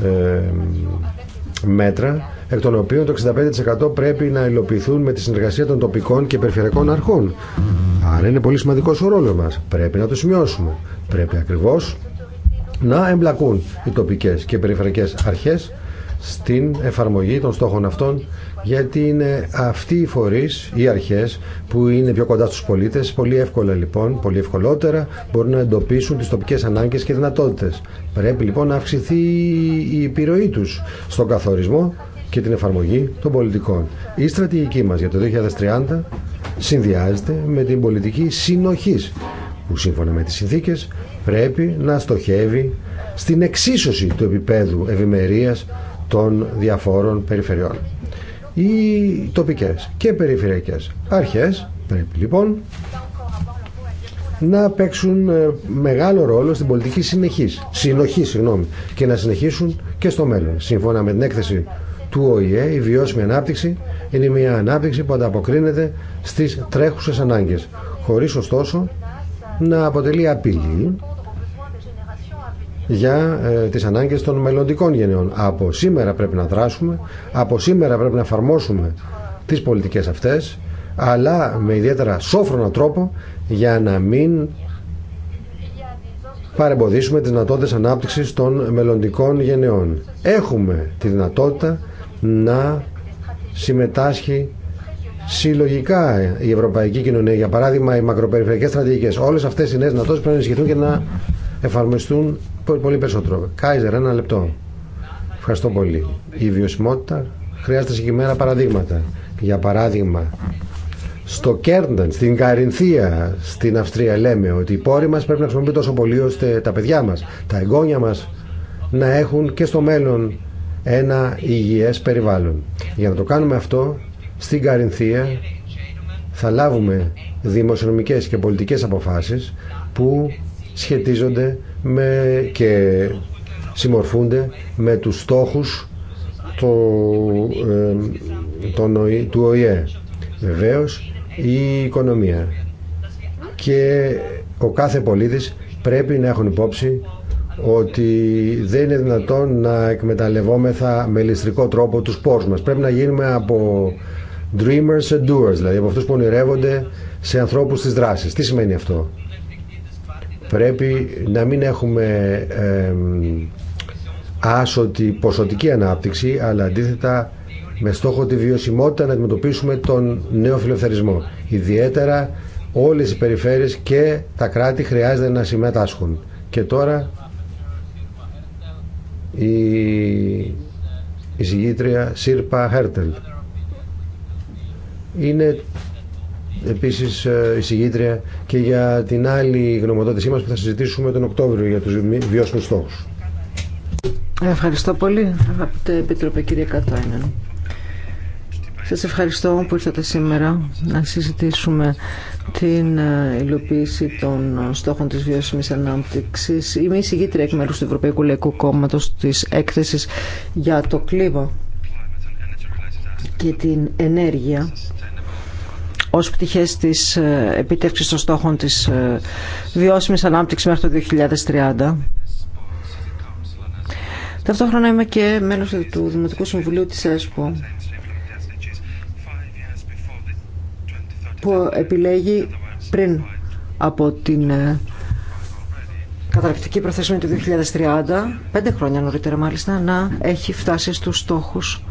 ε, μέτρα εκ των οποίων το 65% πρέπει να υλοποιηθούν με τη συνεργασία των τοπικών και περιφερειακών αρχών. Άρα είναι πολύ σημαντικό ο ρόλο μα. Πρέπει να το σημειώσουμε. Πρέπει ακριβώ να εμπλακούν οι τοπικέ και περιφερειακέ αρχέ στην εφαρμογή των στόχων αυτών γιατί είναι αυτοί οι φορείς, οι αρχές που είναι πιο κοντά στους πολίτες πολύ εύκολα λοιπόν, πολύ ευκολότερα μπορούν να εντοπίσουν τις τοπικές ανάγκες και δυνατότητες. Πρέπει λοιπόν να αυξηθεί η επιρροή τους στον καθορισμό και την εφαρμογή των πολιτικών. Η στρατηγική μας για το 2030 συνδυάζεται με την πολιτική συνοχής που σύμφωνα με τις συνθήκες πρέπει να στοχεύει στην εξίσωση του επίπεδου ευημερία των διαφόρων περιφερειών. Οι τοπικές και περιφερειακές αρχές πρέπει λοιπόν να παίξουν ε, μεγάλο ρόλο στην πολιτική συνεχής, συνοχή και να συνεχίσουν και στο μέλλον. Σύμφωνα με την έκθεση του ΟΗΕ, η βιώσιμη ανάπτυξη είναι μια ανάπτυξη που ανταποκρίνεται στις τρέχουσες ανάγκες, χωρίς ωστόσο να αποτελεί απειλή για ε, τις ανάγκες των μελλοντικών γενεών. Από σήμερα πρέπει να δράσουμε, από σήμερα πρέπει να εφαρμόσουμε τις πολιτικές αυτές, αλλά με ιδιαίτερα σόφρονα τρόπο για να μην παρεμποδίσουμε τις δυνατότητες ανάπτυξης των μελλοντικών γενεών. Έχουμε τη δυνατότητα να συμμετάσχει συλλογικά η ευρωπαϊκή κοινωνία. Για παράδειγμα, οι μακροπεριφερειακέ στρατηγικέ. Όλε αυτέ οι νέε δυνατότητε πρέπει να ενισχυθούν και να εφαρμοστούν πολύ περισσότερο. Κάιζερ, ένα λεπτό. Ευχαριστώ πολύ. Η βιωσιμότητα χρειάζεται συγκεκριμένα παραδείγματα. Για παράδειγμα, στο Κέρνταν, στην Καρινθία, στην Αυστρία, λέμε ότι οι πόροι μα πρέπει να χρησιμοποιούν τόσο πολύ ώστε τα παιδιά μα, τα εγγόνια μα να έχουν και στο μέλλον ένα υγιές περιβάλλον. Για να το κάνουμε αυτό, στην Καρινθία θα λάβουμε δημοσιονομικές και πολιτικές αποφάσεις που σχετίζονται με και συμμορφούνται με τους στόχους ε, του ΟΗΕ. Βεβαίως η οικονομία. Και ο κάθε πολίτης πρέπει να έχουν υπόψη ότι δεν είναι δυνατόν να εκμεταλλευόμεθα με ληστρικό τρόπο τους πόρους μας. Πρέπει να γίνουμε από dreamers and doers, δηλαδή από αυτούς που ονειρεύονται σε ανθρώπους της δράσης. Τι σημαίνει αυτό. Πρέπει να μην έχουμε ε, άσωτη ποσοτική ανάπτυξη, αλλά αντίθετα με στόχο τη βιωσιμότητα να αντιμετωπίσουμε τον νέο φιλελευθερισμό. Ιδιαίτερα όλες οι περιφέρειες και τα κράτη χρειάζεται να συμμετάσχουν. Και τώρα η συγγήτρια Σύρπα Χέρτελ. Είναι επίσης ε, συγγήτρια και για την άλλη γνωμοδότησή μας που θα συζητήσουμε τον Οκτώβριο για τους βιώσιμους στόχους. Ευχαριστώ πολύ αγαπητέ Επίτροπε κύριε Κατάινεν. Σας ευχαριστώ που ήρθατε σήμερα να συζητήσουμε την ε, υλοποίηση των ε, στόχων της βιώσιμης ανάπτυξης. Είμαι η συγγήτρια εκ μέρους του Ευρωπαϊκού Λαϊκού Κόμματος της έκθεσης για το κλίμα και την ενέργεια ως πτυχές της ε, επίτευξης των στόχων της βιώσιμης ανάπτυξης μέχρι το 2030. Ταυτόχρονα είμαι και μέλος του Δημοτικού Συμβουλίου της ΕΣΠΟ που επιλέγει πριν από την ε, καταρρεπτική προθεσμία του 2030, πέντε χρόνια νωρίτερα μάλιστα, να έχει φτάσει στους στόχους.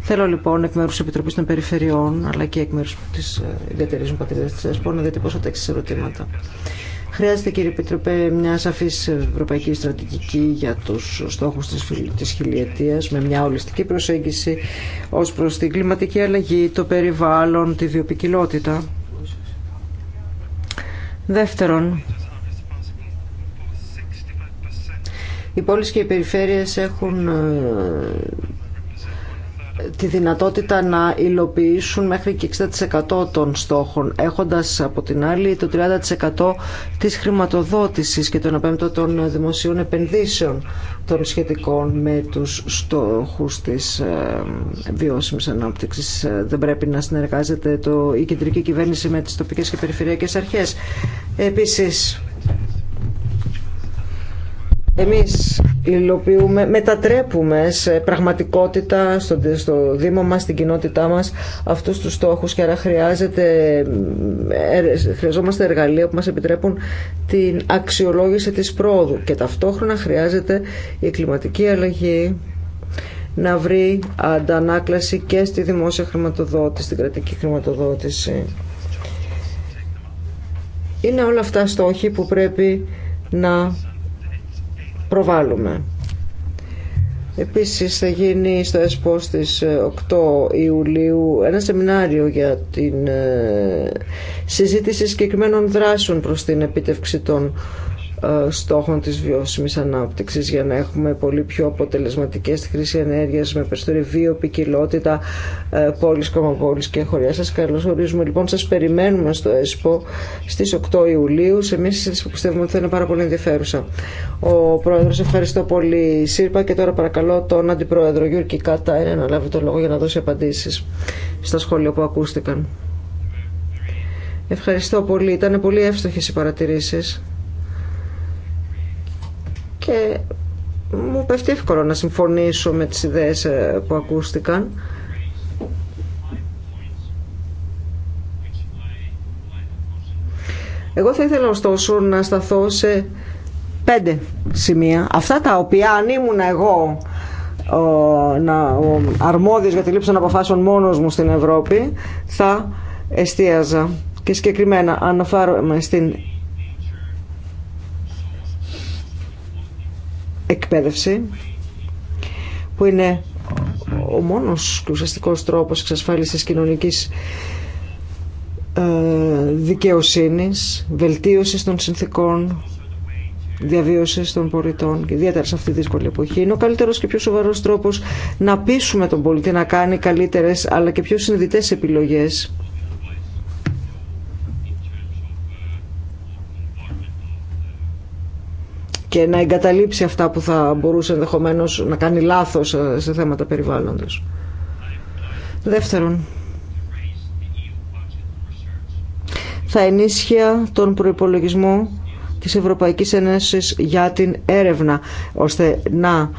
Θέλω λοιπόν εκ μέρου τη Επιτροπή των Περιφερειών αλλά και εκ μέρου της ε, ιδιαιτερής μου πατρίδας τη ΕΣΠΟ να διατυπώσω τα ερωτήματα. Χρειάζεται, κύριε Επιτροπέ, μια σαφή ευρωπαϊκή στρατηγική για του στόχου τη χιλιετία με μια ολιστική προσέγγιση ω προ την κλιματική αλλαγή, το περιβάλλον, τη βιοπικιλότητα Δεύτερον, οι πόλεις και οι περιφέρειες έχουν ε, τη δυνατότητα να υλοποιήσουν μέχρι και 60% των στόχων, έχοντας από την άλλη το 30% της χρηματοδότησης και τον πέμπτο των δημοσίων επενδύσεων των σχετικών με τους στόχους της ε, βιώσιμης ανάπτυξης. Ε, δεν πρέπει να συνεργάζεται το, η κεντρική κυβέρνηση με τις τοπικές και περιφερειακές αρχές. Επίσης, εμείς υλοποιούμε, μετατρέπουμε σε πραγματικότητα στο, στο Δήμο μας, στην κοινότητά μας αυτούς τους στόχους και άρα χρειάζεται, ε, χρειαζόμαστε εργαλεία που μας επιτρέπουν την αξιολόγηση της πρόοδου και ταυτόχρονα χρειάζεται η κλιματική αλλαγή να βρει αντανάκλαση και στη δημόσια χρηματοδότηση, στην κρατική χρηματοδότηση. Είναι όλα αυτά στόχοι που πρέπει να προβάλλουμε. Επίσης θα γίνει στο ΕΣΠΟ στις 8 ε, Ιουλίου ένα σεμινάριο για την ε, συζήτηση συγκεκριμένων δράσεων προς την επίτευξη των ε, στόχων της βιώσιμης ανάπτυξης για να έχουμε πολύ πιο αποτελεσματικές στη χρήση ενέργειας με περισσότερη βιοπικιλότητα ε, πόλης, κομμαπόλης και χωριά. Σας καλωσορίζουμε λοιπόν, σας περιμένουμε στο ΕΣΠΟ στις 8 Ιουλίου σε μια συζήτηση που πιστεύουμε ότι θα είναι πάρα πολύ ενδιαφέρουσα. Ο Πρόεδρος ευχαριστώ πολύ Σύρπα και τώρα παρακαλώ τον Αντιπρόεδρο Γιούρκη Κάτα να λάβει το λόγο για να δώσει απαντήσεις στα σχόλια που ακούστηκαν. Ευχαριστώ πολύ. Ήταν πολύ εύστοχες οι παρατηρήσεις και μου πέφτει εύκολο να συμφωνήσω με τις ιδέες ε, που ακούστηκαν. Εγώ θα ήθελα ωστόσο να σταθώ σε πέντε σημεία. Αυτά τα οποία αν ήμουν εγώ ο, να, αρμόδιος για τη λήψη των αποφάσεων μόνος μου στην Ευρώπη θα εστίαζα. Και συγκεκριμένα αναφέρομαι στην εκπαίδευση που είναι ο μόνος και ουσιαστικός τρόπος εξασφάλισης κοινωνικής ε, δικαιοσύνης, βελτίωσης των συνθήκων διαβίωσης των πολιτών, και ιδιαίτερα σε αυτή τη δύσκολη εποχή. Είναι ο καλύτερο και πιο σοβαρός τρόπος να πείσουμε τον πολίτη να κάνει καλύτερες αλλά και πιο συνειδητές επιλογές και να εγκαταλείψει αυτά που θα μπορούσε ενδεχομένω να κάνει λάθος ε, σε θέματα περιβάλλοντος. Δεύτερον, θα ενίσχυα τον προπολογισμό της Ευρωπαϊκής Ένωσης για την έρευνα, ώστε να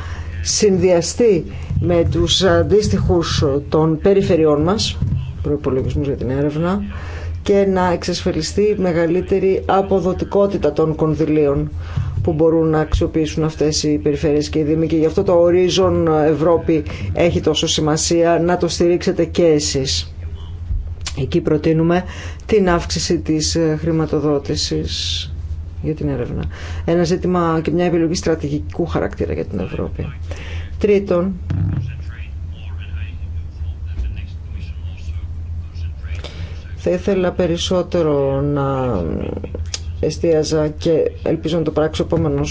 συνδυαστεί με τους αντίστοιχους των περιφερειών μας, προϋπολογισμούς για την έρευνα, και να εξασφαλιστεί μεγαλύτερη αποδοτικότητα των κονδυλίων που μπορούν να αξιοποιήσουν αυτές οι περιφέρειες και οι Δήμοι και γι' αυτό το ορίζον Ευρώπη έχει τόσο σημασία να το στηρίξετε και εσείς. Εκεί προτείνουμε την αύξηση της ε, χρηματοδότησης για την έρευνα. Ένα ζήτημα και μια επιλογή στρατηγικού χαρακτήρα για την Ευρώπη. Τρίτον, θα ήθελα περισσότερο να εστίαζα και ελπίζω να το πράξει ο επόμενο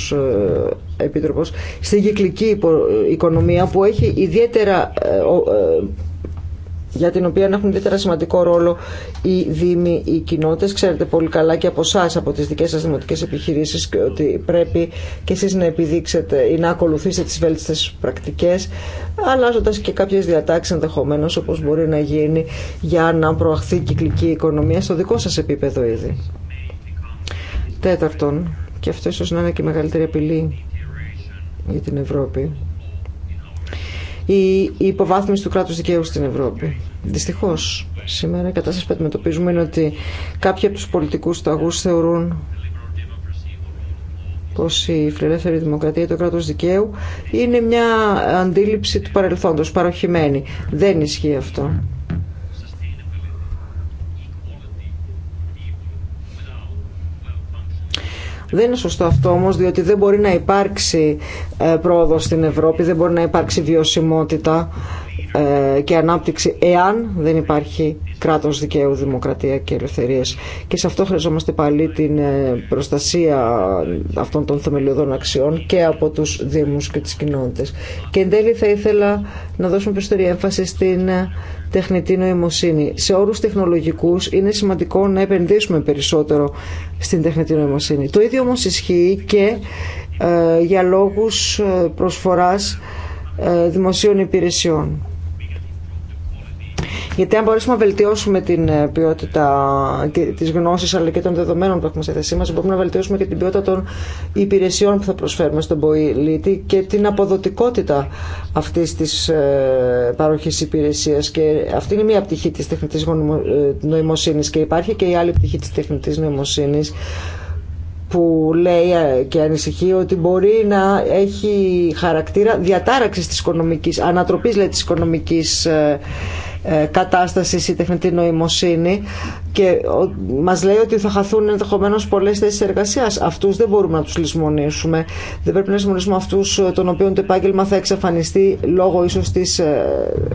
ε, επίτροπο, στην κυκλική οικονομία που έχει ιδιαίτερα ε, ε, για την οποία έχουν ιδιαίτερα σημαντικό ρόλο οι δήμοι, οι κοινότητε. Ξέρετε πολύ καλά και από εσά, από τι δικέ σα δημοτικέ επιχειρήσει, ότι πρέπει και εσεί να επιδείξετε ή να ακολουθήσετε τι βέλτιστε πρακτικέ, αλλάζοντα και κάποιε διατάξει ενδεχομένω, όπω μπορεί να γίνει για να προαχθεί η κυκλική οικονομία στο δικό σα επίπεδο ήδη. Τέταρτον, και αυτό ίσως να είναι και η μεγαλύτερη απειλή για την Ευρώπη, η υποβάθμιση του κράτους δικαίου στην Ευρώπη. Δυστυχώς, σήμερα η κατάσταση που αντιμετωπίζουμε είναι ότι κάποιοι από τους πολιτικούς ταγούς θεωρούν πως η φιλελεύθερη δημοκρατία και το κράτος δικαίου είναι μια αντίληψη του παρελθόντος, παροχημένη. Δεν ισχύει αυτό. Δεν είναι σωστό αυτό όμως διότι δεν μπορεί να υπάρξει ε, πρόοδο στην Ευρώπη, δεν μπορεί να υπάρξει βιωσιμότητα ε, και ανάπτυξη εάν δεν υπάρχει κράτος δικαίου, δημοκρατία και ελευθερίες. Και σε αυτό χρειαζόμαστε πάλι την ε, προστασία αυτών των θεμελιωδών αξιών και από τους δήμους και τις κοινότητες. Και εν τέλει θα ήθελα να δώσουμε περισσότερη έμφαση στην τεχνητή νοημοσύνη. Σε όρους τεχνολογικούς είναι σημαντικό να επενδύσουμε περισσότερο στην τεχνητή νοημοσύνη. Το ίδιο όμω ισχύει και ε, για λόγους ε, προσφοράς ε, δημοσίων υπηρεσιών. Γιατί αν μπορέσουμε να βελτιώσουμε την ε, ποιότητα τη γνώση αλλά και των δεδομένων που έχουμε στη θέση μα, μπορούμε να βελτιώσουμε και την ποιότητα των υπηρεσιών που θα προσφέρουμε στον πολίτη και την αποδοτικότητα αυτή τη ε, παροχή υπηρεσία. Και αυτή είναι μία πτυχή τη τεχνητή ε, νοημοσύνη και υπάρχει και η άλλη πτυχή τη τεχνητή νοημοσύνη που λέει και ανησυχεί ότι μπορεί να έχει χαρακτήρα διατάραξης της οικονομικής, ανατροπής λέει, της οικονομικής ε, κατάστασης η τεχνητή νοημοσύνη και μας λέει ότι θα χαθούν ενδεχομένως πολλές θέσεις εργασίας. Αυτούς δεν μπορούμε να τους λησμονήσουμε. Δεν πρέπει να λησμονήσουμε αυτούς ε, των οποίων το επάγγελμα θα εξαφανιστεί λόγω ίσως της ε,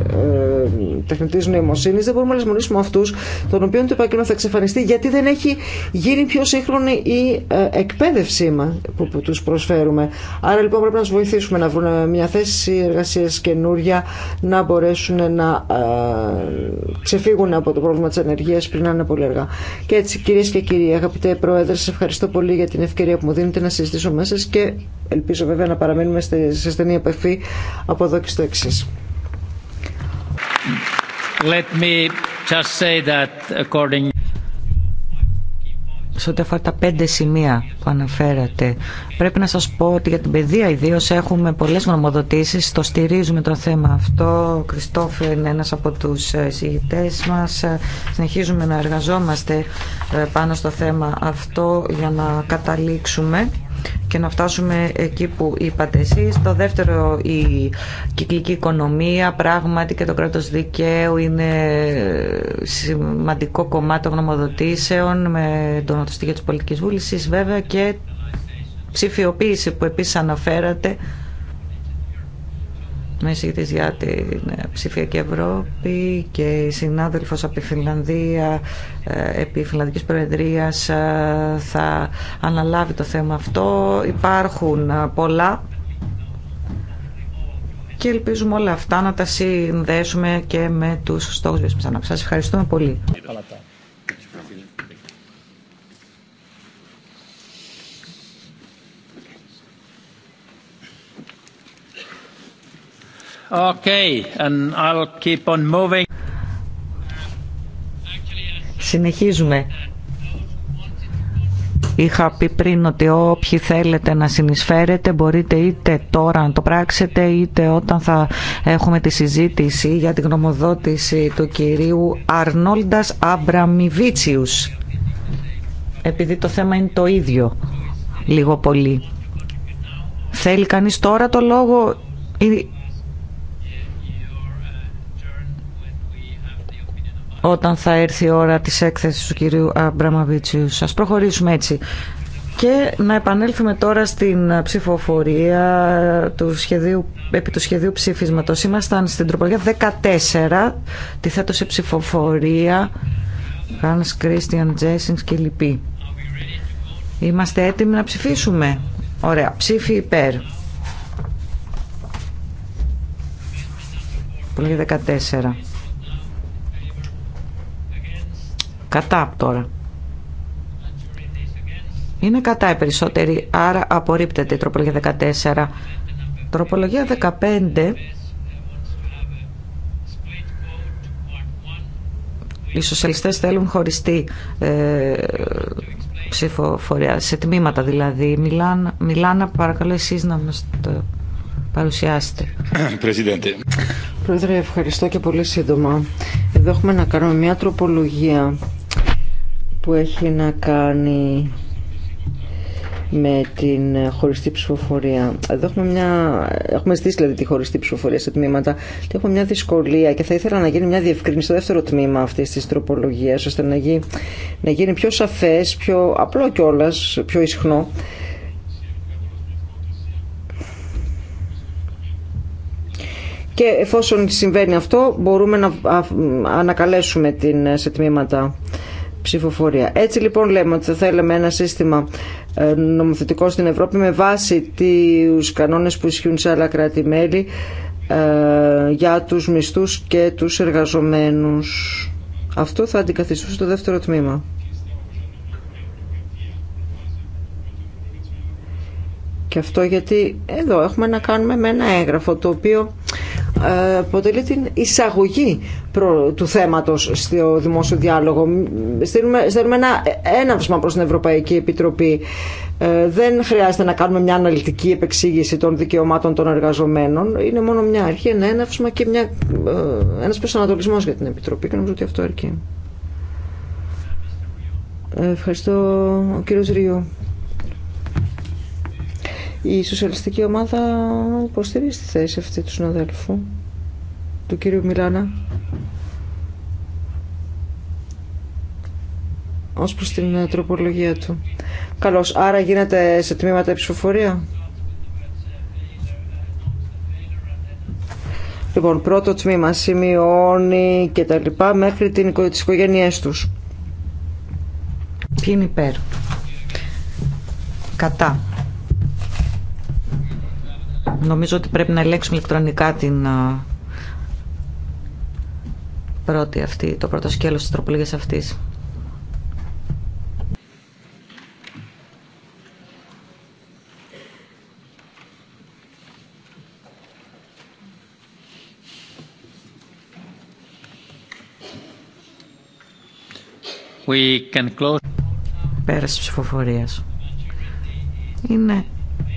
ε, τεχνητής νοημοσύνης. Δεν μπορούμε να λησμονήσουμε αυτούς των οποίων το επάγγελμα θα εξαφανιστεί γιατί δεν έχει γίνει πιο σύγχρονη η ε, εκπαίδευσή μας που, που τους προσφέρουμε. Άρα λοιπόν πρέπει να τους βοηθήσουμε να βρουν μια θέση εργασίας καινούρια, να μπορέσουν να ξεφύγουν από το πρόβλημα της ανεργίας πριν να είναι πολύ αργά. Και έτσι κυρίες και κύριοι, αγαπητέ Πρόεδρε, σας ευχαριστώ πολύ για την ευκαιρία που μου δίνετε να συζητήσω μέσα σας και ελπίζω βέβαια να παραμείνουμε σε στενή επαφή από εδώ και στο εξή σε ό,τι αφορά τα πέντε σημεία που αναφέρατε. Πρέπει να σας πω ότι για την παιδεία ιδίω έχουμε πολλές γνωμοδοτήσεις, το στηρίζουμε το θέμα αυτό. Ο Κριστόφερ είναι ένας από τους ε, συγητές μας. Ε, συνεχίζουμε να εργαζόμαστε ε, πάνω στο θέμα αυτό για να καταλήξουμε και να φτάσουμε εκεί που είπατε εσεί Το δεύτερο, η κυκλική οικονομία, πράγματι και το κράτος δικαίου είναι σημαντικό κομμάτι των γνωμοδοτήσεων με τον για τη πολιτική βούληση, βέβαια και ψηφιοποίηση που επίση αναφέρατε είμαι εισηγητής για την ε, ψηφιακή Ευρώπη και η συνάδελφος από τη Φινλανδία ε, επί Φινλανδικής Προεδρίας ε, θα αναλάβει το θέμα αυτό. Υπάρχουν πολλά και ελπίζουμε όλα αυτά να τα συνδέσουμε και με τους στόχους που Σας ευχαριστούμε πολύ. Συνεχίζουμε. Είχα πει πριν ότι όποιοι θέλετε να συνεισφέρετε μπορείτε είτε τώρα να το πράξετε είτε όταν θα έχουμε τη συζήτηση για την γνωμοδότηση του κυρίου Αρνόλντας Αμπραμιβίτσιους. Επειδή το θέμα είναι το ίδιο λίγο πολύ. Θέλει κανείς τώρα το λόγο ή όταν θα έρθει η ώρα της έκθεσης του κυρίου Αμπραμαβίτσιου. Σας προχωρήσουμε έτσι. Και να επανέλθουμε τώρα στην ψηφοφορία του σχεδίου, επί του σχεδίου ψήφισματος. Ήμασταν στην τροπολογία 14, τη θέτω σε ψηφοφορία Hans Christian Jessens και λοιποί. Είμαστε έτοιμοι να ψηφίσουμε. Ωραία, ψήφι υπέρ. Πολύ 14. Κατά τώρα. Είναι κατά οι περισσότεροι, άρα απορρίπτεται η τροπολογία 14. Τροπολογία 15. Οι σοσιαλιστές θέλουν χωριστή ε, ψηφοφορία, σε τμήματα δηλαδή. Μιλάν, Μιλάνα, παρακαλώ εσείς να μας το παρουσιάσετε. Πρόεδρε, ευχαριστώ και πολύ σύντομα. Εδώ έχουμε να κάνουμε μια τροπολογία που έχει να κάνει με την χωριστή ψηφοφορία. Εδώ έχουμε μια. Έχουμε ζητήσει δηλαδή τη χωριστή ψηφοφορία σε τμήματα και έχουμε μια δυσκολία και θα ήθελα να γίνει μια διευκρίνηση στο δεύτερο τμήμα αυτή τη τροπολογία, ώστε να γίνει, να γίνει πιο σαφέ, πιο απλό κιόλα, πιο ισχνό. Και εφόσον συμβαίνει αυτό, μπορούμε να ανακαλέσουμε την, σε τμήματα ψηφοφορία. Έτσι λοιπόν λέμε ότι θα θέλαμε ένα σύστημα ε, νομοθετικό στην Ευρώπη με βάση τους κανόνες που ισχύουν σε άλλα κράτη-μέλη ε, για τους μισθούς και τους εργαζομένους. Αυτό θα αντικαθιστούσε το δεύτερο τμήμα. Και αυτό γιατί εδώ έχουμε να κάνουμε με ένα έγγραφο το οποίο ε, αποτελεί την εισαγωγή του θέματος στο δημόσιο διάλογο. Στέλνουμε, στέλνουμε ένα έναυσμα προς την Ευρωπαϊκή Επιτροπή. Ε, δεν χρειάζεται να κάνουμε μια αναλυτική επεξήγηση των δικαιωμάτων των εργαζομένων. Είναι μόνο μια αρχή, ένα έναυσμα και μια, ε, ένας προσανατολισμός για την Επιτροπή και νομίζω ότι αυτό αρκεί. Ευχαριστώ ο κύριος Ρίου. Η σοσιαλιστική ομάδα υποστηρίζει τη θέση αυτή του συναδέλφου, του κύριου Μιλάνα. Ω προ την ε, τροπολογία του. Καλώ. Άρα γίνεται σε τμήματα ψηφοφορία. Λοιπόν, πρώτο τμήμα σημειώνει και τα λοιπά μέχρι την, τις οικογένειές τους. Ποιοι είναι υπέρ. Κατά. Νομίζω ότι πρέπει να ελέγξουμε ηλεκτρονικά την πρώτη αυτή, το πρώτο σκέλος της τροπολογίας αυτής. We can close. ψηφοφορίας. Είναι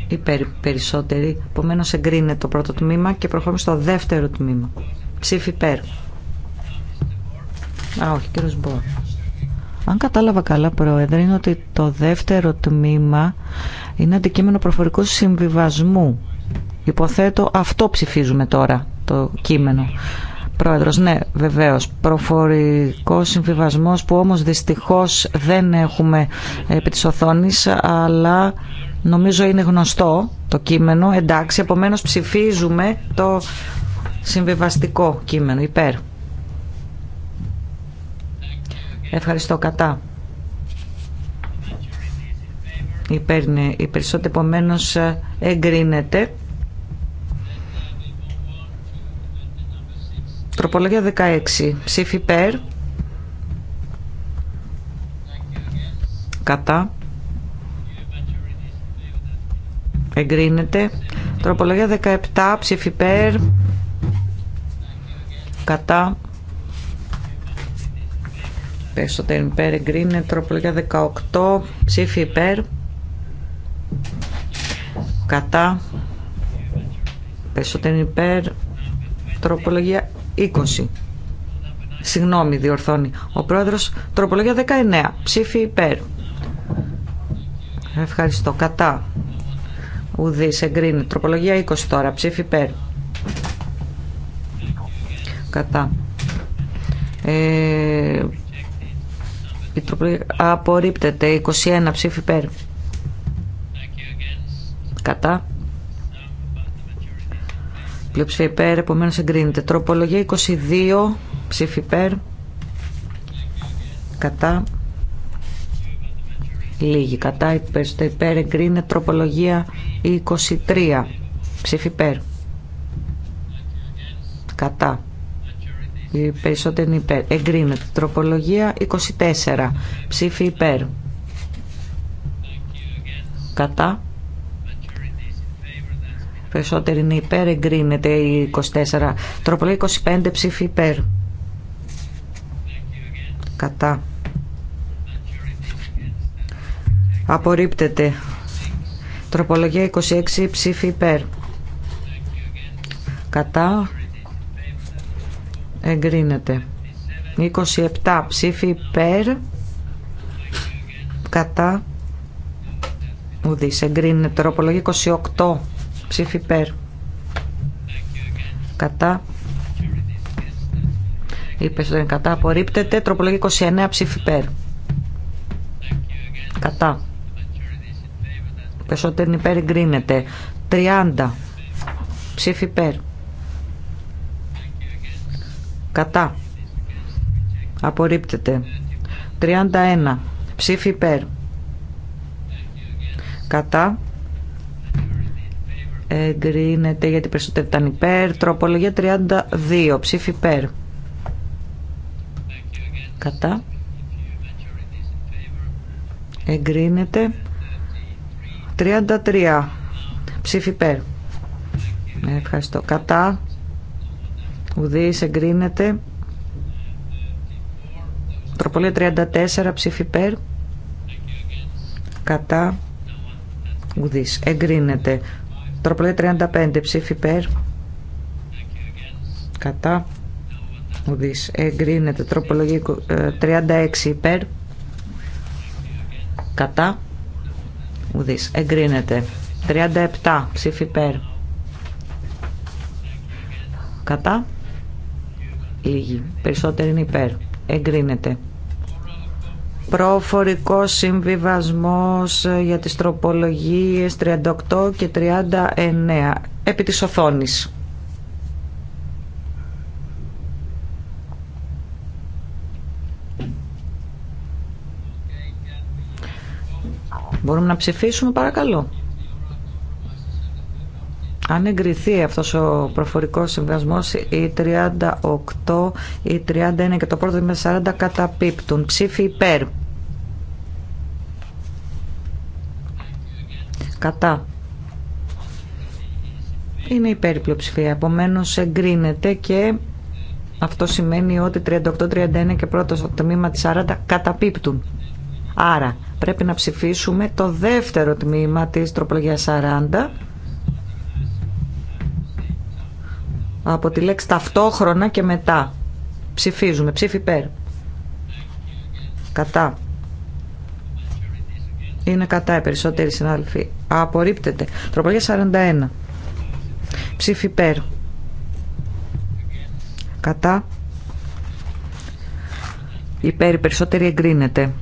υπερπερισσότεροι. περισσότεροι. Επομένω εγκρίνεται το πρώτο τμήμα και προχωρούμε στο δεύτερο τμήμα. Ψήφι υπέρ. Α, όχι, κύριο Μπορ. Αν κατάλαβα καλά, Πρόεδρε, είναι ότι το δεύτερο τμήμα είναι αντικείμενο προφορικού συμβιβασμού. Υποθέτω αυτό ψηφίζουμε τώρα, το κείμενο. Πρόεδρος, ναι, βεβαίως, προφορικός συμβιβασμός που όμως δυστυχώς δεν έχουμε επί της οθόνης, αλλά Νομίζω είναι γνωστό το κείμενο. Εντάξει, επομένως ψηφίζουμε το συμβιβαστικό κείμενο. Υπέρ. Ευχαριστώ. Κατά. Υπέρ είναι η περισσότερη, επομένως ε, εγκρίνεται. Τροπολογία 16. Ψήφι υπέρ. Κατά. Εγκρίνεται. Τροπολογία 17. Ψήφι υπέρ. Κατά. Περισσότερο υπέρ. Εγκρίνεται. Τροπολογία 18. Ψήφι υπέρ. Κατά. Περισσότερο υπέρ. Τροπολογία 20. Συγγνώμη, διορθώνει. Ο πρόεδρος, τροπολογία 19. Ψήφι υπέρ. Ευχαριστώ. Κατά. Ουδής εγκρίνεται. Τροπολογία 20 τώρα. Ψήφι υπέρ. Κατά. Ε, η τροπολογία απορρίπτεται. 21 ψήφι υπέρ. Κατά. Πλειοψηφία υπέρ. Επομένω εγκρίνεται. Τροπολογία 22 ψήφι υπέρ. Κατά. Λίγοι. κατά υπέρ, στο υπέρ εγκρίνεται τροπολογία 23. Ψήφι υπέρ. Κατά. Οι περισσότεροι υπέρ. Εγκρίνεται. Τροπολογία 24. Ψήφι υπέρ. Κατά. Περισσότεροι είναι υπέρ. Εγκρίνεται η 24. Τροπολογία 25. Ψήφι υπέρ. Κατά. Απορρίπτεται. Τροπολογία 26 ψήφι υπέρ. Κατά. Εγκρίνεται. 27 ψήφι υπέρ. Κατά. Ουδής. Εγκρίνεται. Τροπολογία 28 ψήφι υπέρ. Κατά. Είπε στον κατά. Απορρίπτεται. Τροπολογία 29 ψήφι υπέρ. Κατά περισσότερο υπέρ εγκρίνεται. 30. Ψήφι υπέρ. Κατά. Απορρίπτεται. 31. Ψήφι υπέρ. Κατά. Εγκρίνεται γιατί περισσότερο ήταν υπέρ. Τροπολογία 32. Ψήφι υπέρ. Κατά. Εγκρίνεται. 33 ψήφι υπέρ. Ναι, ευχαριστώ. Κατά. Ουδής εγκρίνεται. Τροπολία 34 ψήφι υπέρ. Κατά. Ουδής εγκρίνεται. Τροπολία 35 ψήφι υπέρ. Κατά. Ουδής εγκρίνεται. Τροπολογία 36 υπέρ. Κατά. Ουδής. Εγκρίνεται. 37. Ψήφι υπέρ. Κατά. Λίγοι. Περισσότεροι είναι υπέρ. Εγκρίνεται. Προφορικό συμβιβασμός ε, για τις τροπολογίες 38 και 39 επί της οθόνης. Μπορούμε να ψηφίσουμε παρακαλώ. Αν εγκριθεί αυτός ο προφορικός συμβασμός οι 38, οι 31 και το πρώτο με 40 καταπίπτουν. Ψήφι υπέρ. Κατά. Είναι υπέρ η πλειοψηφία. Επομένω εγκρίνεται και αυτό σημαίνει ότι 38, 31 και πρώτο στο τμήμα τη 40 καταπίπτουν. Άρα πρέπει να ψηφίσουμε το δεύτερο τμήμα της τροπολογίας 40 από τη λέξη ταυτόχρονα και μετά ψηφίζουμε ψήφι υπέρ κατά είναι κατά οι περισσότεροι συνάδελφοι απορρίπτεται τροπολογία 41 ψήφι υπέρ κατά υπέρ οι περισσότεροι εγκρίνεται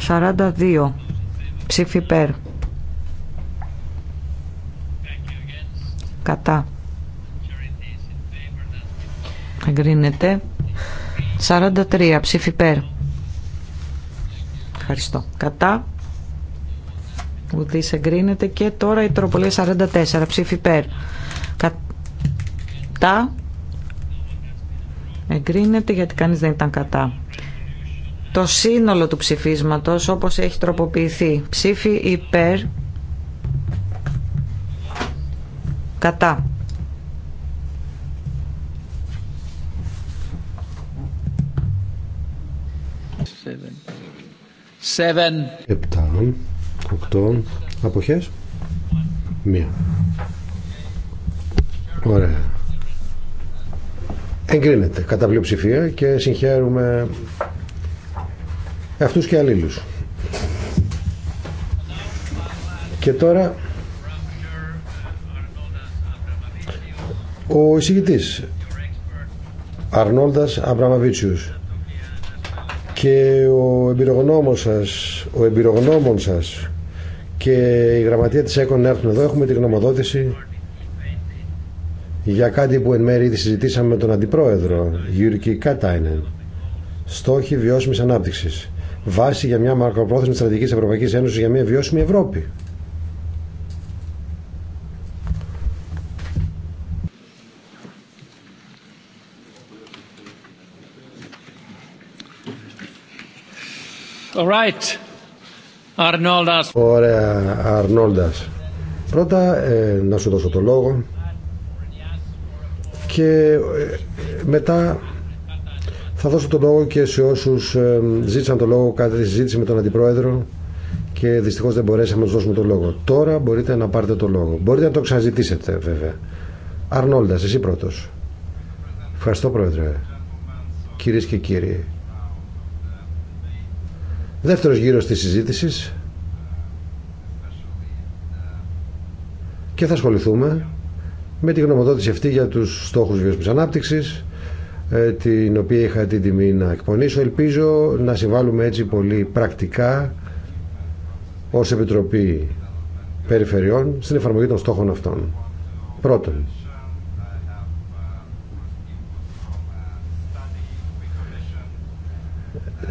42 ψήφι υπέρ κατά εγκρίνεται 43 ψήφι υπέρ ευχαριστώ κατά ουδής εγκρίνεται και τώρα η τροπολία 44 ψήφι υπέρ κατά εγκρίνεται γιατί κανείς δεν ήταν κατά το σύνολο του ψηφίσματος όπως έχει τροποποιηθεί. Ψήφι υπέρ, κατά. Επτά, οκτώ, αποχές, μία. Ωραία. Εγκρίνεται κατά πλειοψηφία και συγχαίρουμε αυτούς και αλλήλους. Και τώρα ο εισηγητής Αρνόλδας Αμπραμαβίτσιους και ο εμπειρογνώμων σας, ο εμπειρογνώμων σας και η γραμματεία της ΕΚΟΝ έρθουν εδώ. Έχουμε τη γνωμοδότηση για κάτι που εν μέρει ήδη συζητήσαμε με τον Αντιπρόεδρο Γιούρκη Κατάινεν. Στόχοι βιώσιμης ανάπτυξης βάση για μια μακροπρόθεσμη στρατηγική Ευρωπαϊκή Ένωση για μια βιώσιμη Ευρώπη. All right. Ωραία, Αρνόλτα. Πρώτα ε, να σου δώσω το λόγο και ε, μετά θα δώσω το λόγο και σε όσους ε, ζήτησαν το λόγο κατά τη συζήτηση με τον Αντιπρόεδρο και δυστυχώς δεν μπορέσαμε να του δώσουμε το λόγο. Τώρα μπορείτε να πάρετε το λόγο. Μπορείτε να το ξαναζητήσετε βέβαια. Αρνόλτα, εσύ πρώτος. Ευχαριστώ Πρόεδρε. Κυρίε και κύριοι. Δεύτερος γύρος της συζήτηση. Και θα ασχοληθούμε με τη γνωμοδότηση αυτή για του στόχου βιώσιμη ανάπτυξη. Ε, την οποία είχα την τιμή να εκπονήσω. Ελπίζω να συμβάλλουμε έτσι πολύ πρακτικά ως Επιτροπή Περιφερειών στην εφαρμογή των στόχων αυτών. Πρώτον,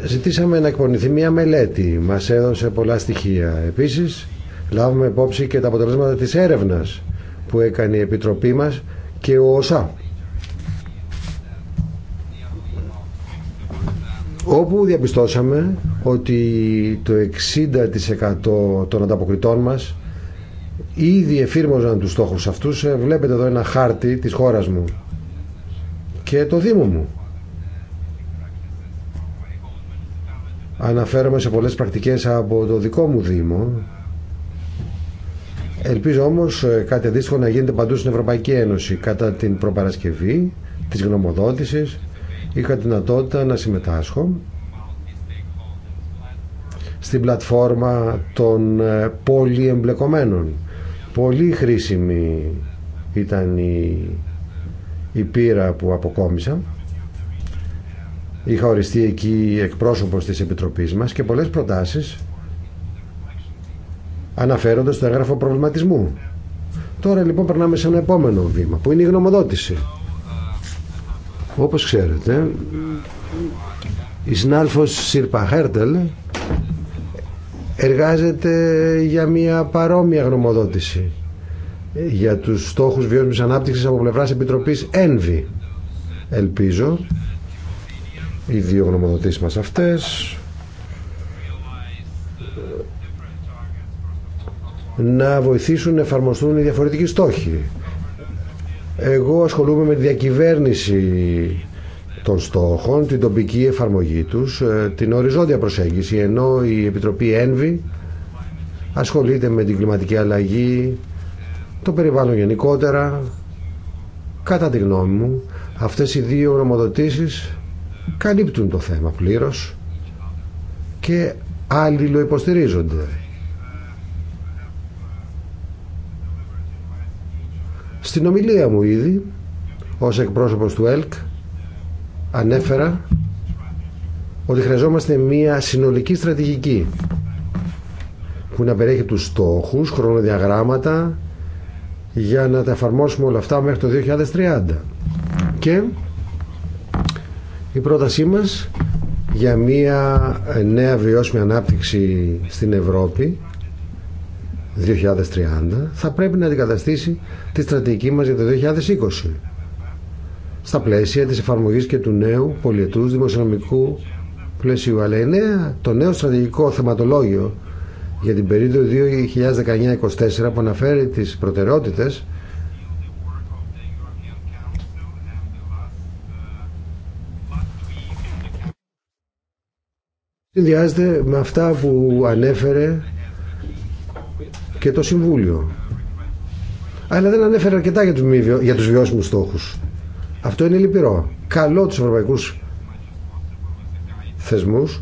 ζητήσαμε να εκπονηθεί μια μελέτη. Μας έδωσε πολλά στοιχεία. Επίσης, λάβουμε υπόψη και τα αποτελέσματα της έρευνας που έκανε η Επιτροπή μας και ο ΟΣΑ. όπου διαπιστώσαμε ότι το 60% των ανταποκριτών μας ήδη εφήρμοζαν τους στόχους αυτούς. Ε, βλέπετε εδώ ένα χάρτη της χώρας μου και το Δήμο μου. Αναφέρομαι σε πολλές πρακτικές από το δικό μου Δήμο. Ελπίζω όμως ε, κάτι αντίστοιχο να γίνεται παντού στην Ευρωπαϊκή Ένωση κατά την προπαρασκευή της γνωμοδότησης είχα δυνατότητα να συμμετάσχω στην πλατφόρμα των ε, πολυεμπλεκομένων. Πολύ χρήσιμη ήταν η, η πείρα που αποκόμισα. Είχα οριστεί εκεί εκπρόσωπος της Επιτροπής μας και πολλές προτάσεις αναφέροντας το έγγραφο προβληματισμού. Τώρα λοιπόν περνάμε σε ένα επόμενο βήμα που είναι η γνωμοδότηση. Όπως ξέρετε, η συνάλφος Σύρπα Χέρτελ εργάζεται για μια παρόμοια γνωμοδότηση για τους στόχους βιώσιμης ανάπτυξης από πλευράς Επιτροπής ΕΝΒΗ. Ελπίζω οι δύο γνωμοδοτήσεις μας αυτές να βοηθήσουν να εφαρμοστούν οι διαφορετικοί στόχοι εγώ ασχολούμαι με τη διακυβέρνηση των στόχων, την τοπική εφαρμογή τους, ε, την οριζόντια προσέγγιση, ενώ η Επιτροπή ΕΝΒΗ ασχολείται με την κλιματική αλλαγή, το περιβάλλον γενικότερα. Κατά τη γνώμη μου, αυτές οι δύο νομοδοτήσεις καλύπτουν το θέμα πλήρως και άλλοι υποστηρίζονται. Στην ομιλία μου ήδη, ως εκπρόσωπος του ΕΛΚ, ανέφερα ότι χρειαζόμαστε μία συνολική στρατηγική που να περιέχει τους στόχους, χρονοδιαγράμματα για να τα εφαρμόσουμε όλα αυτά μέχρι το 2030. Και η πρότασή μας για μία νέα βιώσιμη ανάπτυξη στην Ευρώπη 2030 θα πρέπει να αντικαταστήσει τη στρατηγική μας για το 2020 στα πλαίσια της εφαρμογής και του νέου πολιετούς δημοσιονομικού πλαίσιου. Αλλά το νέο στρατηγικό θεματολόγιο για την περίοδο 2019-2024 που αναφέρει τις προτεραιότητες συνδυάζεται με αυτά που ανέφερε και το Συμβούλιο. Αλλά δεν ανέφερε αρκετά για τους, βιώσιμού για τους βιώσιμους στόχους. Αυτό είναι λυπηρό. Καλό τους ευρωπαϊκούς θεσμούς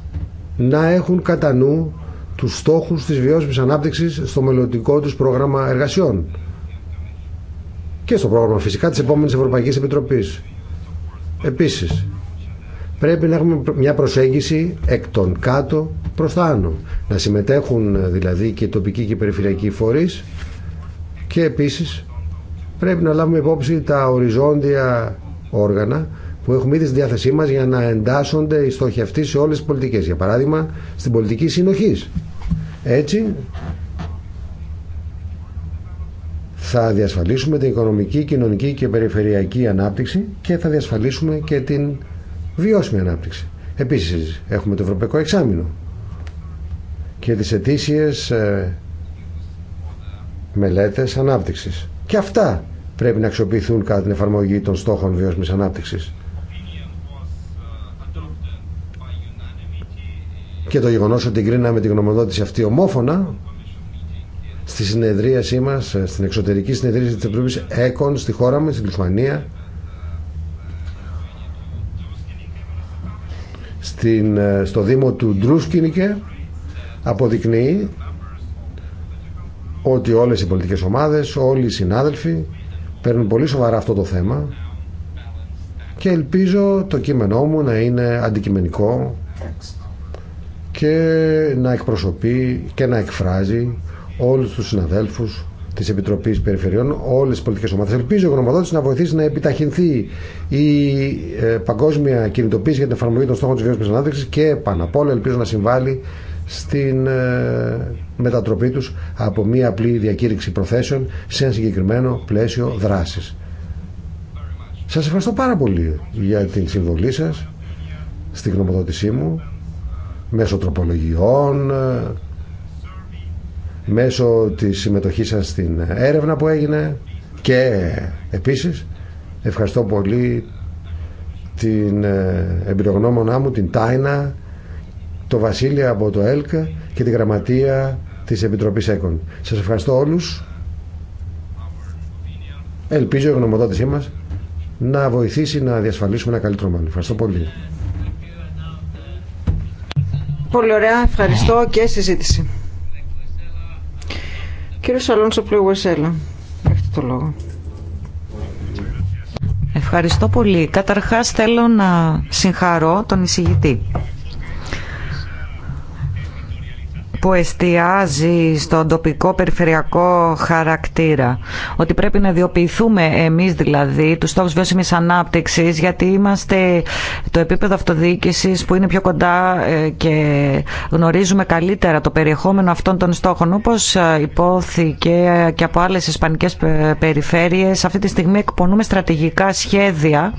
να έχουν κατά νου τους στόχους της βιώσιμης ανάπτυξης στο μελλοντικό τους πρόγραμμα εργασιών και στο πρόγραμμα φυσικά της επόμενης Ευρωπαϊκής Επιτροπής. Επίσης, πρέπει να έχουμε μια προσέγγιση εκ των κάτω να συμμετέχουν δηλαδή και τοπικοί και περιφερειακοί φορείς και επίσης πρέπει να λάβουμε υπόψη τα οριζόντια όργανα που έχουμε ήδη στη διάθεσή μας για να εντάσσονται οι στόχοι αυτοί σε όλες τις πολιτικές. Για παράδειγμα, στην πολιτική συνοχής. Έτσι, θα διασφαλίσουμε την οικονομική, κοινωνική και περιφερειακή ανάπτυξη και θα διασφαλίσουμε και την βιώσιμη ανάπτυξη. Επίσης, έχουμε το Ευρωπαϊκό Εξάμεινο και τις ετήσιες ε, μελέτες ανάπτυξης. Και αυτά πρέπει να αξιοποιηθούν κατά την εφαρμογή των στόχων βιώσιμης ανάπτυξης. Και το γεγονός ότι κρίναμε την γνωμοδότηση αυτή ομόφωνα στη συνεδρίασή μας, ε, στην εξωτερική συνεδρίαση της Επιτροπής ΕΚΟΝ στη χώρα μας, στην Λιθουανία, στην, ε, στο Δήμο του Ντρούσκινικε αποδεικνύει ότι όλες οι πολιτικές ομάδες, όλοι οι συνάδελφοι παίρνουν πολύ σοβαρά αυτό το θέμα και ελπίζω το κείμενό μου να είναι αντικειμενικό και να εκπροσωπεί και να εκφράζει όλους τους συναδέλφους της Επιτροπής Περιφερειών, όλες τις πολιτικές ομάδες. Ελπίζω ο γνωμοδότηση να βοηθήσει να επιταχυνθεί η ε, παγκόσμια κινητοποίηση για την εφαρμογή των στόχων της βιώσιμης και πάνω απ' όλα ελπίζω να συμβάλλει στην ε, μετατροπή τους από μία απλή διακήρυξη προθέσεων σε ένα συγκεκριμένο πλαίσιο δράσης. Σας ευχαριστώ πάρα πολύ για την συμβολή σας στη γνωμοδότησή μου μέσω τροπολογιών ε, μέσω της συμμετοχής σας στην έρευνα που έγινε και επίσης ευχαριστώ πολύ την ε, εμπειρογνώμονά μου την Τάινα το Βασίλειο από το ΕΛΚΑ και τη γραμματεία της Επιτροπής ΕΚΟΝ. Σας ευχαριστώ όλους. Ελπίζω η γνωμοδότησή μας να βοηθήσει να διασφαλίσουμε ένα καλύτερο μέλλον. Ευχαριστώ πολύ. Πολύ ωραία. Ευχαριστώ και συζήτηση. Κύριο Αλόνσο Πλουεγουεσέλα, έχετε το λόγο. Ευχαριστώ πολύ. Καταρχάς θέλω να συγχαρώ τον εισηγητή που εστιάζει στον τοπικό περιφερειακό χαρακτήρα. Ότι πρέπει να ιδιοποιηθούμε εμεί, δηλαδή του στόχου βιώσιμη ανάπτυξη, γιατί είμαστε το επίπεδο αυτοδιοίκηση που είναι πιο κοντά ε, και γνωρίζουμε καλύτερα το περιεχόμενο αυτών των στόχων. Όπω ε, υπόθηκε και από άλλε ισπανικέ ε, περιφέρειες αυτή τη στιγμή εκπονούμε στρατηγικά σχέδια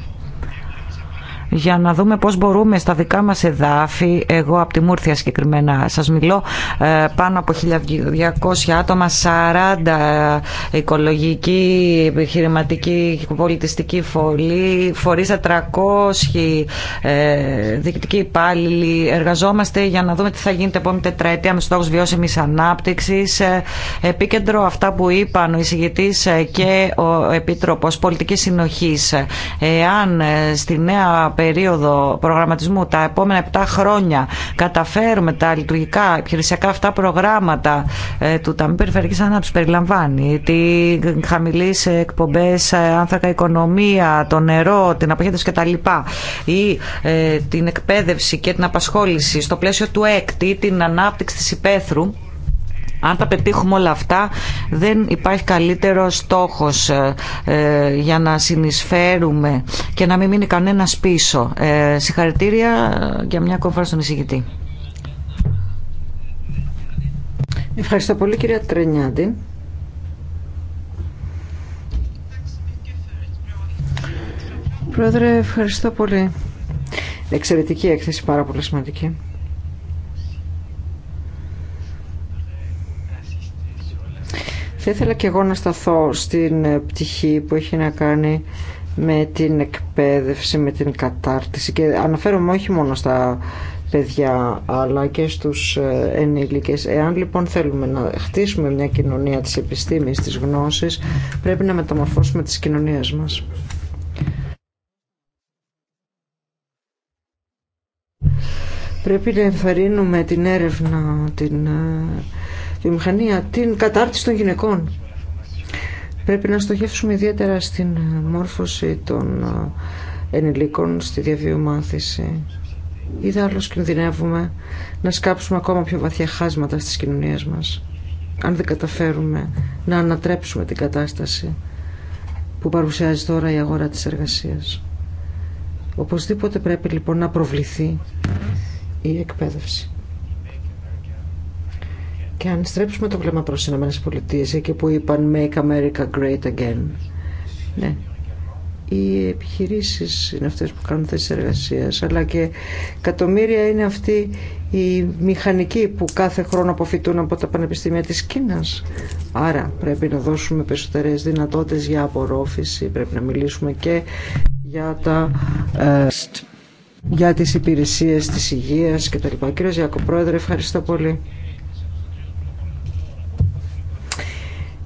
για να δούμε πώς μπορούμε στα δικά μας εδάφη, εγώ από τη Μούρθια συγκεκριμένα σας μιλώ, ε, πάνω από 1200 άτομα, 40 οικολογικοί, επιχειρηματικοί, πολιτιστικοί φορεί, φορείς, 400 ε, διοικητικοί υπάλληλοι. Εργαζόμαστε για να δούμε τι θα γίνεται την επόμενη τετραετία με στόχους βιώσιμης ανάπτυξης. Ε, επίκεντρο αυτά που είπαν ο εισηγητής και ο Επίτροπος Πολιτικής Συνοχής. Εάν στη νέα περίοδο προγραμματισμού, τα επόμενα 7 χρόνια, καταφέρουμε τα λειτουργικά επιχειρησιακά αυτά προγράμματα ε, του Ταμείου Περιφερειακή Ανάπτυξη περιλαμβάνει τη χαμηλή εκπομπές ε, άνθρακα οικονομία, το νερό, την αποχέτευση κτλ. ή ε, την εκπαίδευση και την απασχόληση στο πλαίσιο του ΕΚΤ ή την ανάπτυξη τη υπαίθρου αν τα πετύχουμε όλα αυτά, δεν υπάρχει καλύτερο στόχο ε, ε, για να συνεισφέρουμε και να μην μείνει κανένα πίσω. Ε, συγχαρητήρια για μια κόμφα στον εισηγητή. Ευχαριστώ πολύ κυρία Τρενιάντη. Πρόεδρε, ευχαριστώ πολύ. Εξαιρετική έκθεση, πάρα πολύ σημαντική. Θα ήθελα και εγώ να σταθώ στην ε, πτυχή που έχει να κάνει με την εκπαίδευση, με την κατάρτιση και αναφέρομαι όχι μόνο στα παιδιά αλλά και στους ε, ενήλικες. Εάν λοιπόν θέλουμε να χτίσουμε μια κοινωνία της επιστήμης, της γνώσης, πρέπει να μεταμορφώσουμε τις κοινωνίες μας. Πρέπει να ενθαρρύνουμε την έρευνα, την ε, μηχανία, την κατάρτιση των γυναικών. Πρέπει να στοχεύσουμε ιδιαίτερα στην μόρφωση των ε, ενηλίκων στη διαβιομάθηση. Ή άλλο κινδυνεύουμε να σκάψουμε ακόμα πιο βαθιά χάσματα στις κοινωνίες μας αν δεν καταφέρουμε να ανατρέψουμε την κατάσταση που παρουσιάζει τώρα η αγορά της εργασίας. Οπωσδήποτε πρέπει λοιπόν να προβληθεί η εκπαίδευση. Και αν στρέψουμε το βλέμμα προς τις Ηνωμένες Πολιτείες, εκεί που είπαν «Make America Great Again», ναι, οι επιχειρήσεις είναι αυτές που κάνουν θέσεις εργασίας, αλλά και εκατομμύρια είναι αυτοί οι μηχανικοί που κάθε χρόνο αποφυτούν από τα πανεπιστήμια της Κίνας. Άρα πρέπει να δώσουμε περισσότερες δυνατότητες για απορρόφηση, πρέπει να μιλήσουμε και για τα... Ε, για τις υπηρεσίες της υγείας και ευχαριστώ πολύ.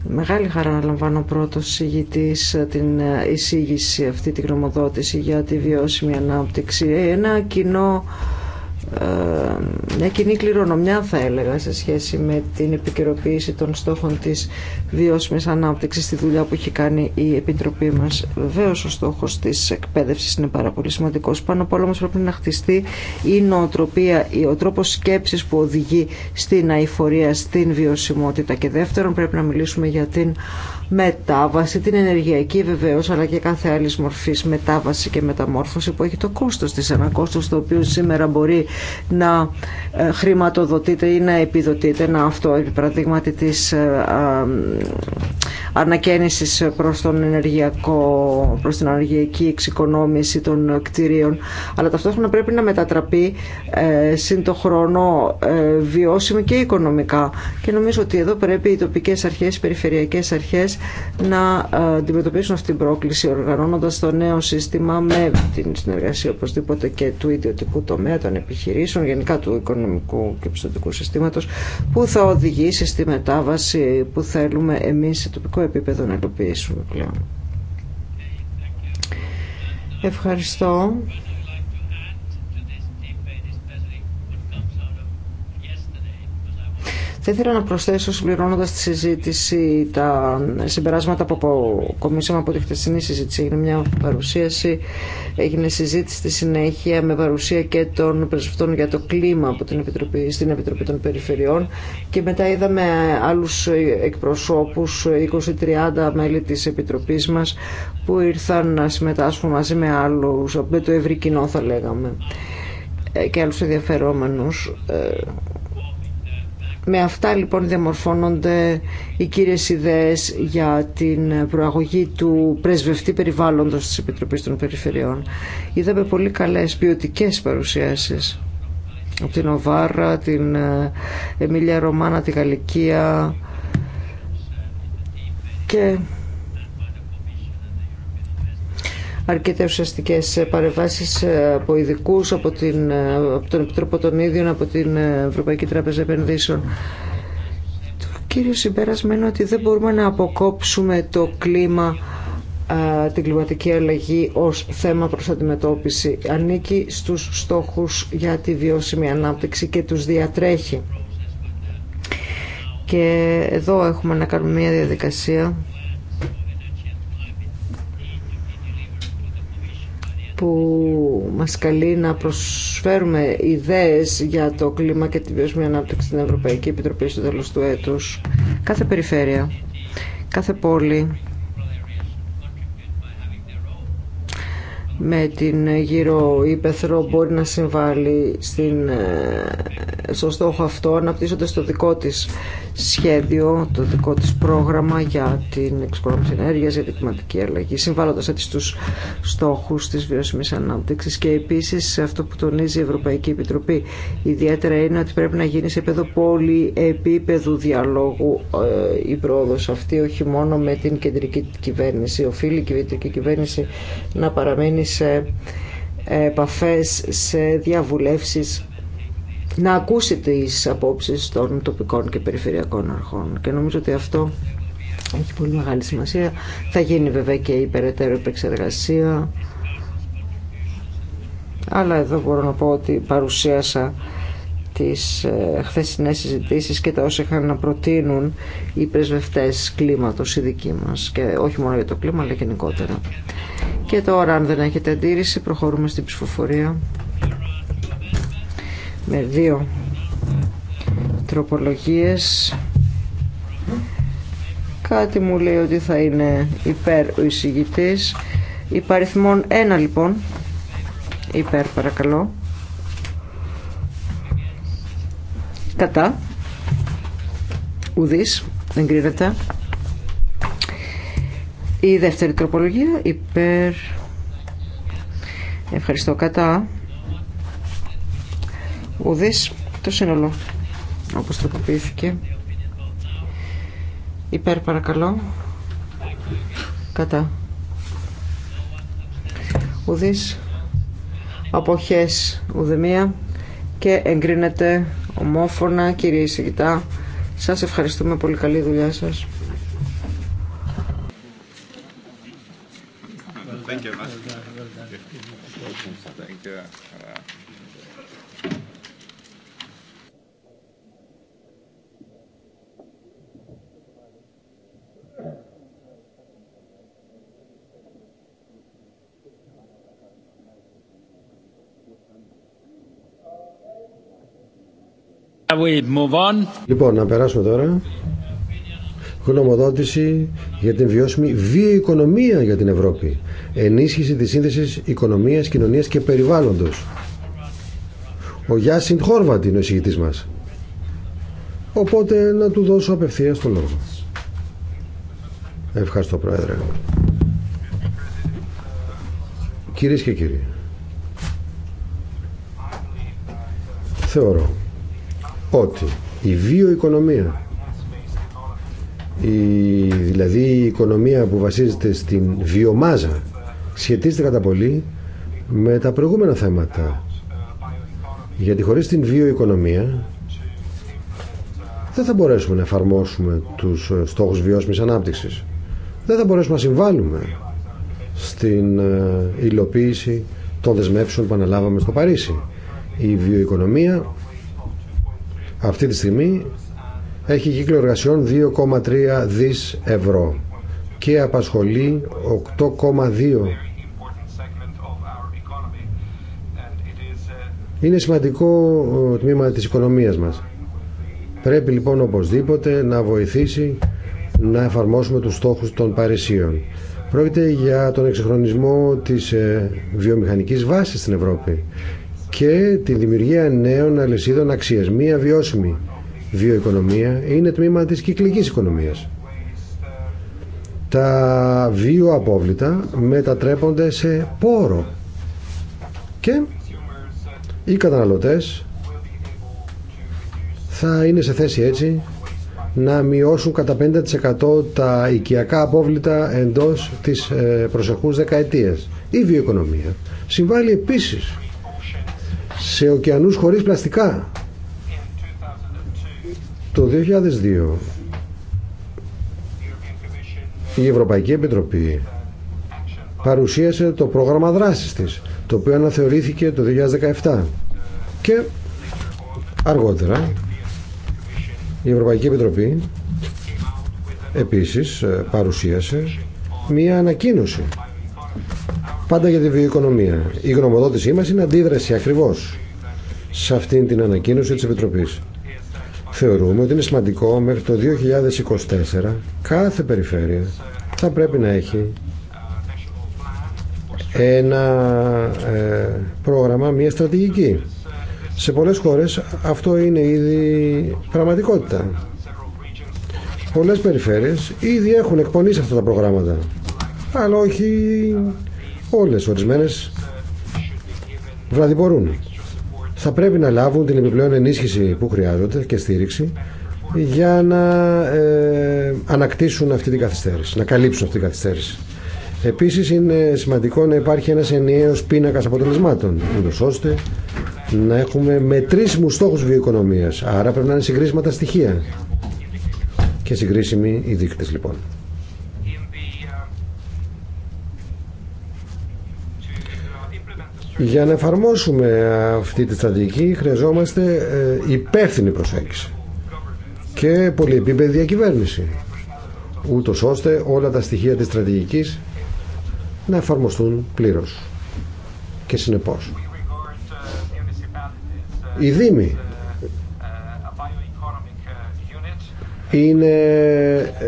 μεγάλη χαρά να λαμβάνω πρώτος ηγητής ε, την ε, εισήγηση αυτή τη γνωμοδότηση για τη βιώσιμη ανάπτυξη. Ε, ένα κοινό ε, μια κοινή κληρονομιά θα έλεγα σε σχέση με την επικαιροποίηση των στόχων της βιώσιμης ανάπτυξης στη δουλειά που έχει κάνει η Επιτροπή μας. Βεβαίω ο στόχος της εκπαίδευσης είναι πάρα πολύ σημαντικός. Πάνω απ' όλα όμως πρέπει να χτιστεί η νοοτροπία, ο τρόπος σκέψης που οδηγεί στην αηφορία, στην βιωσιμότητα και δεύτερον πρέπει να μιλήσουμε για την μετάβαση, την ενεργειακή βεβαίω, αλλά και κάθε άλλη μορφή μετάβαση και μεταμόρφωση που έχει το κόστο τη ένα κόστο το οποίο σήμερα μπορεί να ε, χρηματοδοτείται ή να επιδοτείται, να αυτό επί παραδείγματι της ε, ανακαίνησης προς, τον ενεργειακό, προς την ενεργειακή εξοικονόμηση των κτηρίων, αλλά ταυτόχρονα πρέπει να μετατραπεί ε, σύν το χρόνο ε, και οικονομικά. Και νομίζω ότι εδώ πρέπει οι τοπικέ αρχέ, οι περιφερειακές αρχές να ε, αντιμετωπίσουν αυτή την πρόκληση οργανώνοντας το νέο σύστημα με την συνεργασία οπωσδήποτε και του ιδιωτικού τομέα των επιχειρήσεων, γενικά του οικονομικού και πιστοτικού συστήματος που θα οδηγήσει στη μετάβαση που θέλουμε εμείς σε τοπικό επίπεδο να υλοποιήσουμε πλέον. Ευχαριστώ. Θα ήθελα να προσθέσω συμπληρώνοντα τη συζήτηση τα συμπεράσματα που αποκομίσαμε από τη χθεσινή συζήτηση. Έγινε μια παρουσίαση, έγινε συζήτηση στη συνέχεια με παρουσία και των πρεσβευτών για το κλίμα από την Επιτροπή, στην Επιτροπή των Περιφερειών και μετά είδαμε άλλου εκπροσώπους, 20-30 μέλη τη επιτροπή μα, που ήρθαν να συμμετάσχουν μαζί με άλλου, με το ευρύ κοινό θα λέγαμε ε, και άλλους ενδιαφερόμενους ε, με αυτά λοιπόν διαμορφώνονται οι κύριες ιδέες για την προαγωγή του πρεσβευτή περιβάλλοντος της Επιτροπής των Περιφερειών. Είδαμε πολύ καλές ποιοτικέ παρουσιάσεις από την Οβάρα, την ε, Εμίλια Ρωμάνα, τη Γαλλικία και Αρκετές ουσιαστικέ παρεμβάσει ε, από ειδικού, από, ε, από τον Επιτρόπο των ίδιων, από την ε, Ευρωπαϊκή Τράπεζα Επενδύσεων. Το κύριο συμπέρασμα είναι ότι δεν μπορούμε να αποκόψουμε το κλίμα την κλιματική αλλαγή ως θέμα προς αντιμετώπιση ανήκει στους στόχους για τη βιώσιμη ανάπτυξη και τους διατρέχει. Και εδώ έχουμε να κάνουμε μια διαδικασία που μας καλεί να προσφέρουμε ιδέες για το κλίμα και τη βιώσιμη ανάπτυξη στην Ευρωπαϊκή Επιτροπή στο τέλος του έτους. Κάθε περιφέρεια, κάθε πόλη, με την γύρω Ήπεθρο μπορεί να συμβάλλει στην, στο στόχο αυτό αναπτύσσοντας το δικό της σχέδιο, το δικό της πρόγραμμα για την εξοικονόμηση ενέργειας, για την κλιματική αλλαγή, συμβάλλοντας έτσι στους στόχους της βιώσιμης ανάπτυξης και επίσης αυτό που τονίζει η Ευρωπαϊκή Επιτροπή ιδιαίτερα είναι ότι πρέπει να γίνει σε επίπεδο πολυεπίπεδου διαλόγου ε, η πρόοδος αυτή, όχι μόνο με την κεντρική κυβέρνηση. Οφείλει η κεντρική κυβέρνηση να παραμένει σε επαφές, σε διαβουλεύσεις να ακούσει τις απόψεις των τοπικών και περιφερειακών αρχών και νομίζω ότι αυτό έχει πολύ μεγάλη σημασία. Θα γίνει βέβαια και η επεξεργασία. Αλλά εδώ μπορώ να πω ότι παρουσίασα τις ε, χθεσινές συζητήσεις και τα όσα είχαν να προτείνουν οι πρεσβευτές κλίματος οι δικοί μας και όχι μόνο για το κλίμα αλλά γενικότερα. Και τώρα αν δεν έχετε αντίρρηση προχωρούμε στην ψηφοφορία με δύο τροπολογίες κάτι μου λέει ότι θα είναι υπέρ ο εισηγητής Υπάριθμον ένα λοιπόν υπέρ παρακαλώ κατά ουδής κρύβεται η δεύτερη τροπολογία υπέρ ευχαριστώ κατά ουδής το σύνολο όπως τροποποιήθηκε υπέρ παρακαλώ κατά ουδής αποχές ουδεμία και εγκρίνεται ομόφωνα κύριε εισηγητά σας ευχαριστούμε πολύ καλή δουλειά σας Thank you. Λοιπόν, να περάσουμε τώρα. Γνωμοδότηση για την βιώσιμη βιοοικονομία για την Ευρώπη. Ενίσχυση της σύνθεσης οικονομίας, κοινωνίας και περιβάλλοντος. Ο Γιάσιν Χόρβατ είναι ο εισηγητής μας. Οπότε να του δώσω απευθείας τον λόγο. Ευχαριστώ Πρόεδρε. Κυρίες και κύριοι, θεωρώ ότι η βιοοικονομία η, δηλαδή η οικονομία που βασίζεται στην βιομάζα σχετίζεται κατά πολύ με τα προηγούμενα θέματα γιατί χωρίς την βιοοικονομία δεν θα μπορέσουμε να εφαρμόσουμε τους στόχους βιώσιμης ανάπτυξης δεν θα μπορέσουμε να συμβάλλουμε στην ε, υλοποίηση των δεσμεύσεων που αναλάβαμε στο Παρίσι η βιοοικονομία αυτή τη στιγμή έχει κύκλο εργασιών 2,3 δις ευρώ και απασχολεί 8,2 Είναι σημαντικό τμήμα της οικονομίας μας. Πρέπει λοιπόν οπωσδήποτε να βοηθήσει να εφαρμόσουμε τους στόχους των Παρισίων. Πρόκειται για τον εξυγχρονισμό της ε, βιομηχανικής βάσης στην Ευρώπη και τη δημιουργία νέων αλυσίδων αξία Μία βιώσιμη βιοοικονομία είναι τμήμα της κυκλικής οικονομίας. Τα βιοαπόβλητα μετατρέπονται σε πόρο και οι καταναλωτές θα είναι σε θέση έτσι να μειώσουν κατά 50% τα οικιακά απόβλητα εντός της ε, προσεχούς δεκαετίας. Η βιοοικονομία συμβάλλει επίσης σε ωκεανούς χωρίς πλαστικά. Το 2002 η Ευρωπαϊκή Επιτροπή παρουσίασε το πρόγραμμα δράσης της, το οποίο αναθεωρήθηκε το 2017. Και αργότερα η Ευρωπαϊκή Επιτροπή επίσης ε, παρουσίασε μία ανακοίνωση πάντα για τη βιοοικονομία. Η γνωμοδότησή μας είναι αντίδραση ακριβώς σε αυτήν την ανακοίνωση της Επιτροπής. Θεωρούμε ότι είναι σημαντικό μέχρι το 2024 κάθε περιφέρεια θα πρέπει να έχει ένα ε, πρόγραμμα, μια στρατηγική. Σε πολλές χώρες αυτό είναι ήδη πραγματικότητα. Πολλές περιφέρειες ήδη έχουν εκπονήσει αυτά τα προγράμματα, αλλά όχι όλες, ορισμένες βραδιπορούν θα πρέπει να λάβουν την επιπλέον ενίσχυση που χρειάζονται και στήριξη για να ε, ανακτήσουν αυτή την καθυστέρηση, να καλύψουν αυτή την καθυστέρηση. Επίσης είναι σημαντικό να υπάρχει ένας ενιαίος πίνακα αποτελεσμάτων, ούτω ώστε να έχουμε μετρήσιμού στόχου βιοοικονομίας. Άρα πρέπει να είναι συγκρίσιμα τα στοιχεία και συγκρίσιμοι οι δείκτε, λοιπόν. Για να εφαρμόσουμε αυτή τη στρατηγική χρειαζόμαστε ε, υπεύθυνη προσέγγιση και πολυεπίπεδη διακυβέρνηση ούτω ώστε όλα τα στοιχεία της στρατηγικής να εφαρμοστούν πλήρως και συνεπώς. η Δήμοι είναι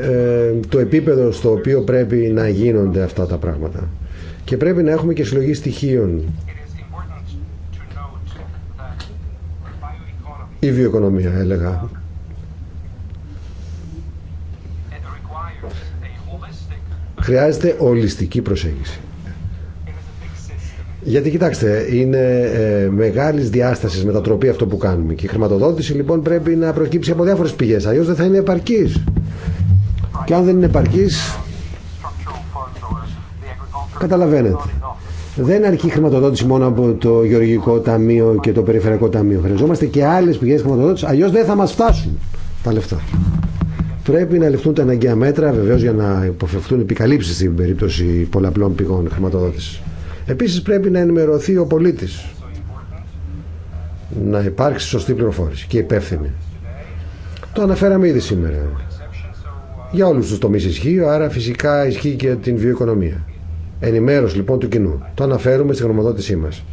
ε, το επίπεδο στο οποίο πρέπει να γίνονται αυτά τα πράγματα και πρέπει να έχουμε και συλλογή στοιχείων η βιοοικονομία έλεγα. Χρειάζεται ολιστική προσέγγιση. Γιατί κοιτάξτε, είναι ε, μεγάλης διάστασης μετατροπή αυτό που κάνουμε και η χρηματοδότηση λοιπόν πρέπει να προκύψει από διάφορε πηγέ. Αλλιώ δεν θα είναι επαρκή. Και αν δεν είναι επαρκή. καταλαβαίνετε δεν αρκεί χρηματοδότηση μόνο από το Γεωργικό Ταμείο και το Περιφερειακό Ταμείο. Χρειαζόμαστε και άλλε πηγέ χρηματοδότηση, αλλιώ δεν θα μα φτάσουν τα λεφτά. Πρέπει να ληφθούν τα αναγκαία μέτρα, βεβαίω, για να υποφευθούν επικαλύψει στην περίπτωση πολλαπλών πηγών χρηματοδότηση. Επίση, πρέπει να ενημερωθεί ο πολίτη. Να υπάρξει σωστή πληροφόρηση και υπεύθυνη. Το αναφέραμε ήδη σήμερα. Για όλου του τομεί ισχύει, άρα φυσικά ισχύει και την βιοοικονομία. Ενημέρωση λοιπόν του κοινού. Το αναφέρουμε στη γνωμοδότησή μας.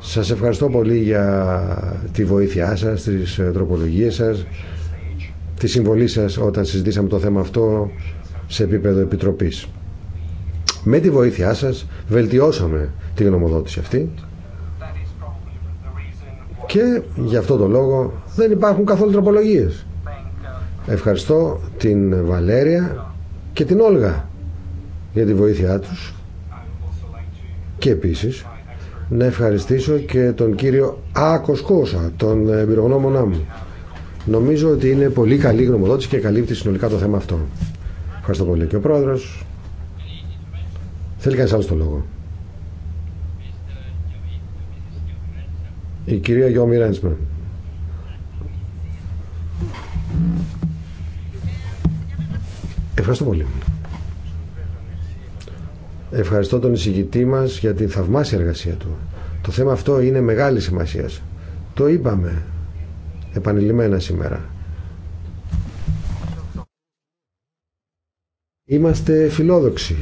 Σας ευχαριστώ πολύ για τη βοήθειά σας, τις ε, τροπολογίες σας, τη συμβολή σας όταν συζητήσαμε το θέμα αυτό σε επίπεδο επιτροπής. Με τη βοήθειά σας βελτιώσαμε τη γνωμοδότηση αυτή και γι' αυτό το λόγο δεν υπάρχουν καθόλου τροπολογίες. Ευχαριστώ την Βαλέρια και την Όλγα για τη βοήθειά τους και επίσης να ευχαριστήσω και τον κύριο Άκοσκόσα τον ε, εμπειρογνώμονά μου. Νομίζω ότι είναι πολύ καλή γνωμοδότηση και καλύπτει συνολικά το θέμα αυτό. Ευχαριστώ πολύ. Και ο πρόεδρος. Θέλει κανείς άλλο το λόγο. Η κυρία Γιώμη Ευχαριστώ πολύ. Ευχαριστώ τον εισηγητή μας για την θαυμάσια εργασία του. Το θέμα αυτό είναι μεγάλη σημασία. Το είπαμε επανειλημμένα σήμερα. Είμαστε φιλόδοξοι.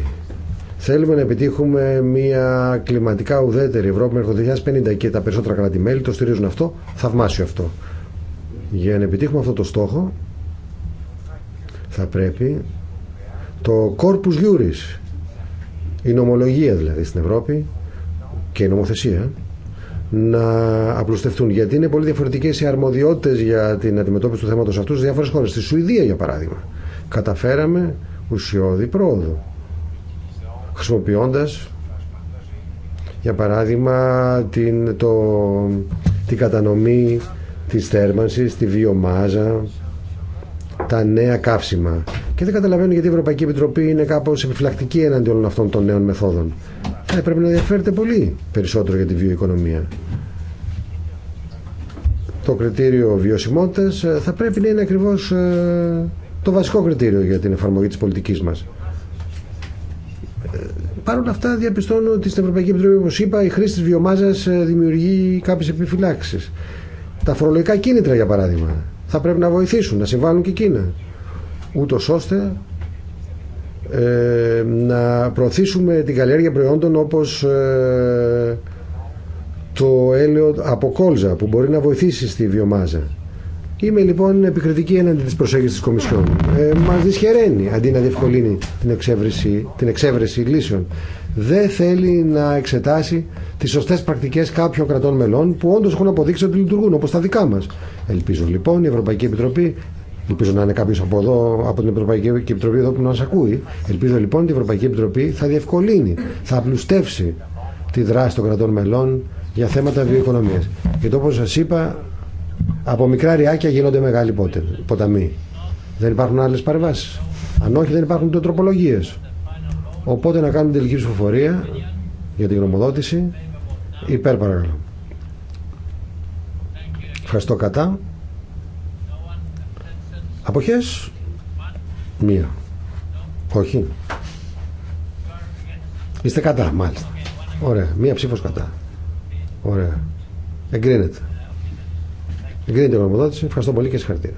Θέλουμε να επιτύχουμε μια κλιματικά ουδέτερη Ευρώπη μέχρι το 2050 και τα περισσότερα κράτη-μέλη το στηρίζουν αυτό. Θαυμάσιο αυτό. Για να επιτύχουμε αυτό το στόχο θα πρέπει το Corpus Juris η νομολογία δηλαδή στην Ευρώπη και η νομοθεσία να απλουστευτούν. Γιατί είναι πολύ διαφορετικέ οι αρμοδιότητε για την αντιμετώπιση του θέματο αυτού σε διάφορε χώρε. Στη Σουηδία, για παράδειγμα, καταφέραμε ουσιώδη πρόοδο. Χρησιμοποιώντα, για παράδειγμα, την, το, την κατανομή τη θέρμανση, τη βιομάζα, τα νέα καύσιμα. Και δεν καταλαβαίνω γιατί η Ευρωπαϊκή Επιτροπή είναι κάπω επιφυλακτική έναντι όλων αυτών των νέων μεθόδων. Θα έπρεπε να ενδιαφέρεται πολύ περισσότερο για τη βιοοικονομία. Το κριτήριο βιωσιμότητα ε, θα πρέπει να είναι ακριβώ ε, το βασικό κριτήριο για την εφαρμογή τη πολιτική μα. Ε, παρ' όλα αυτά διαπιστώνω ότι στην Ευρωπαϊκή Επιτροπή, όπω είπα, η χρήση τη βιομάζας δημιουργεί κάποιε επιφυλάξει. Τα φορολογικά κίνητρα, για παράδειγμα θα πρέπει να βοηθήσουν, να συμβάλλουν και εκείνα. Ούτω ώστε ε, να προωθήσουμε την καλλιέργεια προϊόντων όπως ε, το έλαιο από κόλζα που μπορεί να βοηθήσει στη βιομάζα. Είμαι λοιπόν επικριτική έναντι τη προσέγγιση της Κομισιόν. Ε, Μα δυσχεραίνει αντί να διευκολύνει την εξέβρεση, την εξέβρεση λύσεων δεν θέλει να εξετάσει τι σωστέ πρακτικέ κάποιων κρατών μελών που όντω έχουν αποδείξει ότι λειτουργούν όπω τα δικά μα. Ελπίζω λοιπόν η Ευρωπαϊκή Επιτροπή, ελπίζω να είναι κάποιο από εδώ, από την Ευρωπαϊκή Επιτροπή εδώ που να ακούει, ελπίζω λοιπόν ότι η Ευρωπαϊκή Επιτροπή θα διευκολύνει, θα απλουστεύσει τη δράση των κρατών μελών για θέματα βιοοικονομία. Γιατί όπω σα είπα, από μικρά ριάκια γίνονται μεγάλοι ποταμοί. Δεν υπάρχουν άλλε παρεμβάσει. Αν όχι, δεν υπάρχουν τροπολογίε. Οπότε να κάνουμε τελική ψηφοφορία για την γνωμοδότηση. Υπέρ παρακαλώ. Ευχαριστώ κατά. Αποχές. Μία. Όχι. Είστε κατά, μάλιστα. Ωραία. Μία ψήφος κατά. Ωραία. Εγκρίνεται. Εγκρίνεται η γνωμοδότηση. Ευχαριστώ πολύ και συγχαρητήρια.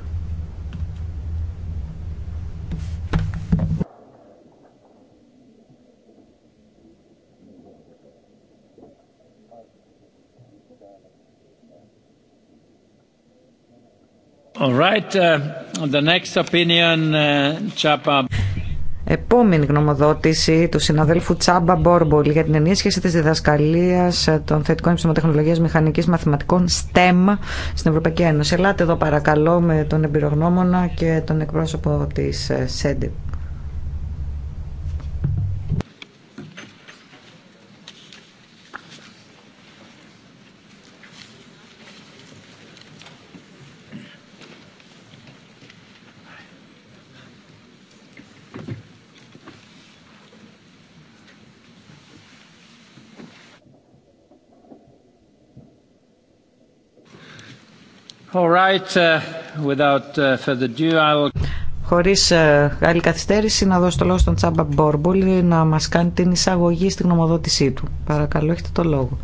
Uh, uh, Επόμενη γνωμοδότηση του συναδέλφου Τσάμπα Μπόρμπολ για την ενίσχυση τη διδασκαλία των θετικών επιστημοτεχνολογίας Μηχανική μαθηματικών STEM στην Ευρωπαϊκή Ένωση. Ελάτε εδώ παρακαλώ με τον εμπειρογνώμονα και τον εκπρόσωπο τη ε, ΣΕΝΤΕΠ. All uh, uh, Χωρίς ε, άλλη καθυστέρηση να δώσω το λόγο στον Τσάμπα Μπόρμπολη να μας κάνει την εισαγωγή στην γνωμοδότησή του. Παρακαλώ, έχετε το λόγο.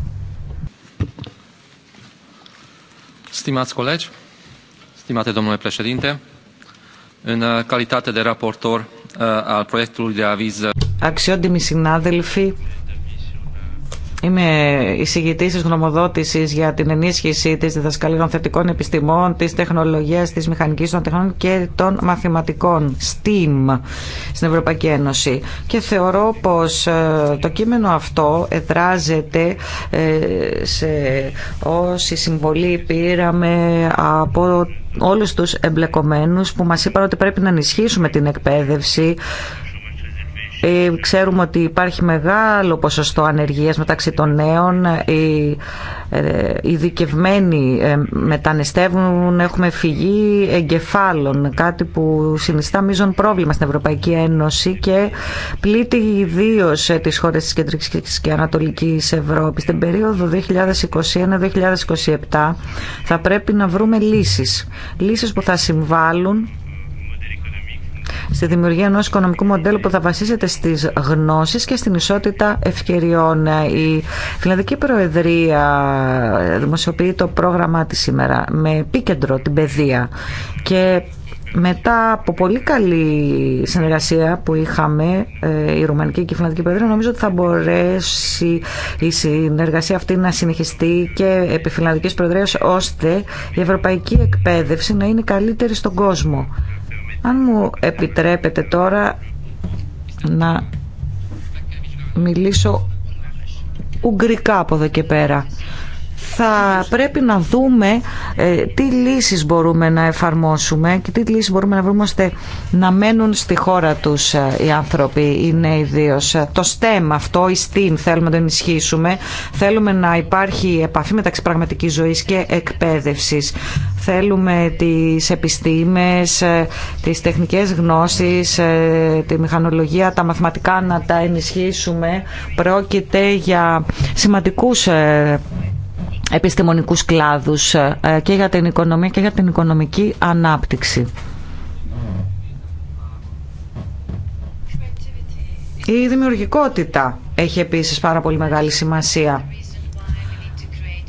Stimați colegi, stimate domnule președinte, în uh, calitate de raportor al proiectului de aviz... Αξιότιμοι συνάδελφοι, Είμαι εισηγητή τη γνωμοδότηση για την ενίσχυση τη διδασκαλία των θετικών επιστημών, τη τεχνολογία, τη μηχανική των τεχνών και των μαθηματικών, STEAM, στην Ευρωπαϊκή Ένωση. Και θεωρώ πω ε, το κείμενο αυτό εδράζεται ε, σε όση συμβολή πήραμε από όλους τους εμπλεκομένους που μας είπαν ότι πρέπει να ενισχύσουμε την εκπαίδευση ε, ξέρουμε ότι υπάρχει μεγάλο ποσοστό ανεργίας μεταξύ των νέων. Οι ε, ε, ειδικευμένοι ε, μεταναστεύουν, έχουμε φυγή εγκεφάλων, κάτι που συνιστά μείζον πρόβλημα στην Ευρωπαϊκή Ένωση και πλήττει ιδίω τις χώρες της Κεντρικής και Ανατολικής Ευρώπης. Στην περίοδο 2021-2027 θα πρέπει να βρούμε λύσεις. Λύσεις που θα συμβάλλουν στη δημιουργία ενός οικονομικού μοντέλου που θα βασίζεται στις γνώσεις και στην ισότητα ευκαιριών. Η Φιλανδική Προεδρία δημοσιοποιεί το πρόγραμμά της σήμερα με επίκεντρο την παιδεία και μετά από πολύ καλή συνεργασία που είχαμε ε, η Ρουμανική και η Φιλανδική Προεδρία νομίζω ότι θα μπορέσει η συνεργασία αυτή να συνεχιστεί και επί Φιλανδικής Προεδρίας ώστε η ευρωπαϊκή εκπαίδευση να είναι καλύτερη στον κόσμο. Αν μου επιτρέπετε τώρα να μιλήσω ουγγρικά από εδώ και πέρα θα πρέπει να δούμε ε, τι λύσεις μπορούμε να εφαρμόσουμε και τι λύσεις μπορούμε να βρούμε ώστε να μένουν στη χώρα τους ε, οι άνθρωποι, οι νέοι ιδίω. Το STEM αυτό, η STEAM θέλουμε να το ενισχύσουμε. Θέλουμε να υπάρχει επαφή μεταξύ πραγματικής ζωής και εκπαίδευσης. Θέλουμε τις επιστήμες, ε, τις τεχνικές γνώσεις, τη μηχανολογία, τα μαθηματικά να τα ενισχύσουμε. Πρόκειται για σημαντικούς επιστημονικούς κλάδους ε, ε, και για την οικονομία και για την οικονομική ανάπτυξη. Η δημιουργικότητα έχει επίσης πάρα πολύ μεγάλη σημασία.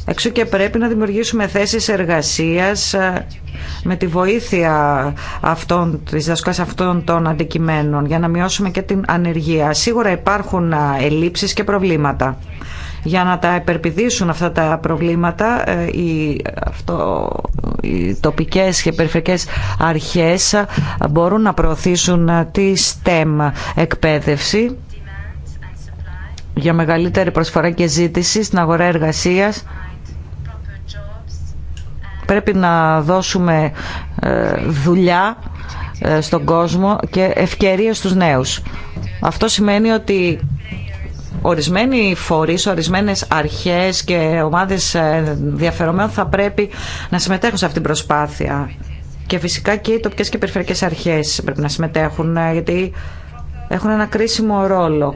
Εξού και πρέπει να δημιουργήσουμε θέσεις εργασίας ε, με τη βοήθεια αυτών, της δασκάς αυτών των αντικειμένων για να μειώσουμε και την ανεργία. Σίγουρα υπάρχουν ελλείψεις και προβλήματα για να τα υπερπηδήσουν αυτά τα προβλήματα ε, οι, αυτό, οι τοπικές και περιφερειακές αρχές ε, μπορούν να προωθήσουν ε, τη STEM εκπαίδευση για μεγαλύτερη προσφορά και ζήτηση στην αγορά εργασίας πρέπει να δώσουμε δουλειά στον κόσμο και ευκαιρίες στους νέους. Αυτό σημαίνει ότι Ορισμένοι φορείς, ορισμένες αρχές και ομάδες ε, διαφερομένων θα πρέπει να συμμετέχουν σε αυτή την προσπάθεια. Και φυσικά και οι τοπικέ και περιφερειακέ περιφερειακές αρχές πρέπει να συμμετέχουν ε, γιατί έχουν ένα κρίσιμο ρόλο.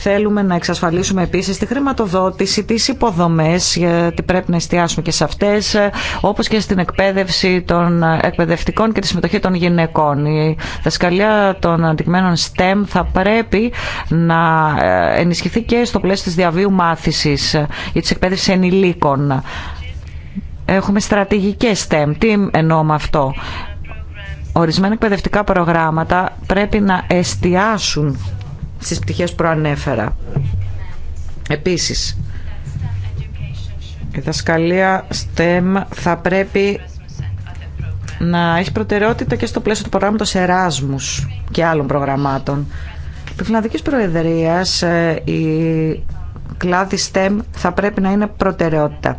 Θέλουμε να εξασφαλίσουμε επίσης τη χρηματοδότηση, τι υποδομέ γιατί πρέπει να εστιάσουμε και σε αυτές, όπως και στην εκπαίδευση των εκπαιδευτικών και τη συμμετοχή των γυναικών. Η δασκαλία των αντικειμένων STEM θα πρέπει να ε, ενισχυθεί και στο πλαίσιο της διαβίου μάθησης ή τη εκπαίδευση ενηλίκων. Έχουμε στρατηγικέ STEM. Τι εννοώ με αυτό. Ορισμένα εκπαιδευτικά προγράμματα πρέπει να εστιάσουν στις πτυχές που προανέφερα. Επίσης, η δασκαλία STEM θα πρέπει να έχει προτεραιότητα και στο πλαίσιο του προγράμματος Εράσμους και άλλων προγραμμάτων. Επί Φιλανδικής Προεδρίας ε, η κλάδη STEM θα πρέπει να είναι προτεραιότητα.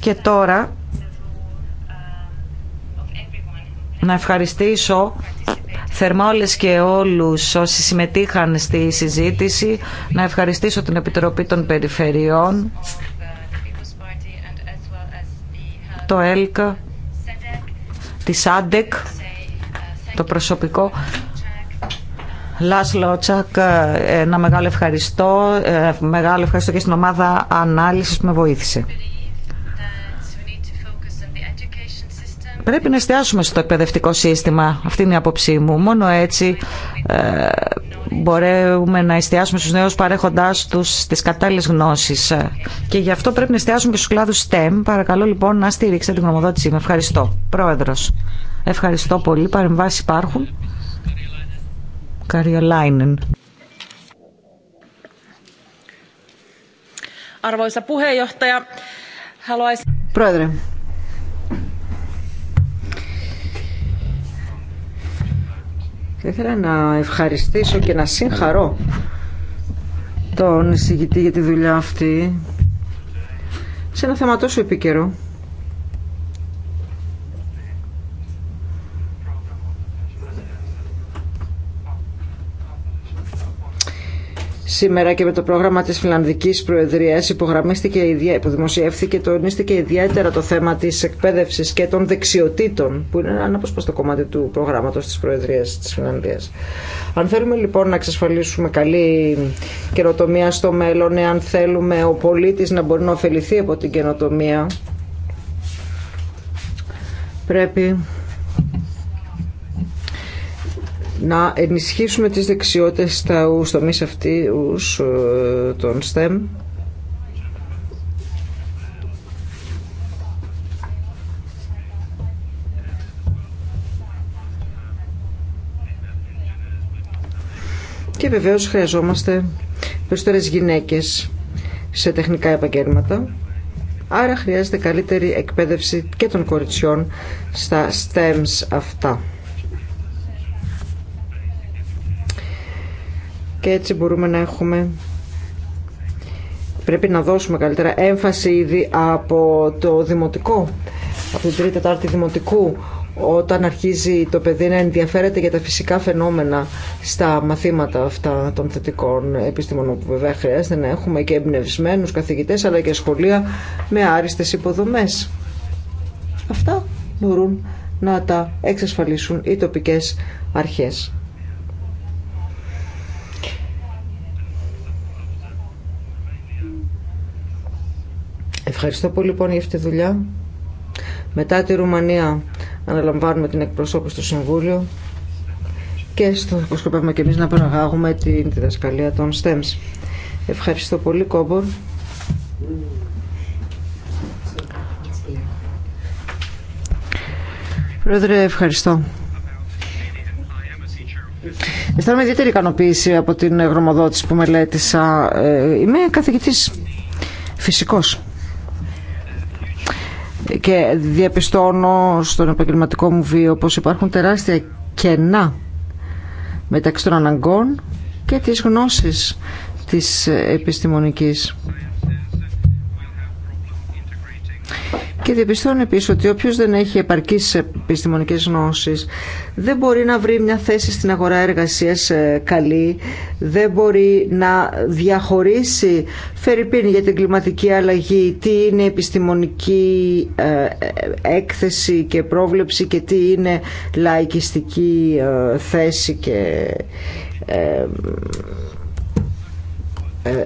Και τώρα να ευχαριστήσω θερμά όλες και όλους όσοι συμμετείχαν στη συζήτηση, να ευχαριστήσω την Επιτροπή των Περιφερειών, το ΕΛΚΑ, τη ΣΑΝΤΕΚ, το προσωπικό, Λάς Λότσακ, ένα μεγάλο ευχαριστώ, ε, μεγάλο ευχαριστώ και στην ομάδα ανάλυσης που με βοήθησε. Πρέπει να εστιάσουμε στο εκπαιδευτικό σύστημα, αυτή είναι η άποψή μου. Μόνο έτσι ε, μπορούμε να εστιάσουμε στους νέους παρέχοντάς τους τις κατάλληλες γνώσεις. Και γι' αυτό πρέπει να εστιάσουμε και στους κλάδους STEM. Παρακαλώ λοιπόν να στηρίξετε την γνωμοδότησή μου. Ευχαριστώ. Πρόεδρος, ευχαριστώ πολύ. Παρεμβάσεις υπάρχουν. Καριολάινεν. Πρόεδρε, Θα ήθελα να ευχαριστήσω και να συγχαρώ τον εισηγητή για τη δουλειά αυτή σε ένα θέμα τόσο επίκαιρο. σήμερα και με το πρόγραμμα της Φιλανδικής Προεδρίας υπογραμμίστηκε, υποδημοσιεύθηκε, τονίστηκε ιδιαίτερα το θέμα της εκπαίδευσης και των δεξιοτήτων που είναι ένα απόσπαστο κομμάτι του προγράμματος της Προεδρίας της Φιλανδίας. Αν θέλουμε λοιπόν να εξασφαλίσουμε καλή καινοτομία στο μέλλον, εάν θέλουμε ο πολίτης να μπορεί να ωφεληθεί από την καινοτομία, πρέπει να ενισχύσουμε τις δεξιότητες στα τομείς αυτούς ε, των STEM και βεβαίως χρειαζόμαστε περισσότερες γυναίκες σε τεχνικά επαγγέλματα άρα χρειάζεται καλύτερη εκπαίδευση και των κοριτσιών στα STEMs αυτά. και έτσι μπορούμε να έχουμε πρέπει να δώσουμε καλύτερα έμφαση ήδη από το δημοτικό από την τρίτη τετάρτη δημοτικού όταν αρχίζει το παιδί να ενδιαφέρεται για τα φυσικά φαινόμενα στα μαθήματα αυτά των θετικών επιστήμονων που βέβαια χρειάζεται να έχουμε και εμπνευσμένου καθηγητές αλλά και σχολεία με άριστες υποδομές. Αυτά μπορούν να τα εξασφαλίσουν οι τοπικές αρχές. Ευχαριστώ πολύ λοιπόν για αυτή τη δουλειά. Μετά τη Ρουμανία αναλαμβάνουμε την εκπροσώπηση στο Συμβούλιο και στο σκοπεύουμε και εμείς να παραγάγουμε την διδασκαλία των STEMS. Ευχαριστώ πολύ Κόμπορ. Πρόεδρε, ευχαριστώ. Αισθάνομαι ιδιαίτερη ικανοποίηση από την γνωμοδότηση που μελέτησα. Ε, είμαι καθηγητής φυσικός και διαπιστώνω στον επαγγελματικό μου βίο πως υπάρχουν τεράστια κενά μεταξύ των αναγκών και της γνώσης της επιστημονικής. Και διαπιστώνω επίση ότι όποιο δεν έχει επαρκή επιστημονικέ γνώσει δεν μπορεί να βρει μια θέση στην αγορά εργασία ε, καλή, δεν μπορεί να διαχωρίσει, φερειπίνη για την κλιματική αλλαγή, τι είναι επιστημονική ε, έκθεση και πρόβλεψη και τι είναι λαϊκιστική ε, θέση και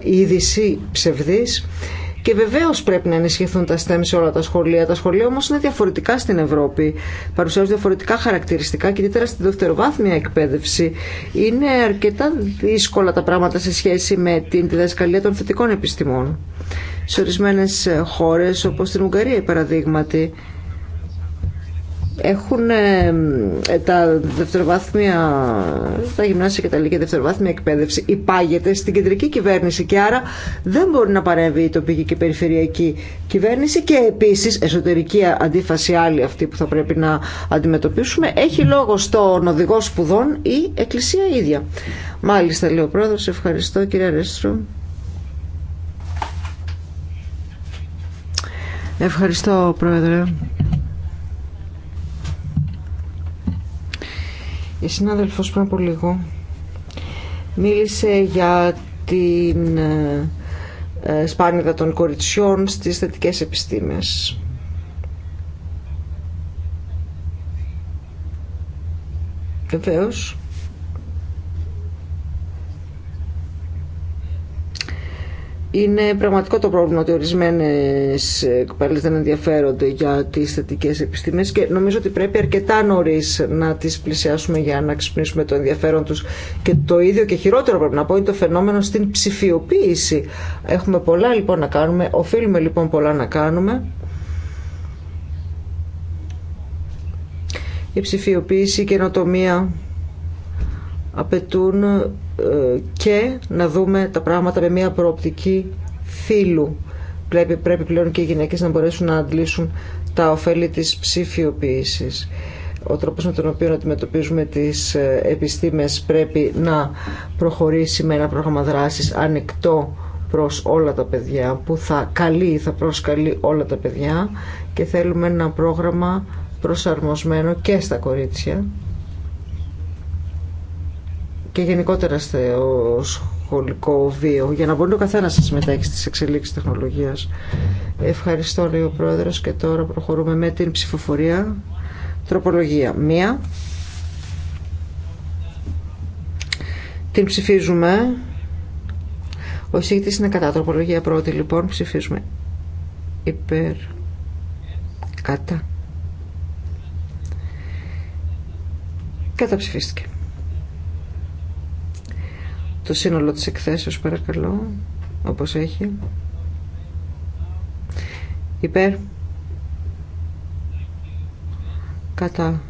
είδηση ψευδής και βεβαίω πρέπει να ενισχυθούν τα STEM σε όλα τα σχολεία. Τα σχολεία όμω είναι διαφορετικά στην Ευρώπη. Παρουσιάζουν διαφορετικά χαρακτηριστικά και ιδιαίτερα στη δευτεροβάθμια εκπαίδευση. Είναι αρκετά δύσκολα τα πράγματα σε σχέση με την διδασκαλία των θετικών επιστημών. Σε ορισμένε χώρε, όπω στην Ουγγαρία, παραδείγματι, έχουν ε, ε, τα δευτεροβάθμια, τα γυμνάσια και τα λίγα δευτεροβάθμια εκπαίδευση υπάγεται στην κεντρική κυβέρνηση και άρα δεν μπορεί να παρέμβει η τοπική και περιφερειακή κυβέρνηση και επίσης εσωτερική αντίφαση άλλη αυτή που θα πρέπει να αντιμετωπίσουμε έχει λόγο στον οδηγό σπουδών η εκκλησία ίδια. Μάλιστα λέει ο πρόεδρος, ευχαριστώ κύριε Αρέστρο. Ευχαριστώ πρόεδρε. Η συνάδελφος πριν από λίγο μίλησε για την ε, ε, σπάνιδα των κοριτσιών στις θετικές επιστήμες. Βεβαίως, Είναι πραγματικό το πρόβλημα ότι ορισμένε εκπαίδευτε δεν ενδιαφέρονται για τι θετικέ επιστήμε και νομίζω ότι πρέπει αρκετά νωρί να τι πλησιάσουμε για να ξυπνήσουμε το ενδιαφέρον του. Και το ίδιο και χειρότερο πρέπει να πω είναι το φαινόμενο στην ψηφιοποίηση. Έχουμε πολλά λοιπόν να κάνουμε, οφείλουμε λοιπόν πολλά να κάνουμε. Η ψηφιοποίηση, η καινοτομία απαιτούν και να δούμε τα πράγματα με μια προοπτική φύλου. Πρέπει, πλέον και οι γυναίκες να μπορέσουν να αντλήσουν τα ωφέλη της ψηφιοποίησης. Ο τρόπος με τον οποίο αντιμετωπίζουμε τις ε, επιστήμες πρέπει να προχωρήσει με ένα πρόγραμμα δράσης ανοιχτό προς όλα τα παιδιά που θα καλεί, θα προσκαλεί όλα τα παιδιά και θέλουμε ένα πρόγραμμα προσαρμοσμένο και στα κορίτσια και γενικότερα στο σχολικό βίο για να μπορεί ο καθένα να συμμετέχει στις εξελίξεις τεχνολογίας. Ευχαριστώ λέει ο Πρόεδρος και τώρα προχωρούμε με την ψηφοφορία. Τροπολογία μία. Την ψηφίζουμε. Ο εισηγητή είναι κατά τροπολογία πρώτη λοιπόν ψηφίζουμε υπέρ κατά. Καταψηφίστηκε το σύνολο της εκθέσεως παρακαλώ όπως έχει υπέρ κατά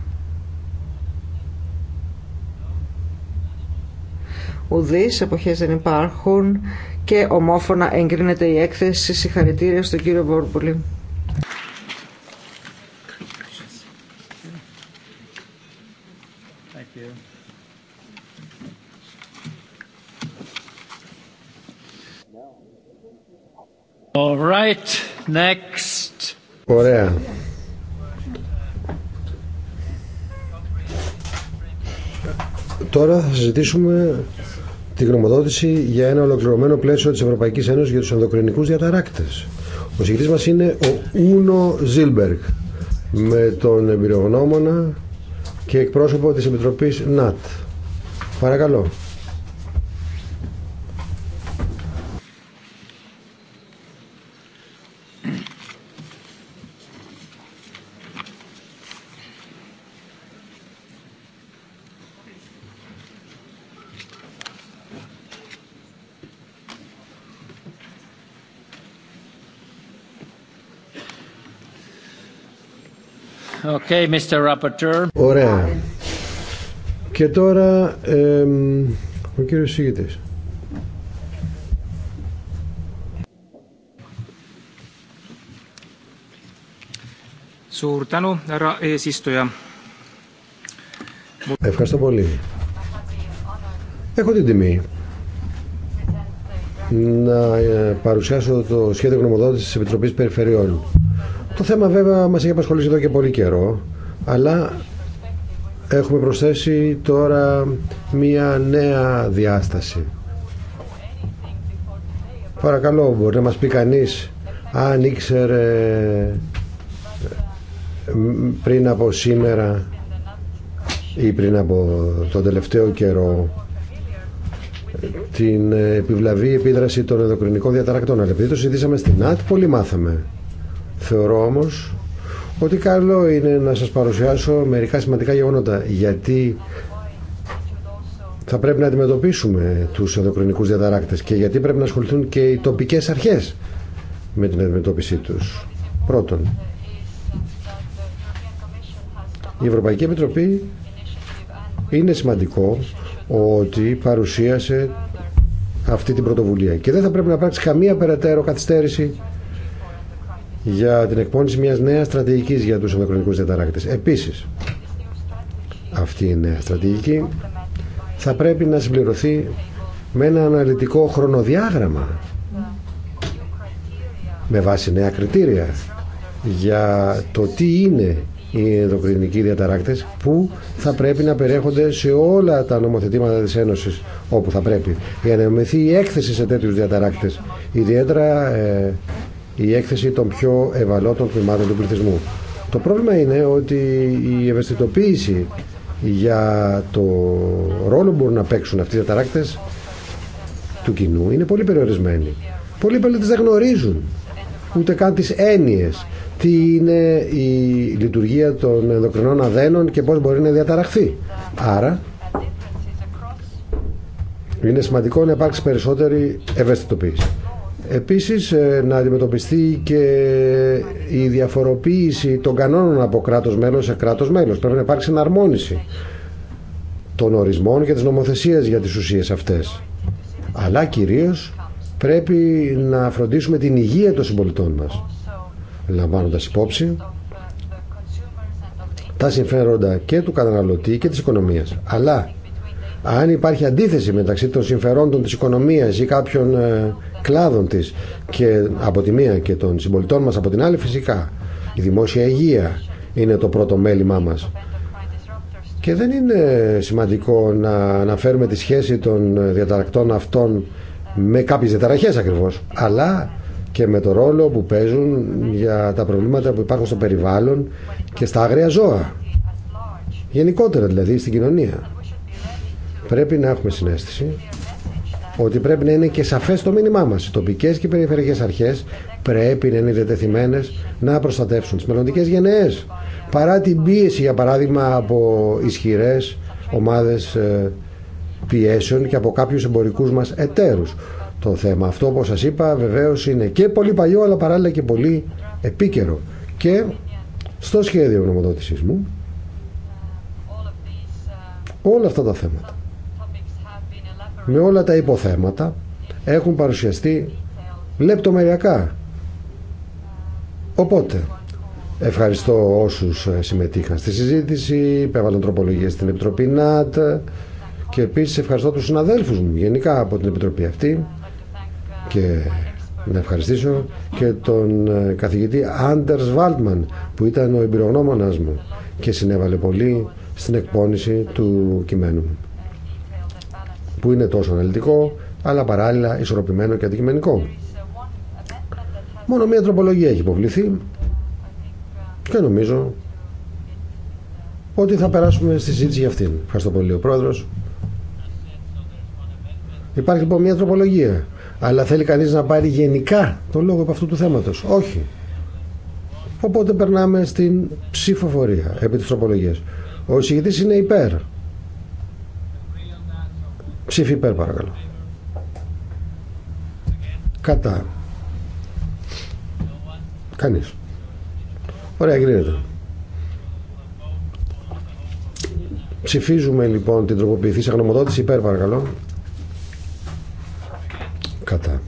ουδείς εποχές δεν υπάρχουν και ομόφωνα εγκρίνεται η έκθεση συγχαρητήρια στον κύριο Βόρμπουλη Ωραία. Τώρα θα συζητήσουμε τη γνωμοδότηση για ένα ολοκληρωμένο πλαίσιο της Ευρωπαϊκής Ένωσης για τους ενδοκρινικούς διαταράκτες. Ο συγκριτής μας είναι ο Ούνο Ζίλμπεργκ με τον εμπειρογνώμονα και εκπρόσωπο της Επιτροπής ΝΑΤ. Παρακαλώ. Ωραία. Και τώρα ε, ο κύριος Συγητής. Ευχαριστώ πολύ. Έχω την τιμή να ε, παρουσιάσω το σχέδιο γνωμοδότησης της Επιτροπής Περιφερειών το θέμα βέβαια μας έχει απασχολήσει εδώ και πολύ καιρό, αλλά έχουμε προσθέσει τώρα μία νέα διάσταση. Παρακαλώ, μπορεί να μας πει κανείς αν ήξερε ε, πριν από σήμερα ή πριν από τον τελευταίο καιρό την επιβλαβή επίδραση των ενδοκρινικών διαταρακτών. Αλλά επειδή το συζητήσαμε στην ΑΤ, πολύ μάθαμε. Θεωρώ όμως ότι καλό είναι να σας παρουσιάσω μερικά σημαντικά γεγονότα γιατί θα πρέπει να αντιμετωπίσουμε τους ενδοκρινικούς διαταράκτες και γιατί πρέπει να ασχοληθούν και οι τοπικές αρχές με την αντιμετώπιση τους. Πρώτον, η Ευρωπαϊκή Επιτροπή είναι σημαντικό ότι παρουσίασε αυτή την πρωτοβουλία και δεν θα πρέπει να πράξει καμία περαιτέρω καθυστέρηση για την εκπόνηση μιας νέας στρατηγικής για τους ενδοκρινικούς διαταράκτες. Επίσης, αυτή η νέα στρατηγική θα πρέπει να συμπληρωθεί με ένα αναλυτικό χρονοδιάγραμμα με βάση νέα κριτήρια για το τι είναι οι ενδοκρινικοί διαταράκτες που θα πρέπει να περιέχονται σε όλα τα νομοθετήματα της Ένωσης όπου θα πρέπει για να μεθεί η έκθεση σε τέτοιους διαταράκτες ιδιαίτερα ε, η έκθεση των πιο ευαλώτων τμήματων του πληθυσμού. Το πρόβλημα είναι ότι η ευαισθητοποίηση για το ρόλο που μπορούν να παίξουν αυτοί οι διαταράκτες του κοινού είναι πολύ περιορισμένη. Πολλοί πολίτες δεν γνωρίζουν ούτε καν τις έννοιες τι είναι η λειτουργία των ενδοκρινών αδένων και πώς μπορεί να διαταραχθεί. Άρα είναι σημαντικό να υπάρξει περισσότερη ευαισθητοποίηση. Επίσης ε, να αντιμετωπιστεί και η διαφοροποίηση των κανόνων από κράτος μέλος σε κράτος μέλος. Πρέπει να υπάρξει εναρμόνιση των ορισμών και της νομοθεσίας για τις ουσίες αυτές. Αλλά κυρίως πρέπει να φροντίσουμε την υγεία των συμπολιτών μας, λαμβάνοντας υπόψη τα συμφέροντα και του καταναλωτή και της οικονομίας. Αλλά αν υπάρχει αντίθεση μεταξύ των συμφερόντων της οικονομίας ή κάποιων ε, κλάδων της και από τη μία και των συμπολιτών μας από την άλλη φυσικά η δημόσια υγεία είναι το πρώτο μέλημά μας και δεν είναι σημαντικό να αναφέρουμε τη σχέση των διαταρακτών αυτών με κάποιες διαταραχές ακριβώς αλλά και με το ρόλο που παίζουν για τα προβλήματα που υπάρχουν στο περιβάλλον και στα άγρια ζώα γενικότερα δηλαδή στην κοινωνία πρέπει να έχουμε συνέστηση ότι πρέπει να είναι και σαφές το μήνυμά μας. Οι τοπικές και οι περιφερειακές αρχές πρέπει να είναι διατεθειμένες να προστατεύσουν τις μελλοντικέ γενναίες. Παρά την πίεση, για παράδειγμα, από ισχυρές ομάδες ε, πιέσεων και από κάποιους εμπορικούς μας εταίρους. Το θέμα αυτό, όπως σας είπα, βεβαίως είναι και πολύ παλιό, αλλά παράλληλα και πολύ επίκαιρο. Και στο σχέδιο γνωμοδότησής μου, όλα αυτά τα θέματα με όλα τα υποθέματα έχουν παρουσιαστεί λεπτομεριακά. Οπότε, ευχαριστώ όσους συμμετείχαν στη συζήτηση, υπέβαλαν τροπολογία στην Επιτροπή ΝΑΤ και επίσης ευχαριστώ τους συναδέλφους μου γενικά από την Επιτροπή αυτή και να ευχαριστήσω και τον καθηγητή Άντερς Βάλτμαν που ήταν ο εμπειρογνώμονας μου και συνέβαλε πολύ στην εκπόνηση του κειμένου μου που είναι τόσο αναλυτικό, αλλά παράλληλα ισορροπημένο και αντικειμενικό. Μόνο μία τροπολογία έχει υποβληθεί και νομίζω ότι θα περάσουμε στη συζήτηση για αυτήν. Ευχαριστώ πολύ ο Πρόεδρος. Υπάρχει λοιπόν μία τροπολογία, αλλά θέλει κανείς να πάρει γενικά το λόγο από αυτού του θέματος. Όχι. Οπότε περνάμε στην ψηφοφορία επί της τροπολογίας. Ο εισηγητής είναι υπέρ. Ψήφι υπέρ παρακαλώ. Κατά. Κανείς. Ωραία, εγκρίνεται. Ψηφίζουμε λοιπόν την τροποποιηθή σε γνωμοδότηση υπέρ παρακαλώ. Κατά.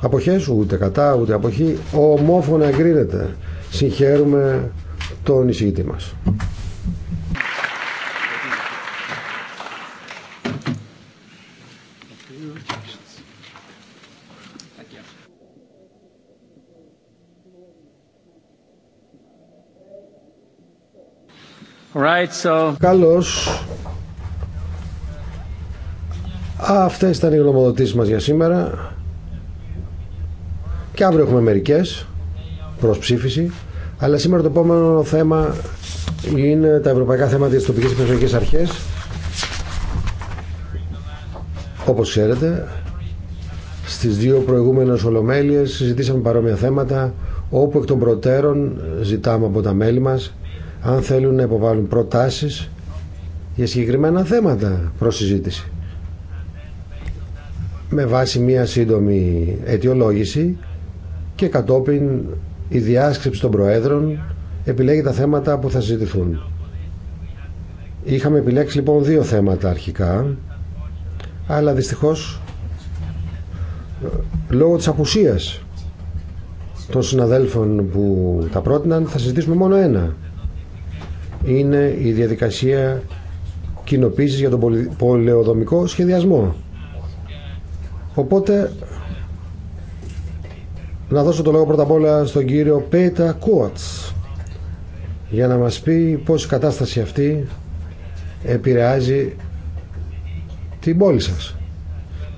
Αποχές ούτε κατά ούτε αποχή ομόφωνα εγκρίνεται. Συγχαίρουμε τον εισηγητή μας. Right, so... Καλώς. Αυτές ήταν οι γνωμοδοτήσεις μας για σήμερα. Και αύριο έχουμε μερικές προς ψήφιση. Αλλά σήμερα το επόμενο θέμα είναι τα ευρωπαϊκά θέματα της τοπικής αρχές. Όπως ξέρετε, στις δύο προηγούμενες ολομέλειες συζητήσαμε παρόμοια θέματα όπου εκ των προτέρων ζητάμε από τα μέλη μας αν θέλουν να υποβάλουν προτάσεις για συγκεκριμένα θέματα προς συζήτηση. Με βάση μία σύντομη αιτιολόγηση και κατόπιν η διάσκεψη των Προέδρων επιλέγει τα θέματα που θα συζητηθούν. Είχαμε επιλέξει λοιπόν δύο θέματα αρχικά, αλλά δυστυχώς ε, λόγω της απουσίας των συναδέλφων που τα πρότειναν θα συζητήσουμε μόνο ένα είναι η διαδικασία κοινοποίησης για τον πολεοδομικό σχεδιασμό. Οπότε να δώσω το λόγο πρώτα απ' όλα στον κύριο Πέτα Κούατς για να μας πει πώς η κατάσταση αυτή επηρεάζει την πόλη σας.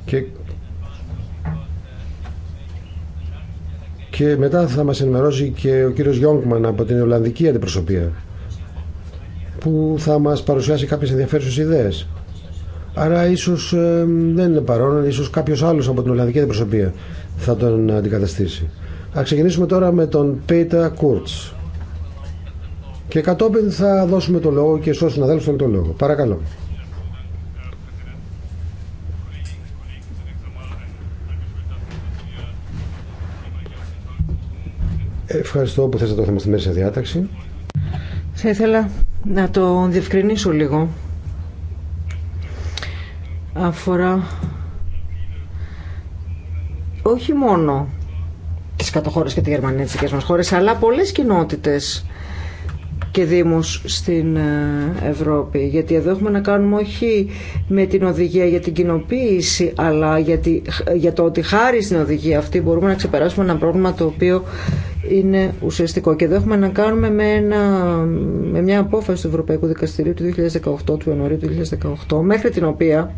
Και, και μετά θα μας ενημερώσει και ο κύριος Γιόγκμαν από την Ολλανδική Αντιπροσωπεία που θα μας παρουσιάσει κάποιες ενδιαφέρουσες ιδέες. Άρα ίσως ε, δεν είναι παρόν, ίσως κάποιος άλλος από την Ολλανδική Αντιπροσωπεία θα τον αντικαταστήσει. Ας ξεκινήσουμε τώρα με τον Πέιτα Κούρτς. Και κατόπιν θα δώσουμε το λόγο και στους συναδέλφους τον το λόγο. Παρακαλώ. Ευχαριστώ που θέσατε το θέμα στη μέση διάταξη. Θα ήθελα να το διευκρινίσω λίγο. Αφορά όχι μόνο τις κατοχώρες και τη Γερμανία, τις δικές μας χώρες, αλλά πολλές κοινότητες και δήμους στην ε, Ευρώπη. Γιατί εδώ έχουμε να κάνουμε όχι με την οδηγία για την κοινοποίηση, αλλά γιατί, για το ότι χάρη στην οδηγία αυτή μπορούμε να ξεπεράσουμε ένα πρόβλημα το οποίο είναι ουσιαστικό. Και εδώ έχουμε να κάνουμε με, ένα, με μια απόφαση του Ευρωπαϊκού Δικαστηρίου του 2018, του Ιανουαρίου του 2018, μέχρι την οποία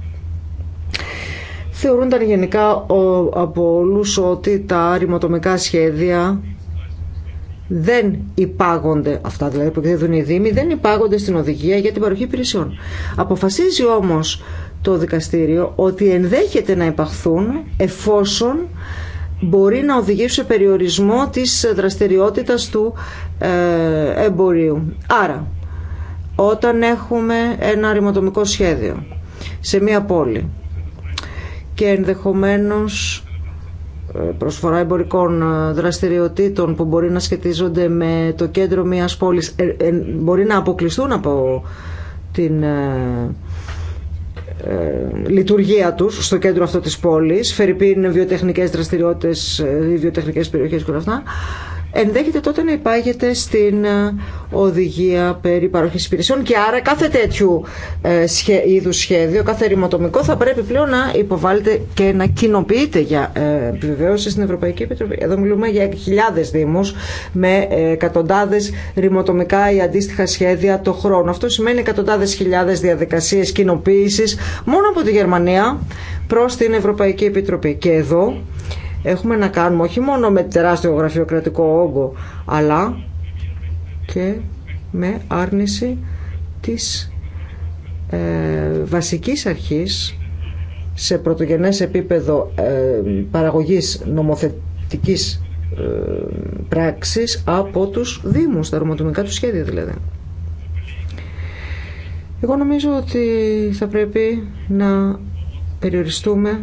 θεωρούνταν γενικά από όλους ότι τα ρημοτομικά σχέδια δεν υπάγονται, αυτά δηλαδή που εκδίδουν οι Δήμοι, δεν υπάγονται στην οδηγία για την παροχή υπηρεσιών. Αποφασίζει όμως το δικαστήριο ότι ενδέχεται να υπαχθούν εφόσον μπορεί να οδηγήσει σε περιορισμό της δραστηριότητας του ε, εμπορίου. Άρα, όταν έχουμε ένα ρηματομικό σχέδιο σε μία πόλη και ενδεχομένως προσφορά εμπορικών ε, δραστηριοτήτων που μπορεί να σχετίζονται με το κέντρο μιας πόλης ε, ε, μπορεί να αποκλειστούν από την λειτουργία τους στο κέντρο αυτό της πόλης, φερειπίν βιοτεχνικές δραστηριότητες ή βιοτεχνικές περιοχές και όλα αυτά ενδέχεται τότε να υπάγεται στην ε, οδηγία περί παροχής υπηρεσιών και άρα κάθε τέτοιου ε, είδου σχέδιο, κάθε ρηματομικό θα πρέπει πλέον να υποβάλλεται και να κοινοποιείται για ε, επιβεβαίωση στην Ευρωπαϊκή Επιτροπή. Εδώ μιλούμε για χιλιάδες δήμους με εκατοντάδες ρηματομικά ή αντίστοιχα σχέδια το χρόνο. Αυτό σημαίνει εκατοντάδες χιλιάδες διαδικασίες κοινοποίησης μόνο από τη Γερμανία προς την Ευρωπαϊκή Επιτροπή. Και εδώ έχουμε να κάνουμε όχι μόνο με τεράστιο γραφειοκρατικό όγκο αλλά και με άρνηση της ε, βασικής αρχής σε πρωτογενές επίπεδο ε, παραγωγής νομοθετικής ε, πράξης από τους Δήμους, τα αρωματομικά του σχέδια δηλαδή. Εγώ νομίζω ότι θα πρέπει να περιοριστούμε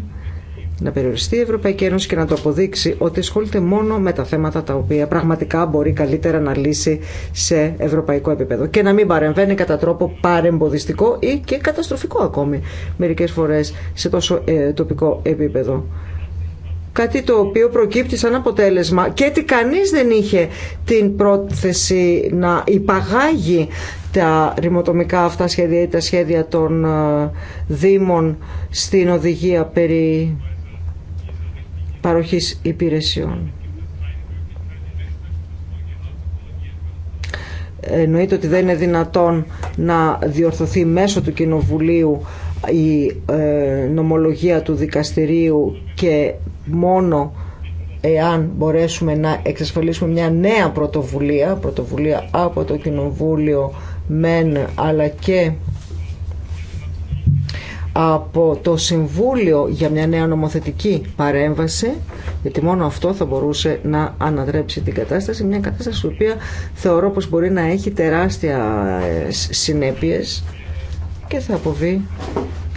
να περιοριστεί η Ευρωπαϊκή Ένωση και να το αποδείξει ότι ασχολείται μόνο με τα θέματα τα οποία πραγματικά μπορεί καλύτερα να λύσει σε ευρωπαϊκό επίπεδο και να μην παρεμβαίνει κατά τρόπο παρεμποδιστικό ή και καταστροφικό ακόμη μερικές φορές σε τόσο ε, τοπικό επίπεδο. Κάτι το οποίο προκύπτει σαν αποτέλεσμα και ότι κανείς δεν είχε την πρόθεση να υπαγάγει τα ρημοτομικά αυτά σχέδια ή τα σχέδια των ε, Δήμων στην οδηγία περί παροχής υπηρεσιών. Εννοείται ότι δεν είναι δυνατόν να διορθωθεί μέσω του Κοινοβουλίου η ε, νομολογία του δικαστηρίου και μόνο εάν μπορέσουμε να εξασφαλίσουμε μια νέα πρωτοβουλία, πρωτοβουλία από το Κοινοβούλιο μεν αλλά και από το Συμβούλιο για μια νέα νομοθετική παρέμβαση, γιατί μόνο αυτό θα μπορούσε να ανατρέψει την κατάσταση, μια κατάσταση η οποία θεωρώ πως μπορεί να έχει τεράστια ε, συνέπειες και θα αποβεί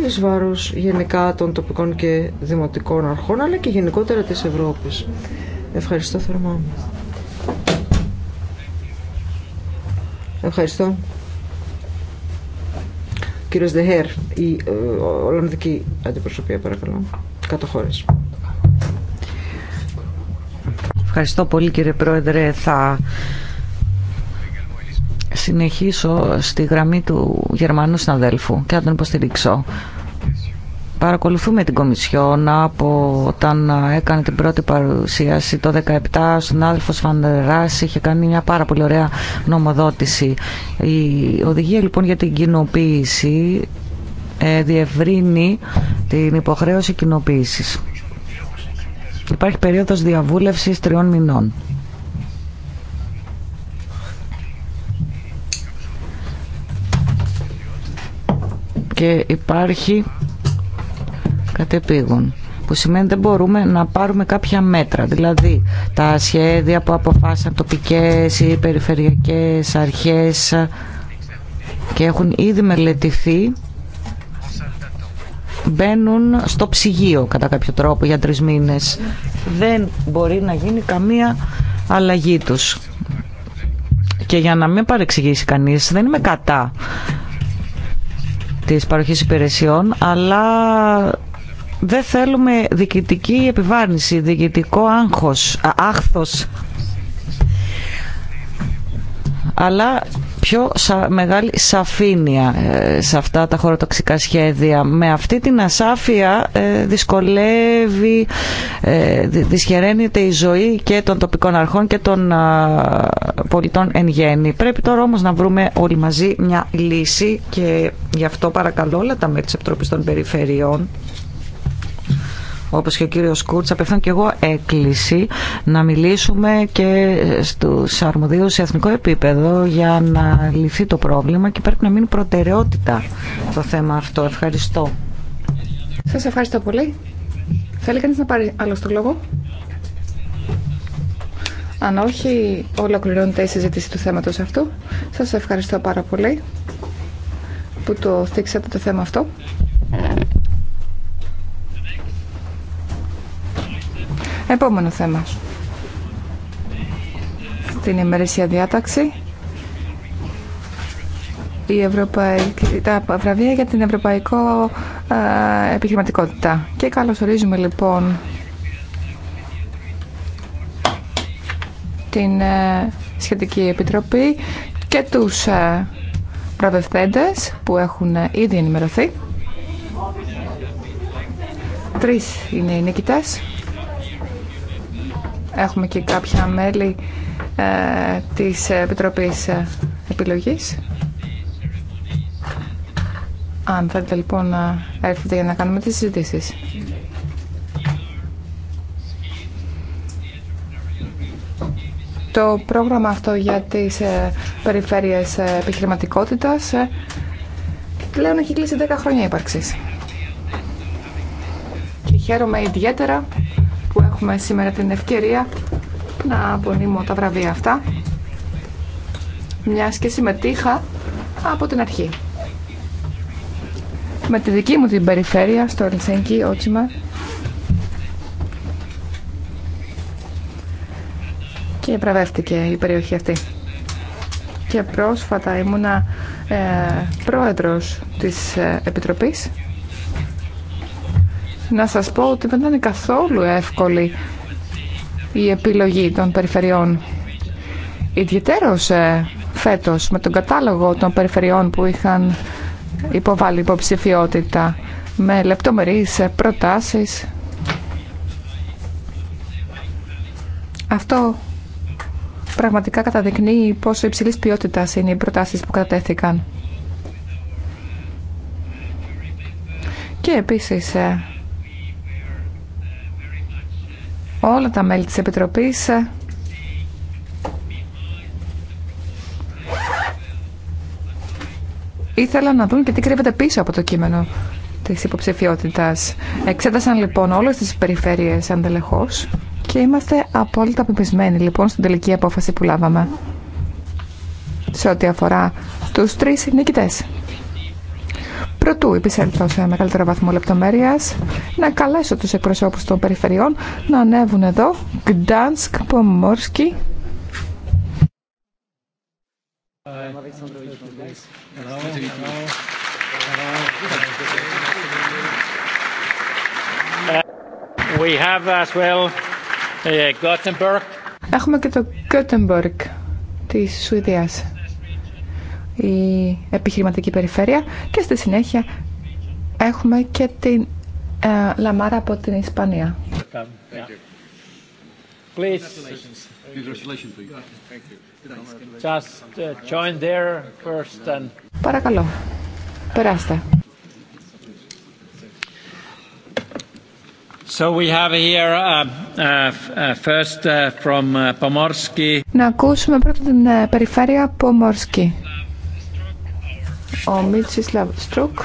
εις βάρος γενικά των τοπικών και δημοτικών αρχών, αλλά και γενικότερα της Ευρώπης. Ευχαριστώ θερμά. Ευχαριστώ κύριος Δεχέρ, η ε, Ολλανδική αντιπροσωπεία παρακαλώ, κατοχώρηση. χώρες. Ευχαριστώ πολύ κύριε Πρόεδρε. Θα συνεχίσω στη γραμμή του Γερμανού συναδέλφου και θα τον υποστηρίξω. Παρακολουθούμε την Κομισιόν από όταν έκανε την πρώτη παρουσίαση το 2017 ο άδελφο Φαντεράς είχε κάνει μια πάρα πολύ ωραία νομοδότηση. Η οδηγία λοιπόν για την κοινοποίηση ε, διευρύνει την υποχρέωση κοινοποίηση. Υπάρχει περίοδος διαβούλευσης τριών μηνών. Και υπάρχει που σημαίνει δεν μπορούμε να πάρουμε κάποια μέτρα. Δηλαδή τα σχέδια που αποφάσισαν τοπικές ή περιφερειακές αρχές και έχουν ήδη μελετηθεί μπαίνουν στο ψυγείο κατά κάποιο τρόπο για τρεις μήνες. Δεν μπορεί να γίνει καμία αλλαγή τους. Και για να μην παρεξηγήσει κανείς, δεν είμαι κατά της παροχής υπηρεσιών, αλλά δεν θέλουμε διοικητική επιβάρυνση, διοικητικό άγχος, άχθος, αλλά πιο μεγάλη σαφήνεια ε, σε αυτά τα χωροτοξικά σχέδια. Με αυτή την ασάφεια ε, δυσκολεύει, ε, δυσχεραίνεται η ζωή και των τοπικών αρχών και των πολιτών εν γέννη. Πρέπει τώρα όμως να βρούμε όλοι μαζί μια λύση και γι' αυτό παρακαλώ όλα τα μέλη της Επιτροπής των Περιφερειών όπως και ο κύριος Κούρτς, απευθύνω και εγώ έκκληση να μιλήσουμε και στους αρμοδίους σε εθνικό επίπεδο για να λυθεί το πρόβλημα και πρέπει να μείνει προτεραιότητα το θέμα αυτό. Ευχαριστώ. Σας ευχαριστώ πολύ. Θέλει κανείς να πάρει άλλο στο λόγο. Αν όχι, ολοκληρώνεται η συζήτηση του θέματος αυτού. Σας ευχαριστώ πάρα πολύ που το θίξατε το θέμα αυτό. Επόμενο θέμα. Στην ημερήσια διάταξη. Η Ευρωπαϊκή, τα βραβεία για την ευρωπαϊκό ε, επιχειρηματικότητα. Και καλωσορίζουμε λοιπόν την ε, σχετική επιτροπή και τους ε, που έχουν ε, ήδη ενημερωθεί. Τρεις είναι οι νικητές. Έχουμε και κάποια μέλη ε, της Επιτροπής ε, Επιλογής. Αν θέλετε λοιπόν να έρθετε για να κάνουμε τις συζητήσεις. Το πρόγραμμα αυτό για τις ε, περιφέρειες ε, επιχειρηματικότητας πλέον έχει κλείσει 10 χρόνια ύπαρξης. Και χαίρομαι ιδιαίτερα έχουμε σήμερα την ευκαιρία να απονείμω τα βραβεία αυτά μιας και συμμετείχα από την αρχή. Με τη δική μου την περιφέρεια στο Ελσένκι, Ότσιμα και βραβεύτηκε η περιοχή αυτή. Και πρόσφατα ήμουνα ε, πρόεδρος της ε, Επιτροπής να σας πω ότι δεν ήταν καθόλου εύκολη η επιλογή των περιφερειών. Ιδιαιτέρως ε, φέτος με τον κατάλογο των περιφερειών που είχαν υποβάλει υποψηφιότητα με λεπτομερείς ε, προτάσεις. Αυτό πραγματικά καταδεικνύει πόσο υψηλή ποιότητας είναι οι προτάσεις που κατατέθηκαν. Και επίσης ε, όλα τα μέλη της Επιτροπής ε, ήθελαν να δουν και τι κρύβεται πίσω από το κείμενο της υποψηφιότητας. Εξέτασαν λοιπόν όλες τις περιφέρειες αντελεχώς και είμαστε απόλυτα πεπισμένοι λοιπόν στην τελική απόφαση που λάβαμε σε ό,τι αφορά τους τρεις νικητές. Πρωτού επισέλθω σε μεγαλύτερο βαθμό λεπτομέρεια, να καλέσω του εκπροσώπου των περιφερειών να ανέβουν εδώ. Γκτάνσκ, Πομόρσκι. Uh, Έχουμε και το Gothenburg της Σουηδίας η επιχειρηματική περιφέρεια και στη συνέχεια έχουμε και την ε, Λαμάρα από την Ισπανία. Uh, Παρακαλώ, περάστε. So we have here, uh, uh, first, uh, from, Να ακούσουμε πρώτα την ε, περιφέρεια Πομόρσκι. Ο Μίτσισλαβ Στρουκ.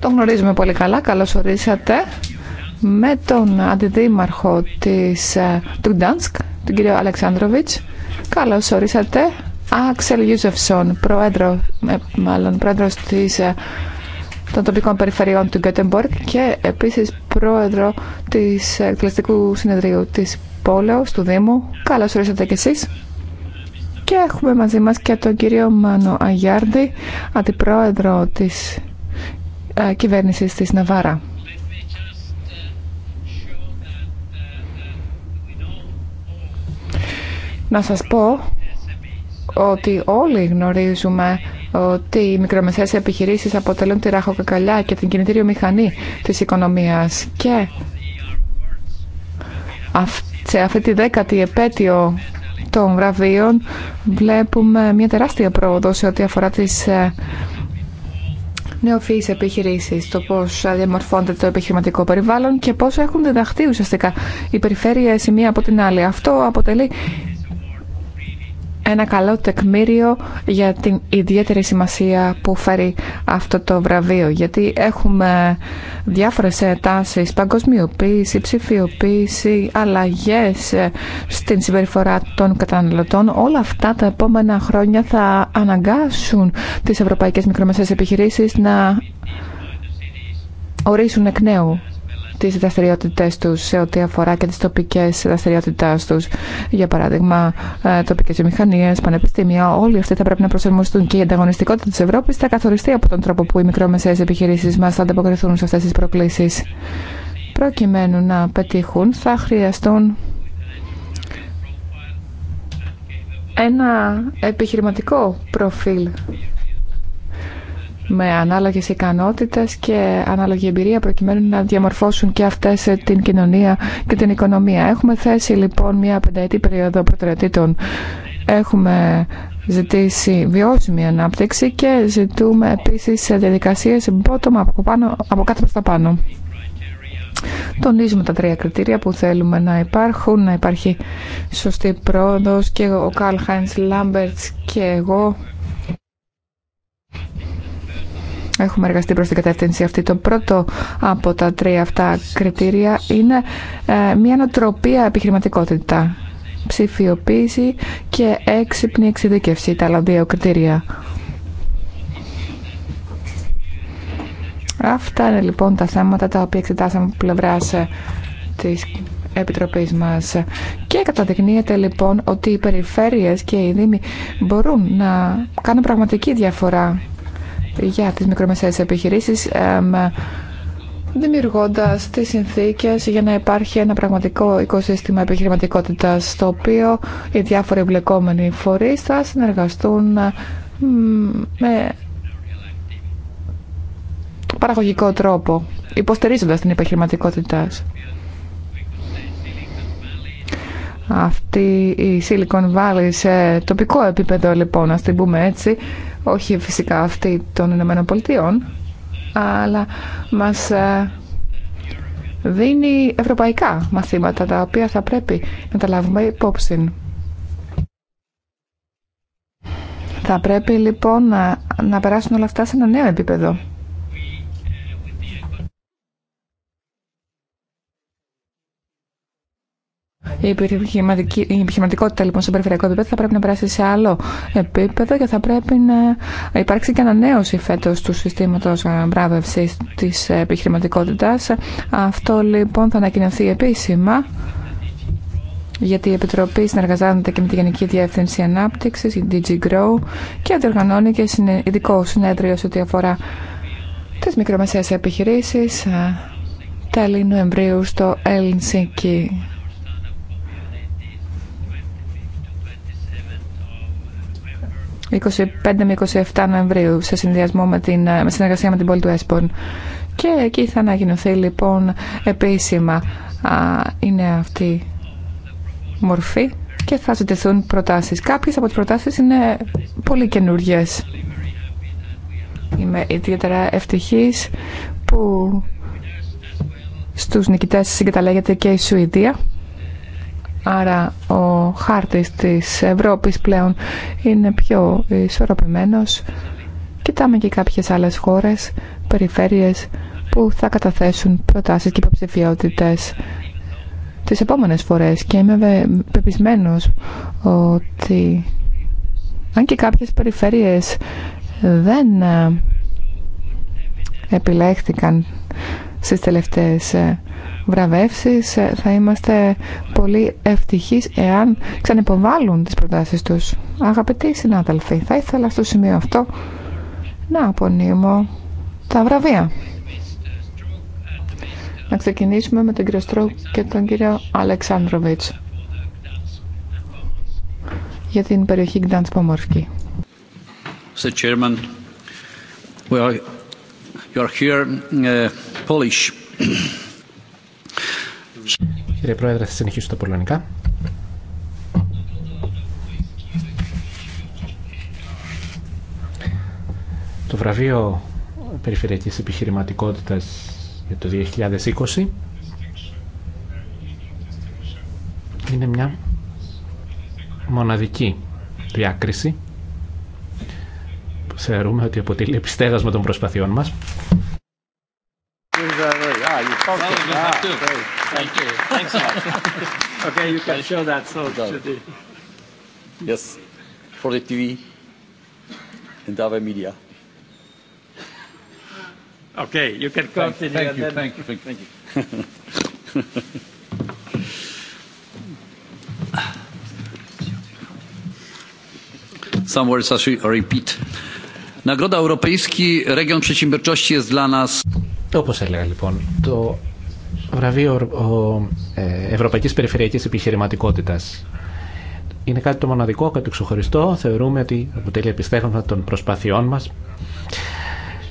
Τον γνωρίζουμε πολύ καλά. Καλώς ορίσατε με τον αντιδήμαρχο της, ε, του Ντάνσκ, τον κύριο Αλεξάνδροβιτς. Καλώς ορίσατε. Άξελ Γιούζεφσον, πρόεδρο, ε, μάλλον πρόεδρος της, ε, των τοπικών περιφερειών του Γκέτεμπορκ και επίσης πρόεδρο της εκτελεστικού συνεδρίου της Πόλεως, του Δήμου. Καλώς ορίσατε κι εσείς. Και έχουμε μαζί μας και τον κύριο Μάνο Αγιάρντη, αντιπρόεδρο της ε, κυβέρνησης της Ναβάρα. Να σας πω ότι όλοι γνωρίζουμε ότι οι μικρομεσαίες επιχειρήσεις αποτελούν τη κακαλιά και την κινητήριο μηχανή της οικονομίας και σε αυτή τη δέκατη επέτειο των βραβείων βλέπουμε μια τεράστια πρόοδο σε ό,τι αφορά τις ε, νεοφυεί επιχειρήσεις, το πώς διαμορφώνεται το επιχειρηματικό περιβάλλον και πώς έχουν διδαχθεί ουσιαστικά οι περιφέρειες η μία από την άλλη. Αυτό αποτελεί ένα καλό τεκμήριο για την ιδιαίτερη σημασία που φέρει αυτό το βραβείο. Γιατί έχουμε διάφορες τάσεις, παγκοσμιοποίηση, ψηφιοποίηση, αλλαγές στην συμπεριφορά των καταναλωτών. Όλα αυτά τα επόμενα χρόνια θα αναγκάσουν τις ευρωπαϊκές μικρομεσαίες επιχειρήσεις να ορίσουν εκ νέου τις δραστηριότητες του, σε ό,τι αφορά και τις τοπικές δραστηριότητες τους. Για παράδειγμα, ε, τοπικές βιομηχανίες, πανεπιστήμια, όλοι αυτοί θα πρέπει να προσαρμοστούν και η ανταγωνιστικότητα της Ευρώπης θα καθοριστεί από τον τρόπο που οι μικρομεσαίες επιχειρήσεις μας θα ανταποκριθούν σε αυτές τις προκλήσεις. Προκειμένου να πετύχουν θα χρειαστούν ένα επιχειρηματικό προφίλ με ανάλογες ικανότητες και ανάλογη εμπειρία προκειμένου να διαμορφώσουν και αυτές ε, την κοινωνία και την οικονομία. Έχουμε θέσει λοιπόν μια πενταετή περίοδο προτεραιοτήτων. Έχουμε ζητήσει βιώσιμη ανάπτυξη και ζητούμε επίσης διαδικασίες bottom από, πάνω, από κάτω προς τα πάνω. Τονίζουμε τα τρία κριτήρια που θέλουμε να υπάρχουν, να υπάρχει σωστή πρόοδος και ο Καλ Χάινς Λάμπερτς και εγώ Έχουμε εργαστεί προς την κατεύθυνση αυτή. Το πρώτο από τα τρία αυτά κριτήρια είναι ε, μια νοτροπία επιχειρηματικότητα. Ψηφιοποίηση και έξυπνη εξειδικεύση, τα άλλα δύο κριτήρια. Αυτά είναι λοιπόν τα θέματα τα οποία εξετάσαμε από πλευρά ε, τη Επιτροπή μα. Και καταδεικνύεται λοιπόν ότι οι περιφέρειες και οι Δήμοι μπορούν να κάνουν πραγματική διαφορά για τις μικρομεσαίες επιχειρήσεις δημιουργώντας τις συνθήκες για να υπάρχει ένα πραγματικό οικοσύστημα επιχειρηματικότητας στο οποίο οι διάφοροι εμπλεκόμενοι φορείς θα συνεργαστούν με παραγωγικό τρόπο, υποστηρίζοντας την επιχειρηματικότητα. Αυτή η Silicon Valley σε τοπικό επίπεδο λοιπόν, ας την πούμε έτσι, όχι φυσικά αυτή των Ηνωμένων Πολιτειών, αλλά μας ε, δίνει ευρωπαϊκά μαθήματα τα οποία θα πρέπει να τα λάβουμε υπόψη. Θα πρέπει λοιπόν να, να περάσουν όλα αυτά σε ένα νέο επίπεδο. Η επιχειρηματικότητα λοιπόν σε περιφερειακό επίπεδο θα πρέπει να περάσει σε άλλο επίπεδο και θα πρέπει να υπάρξει και ανανέωση φέτο του συστήματο ε, μπράβευση τη επιχειρηματικότητα. Αυτό λοιπόν θα ανακοινωθεί επίσημα γιατί η Επιτροπή συνεργαζάνεται και με τη Γενική Διεύθυνση ανάπτυξη, η DG Grow και διοργανώνει και ειδικό συνέδριο σε ό,τι αφορά τι μικρομεσαίε επιχειρήσεις ε, τέλη Νοεμβρίου στο Ελσίνκι 25 με 27 Νοεμβρίου σε συνδυασμό με την ε, με συνεργασία με την πόλη του Έσπορν. Και εκεί θα ανακοινωθεί λοιπόν επίσημα α, είναι αυτή μορφή και θα ζητηθούν προτάσεις. Κάποιες από τις προτάσεις είναι πολύ καινούριε. Είμαι ιδιαίτερα ευτυχής που στους νικητές συγκαταλέγεται και η Σουηδία Άρα ο χάρτης της Ευρώπης πλέον είναι πιο ισορροπημένος. Κοιτάμε και κάποιες άλλες χώρες, περιφέρειες που θα καταθέσουν προτάσεις και υποψηφιότητε τις επόμενες φορές και είμαι πεπισμένος ότι αν και κάποιες περιφέρειες δεν ε, επιλέχθηκαν στις τελευταίες ε, βραβεύσεις. Ε, θα είμαστε πολύ ευτυχείς εάν ξανεποβάλλουν τις προτάσεις τους. Αγαπητοί συνάδελφοι, θα ήθελα στο σημείο αυτό να απονείμω τα βραβεία. Να ξεκινήσουμε με τον κύριο και τον κύριο Αλεξάνδροβιτς για την περιοχή Γκτάντς Κντάνς-Πομορφκή. You're here, uh, Polish. Κύριε Πρόεδρε, θα συνεχίσω τα πολωνικά. Το βραβείο Περιφερειακής Επιχειρηματικότητας για το 2020 είναι μια μοναδική διάκριση Θεωρούμε ότι αποτελεί επιστέγασμα των προσπαθειών μας. Yes, for the TV and other media. Okay, you can continue. Thank you, thank you, thank you. Some words I repeat Nagroda έλεγα λοιπόν, το βραβείο Ευρωπαϊκή Περιφερειακή Ευρωπαϊκής είναι κάτι το μοναδικό, κάτι το ξεχωριστό. Θεωρούμε ότι αποτελεί επιστέγμα των προσπαθειών μας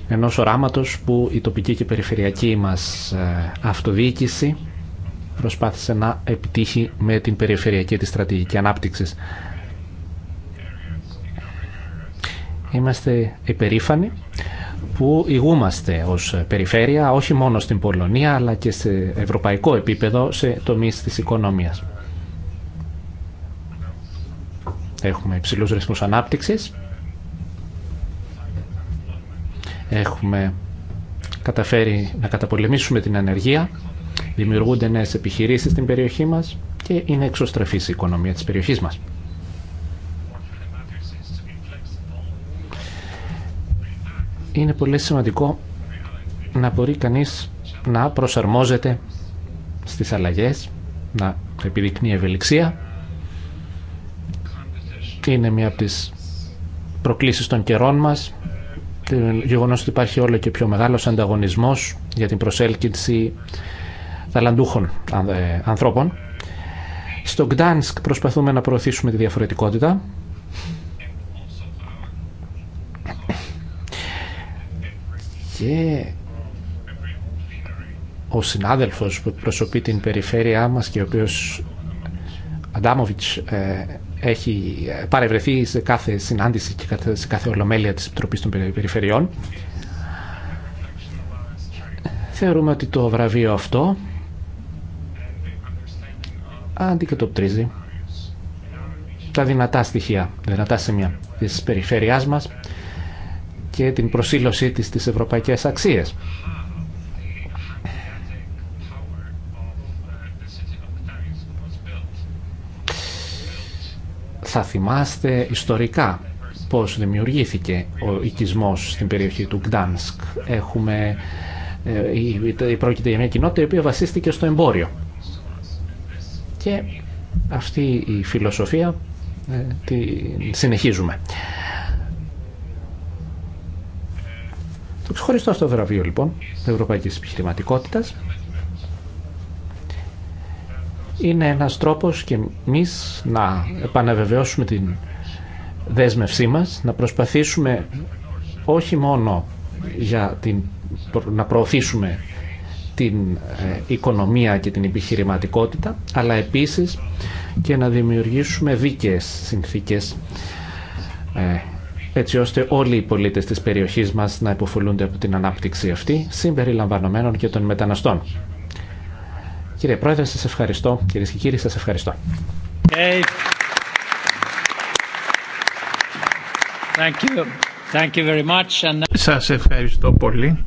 ενό οράματο που η τοπική και περιφερειακή μας ε, αυτοδιοίκηση προσπάθησε να επιτύχει με την περιφερειακή τη στρατηγική ανάπτυξη. Είμαστε υπερήφανοι που ηγούμαστε ως περιφέρεια όχι μόνο στην Πολωνία αλλά και σε ευρωπαϊκό επίπεδο σε τομείς της οικονομίας. Έχουμε υψηλούς ρυθμούς ανάπτυξης. Έχουμε καταφέρει να καταπολεμήσουμε την ανεργία. Δημιουργούνται νέες επιχειρήσεις στην περιοχή μας και είναι εξωστρεφής η οικονομία της περιοχής μας. είναι πολύ σημαντικό να μπορεί κανείς να προσαρμόζεται στις αλλαγές, να επιδεικνύει ευελιξία. Είναι μία από τις προκλήσεις των καιρών μας. Το γεγονό ότι υπάρχει όλο και πιο μεγάλος ανταγωνισμός για την προσέλκυνση ταλαντούχων ε, ανθρώπων. Στο Γκτάνσκ προσπαθούμε να προωθήσουμε τη διαφορετικότητα και ο συνάδελφος που εκπροσωπεί την περιφέρειά μας και ο οποίος Αντάμοβιτς ε, έχει ε, παρευρεθεί σε κάθε συνάντηση και σε κάθε ολομέλεια της Επιτροπής των Περιφερειών. Θεωρούμε ότι το βραβείο αυτό αντικατοπτρίζει τα δυνατά στοιχεία, δυνατά σημεία της περιφέρειάς μας, και την προσήλωσή της στις ευρωπαϊκές αξίες. Θα θυμάστε ιστορικά πώς δημιουργήθηκε ο οικισμός στην περιοχή του Γκτάνσκ. Έχουμε ε, πρόκειται για μια κοινότητα η οποία βασίστηκε στο εμπόριο. Και αυτή η φιλοσοφία ε, τη συνεχίζουμε. Το ξεχωριστό αυτό βραβείο λοιπόν Ευρωπαϊκής Επιχειρηματικότητας είναι ένας τρόπος και εμεί να επαναβεβαιώσουμε την δέσμευσή μας, να προσπαθήσουμε όχι μόνο για την, να προωθήσουμε την ε, οικονομία και την επιχειρηματικότητα, αλλά επίσης και να δημιουργήσουμε δίκαιες συνθήκες ε, έτσι ώστε όλοι οι πολίτες της περιοχής μας να υποφελούνται από την ανάπτυξη αυτή, συμπεριλαμβανομένων και των μεταναστών. Κύριε Πρόεδρε, σας ευχαριστώ. Κυρίε και κύριοι, σας ευχαριστώ. Σας ευχαριστώ πολύ.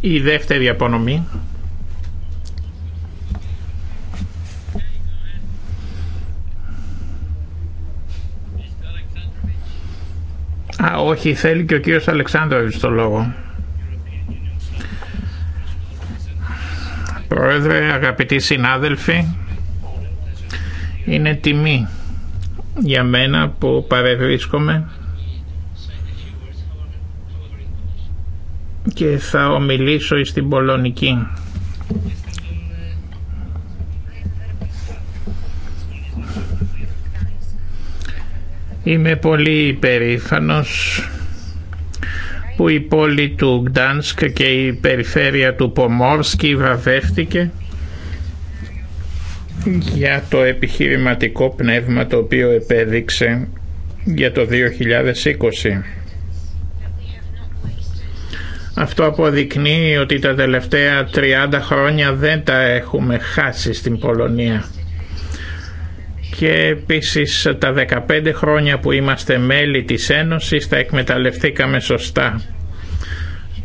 Η δεύτερη απονομή. Α, όχι, θέλει και ο κύριος Αλεξάνδρος το λόγο. Πρόεδρε, αγαπητοί συνάδελφοι, είναι τιμή για μένα που παρευρίσκομαι και θα ομιλήσω στην Πολωνική. Είμαι πολύ υπερήφανος που η πόλη του Γκτάνσκ και η περιφέρεια του Πομόρσκι βραβεύτηκε για το επιχειρηματικό πνεύμα το οποίο επέδειξε για το 2020. Αυτό αποδεικνύει ότι τα τελευταία 30 χρόνια δεν τα έχουμε χάσει στην Πολωνία και επίσης τα 15 χρόνια που είμαστε μέλη της Ένωσης τα εκμεταλλευτήκαμε σωστά.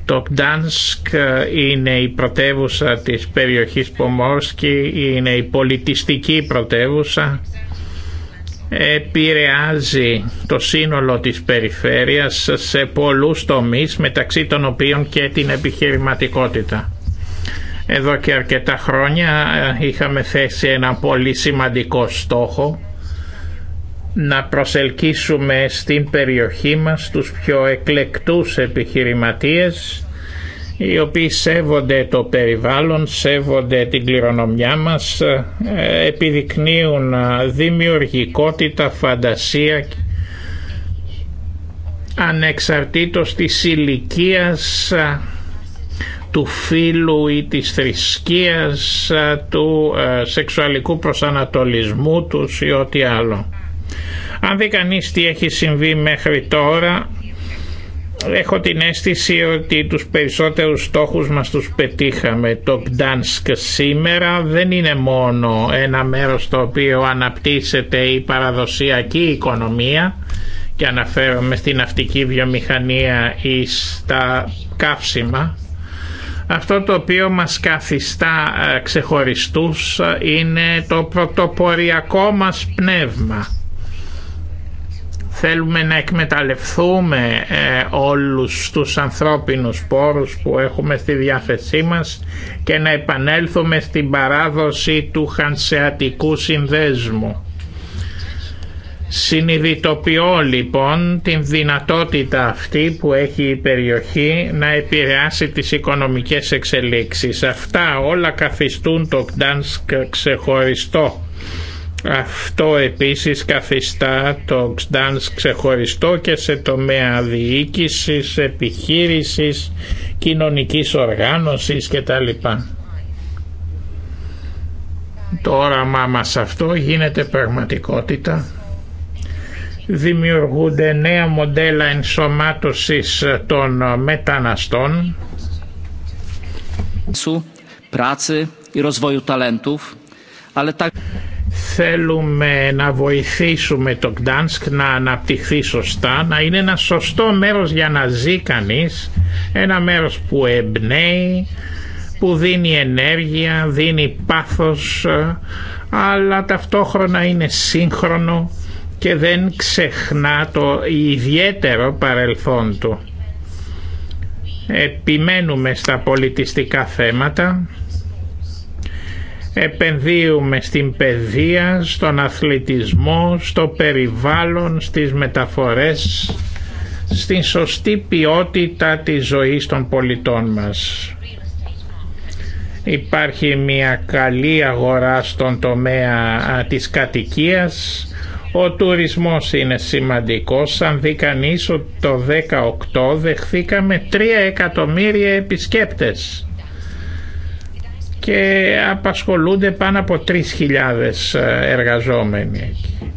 Το Γκτάνσκ είναι η πρωτεύουσα της περιοχής Πομόρσκη είναι η πολιτιστική πρωτεύουσα, επηρεάζει το σύνολο της περιφέρειας σε πολλούς τομείς μεταξύ των οποίων και την επιχειρηματικότητα. Εδώ και αρκετά χρόνια ε, είχαμε θέσει ένα πολύ σημαντικό στόχο να προσελκύσουμε στην περιοχή μας τους πιο εκλεκτούς επιχειρηματίες οι οποίοι σέβονται το περιβάλλον, σέβονται την κληρονομιά μας, ε, επιδεικνύουν ε, δημιουργικότητα, φαντασία ανεξαρτήτως της ηλικίας του φίλου ή της θρησκείας, του σεξουαλικού προσανατολισμού τους ή ό,τι άλλο. Αν δει κανείς τι έχει συμβεί μέχρι τώρα, έχω την αίσθηση ότι τους περισσότερους στόχους μας τους πετύχαμε. Το Gdansk σήμερα δεν είναι μόνο ένα μέρος το οποίο αναπτύσσεται η παραδοσιακή οικονομία και αναφέρομαι στην ναυτική βιομηχανία ή στα καύσιμα αυτό το οποίο μας καθιστά ε, ξεχωριστούς ε, είναι το πρωτοποριακό μας πνεύμα. Θέλουμε να εκμεταλλευτούμε ε, όλους τους ανθρώπινους πόρους που έχουμε στη διάθεσή μας και να επανέλθουμε στην παράδοση του χανσεατικού συνδέσμου Συνειδητοποιώ λοιπόν την δυνατότητα αυτή που έχει η περιοχή να επηρεάσει τις οικονομικές εξελίξεις. Αυτά όλα καθιστούν το Γκτάνσκ ξεχωριστό. Αυτό επίσης καθιστά το Γκτάνσκ ξεχωριστό και σε τομέα διοίκησης, επιχείρησης, κοινωνικής οργάνωσης κτλ. Το όραμά μας αυτό γίνεται πραγματικότητα δημιουργούνται νέα μοντέλα ενσωμάτωσης των μεταναστών Θέλουμε να βοηθήσουμε το Γκτάνσκ να αναπτυχθεί σωστά, να είναι ένα σωστό μέρος για να ζει κανείς, ένα μέρος που εμπνέει, που δίνει ενέργεια, δίνει πάθος, ε, αλλά ταυτόχρονα είναι σύγχρονο και δεν ξεχνά το ιδιαίτερο παρελθόν του. Επιμένουμε στα πολιτιστικά θέματα, επενδύουμε στην παιδεία, στον αθλητισμό, στο περιβάλλον, στις μεταφορές, στην σωστή ποιότητα της ζωής των πολιτών μας. Υπάρχει μια καλή αγορά στον τομέα της κατοικίας, ο τουρισμός είναι σημαντικός, αν δει κανείς ότι το 18 δεχθήκαμε 3 εκατομμύρια επισκέπτες και απασχολούνται πάνω από 3.000 ε, εργαζόμενοι εκεί.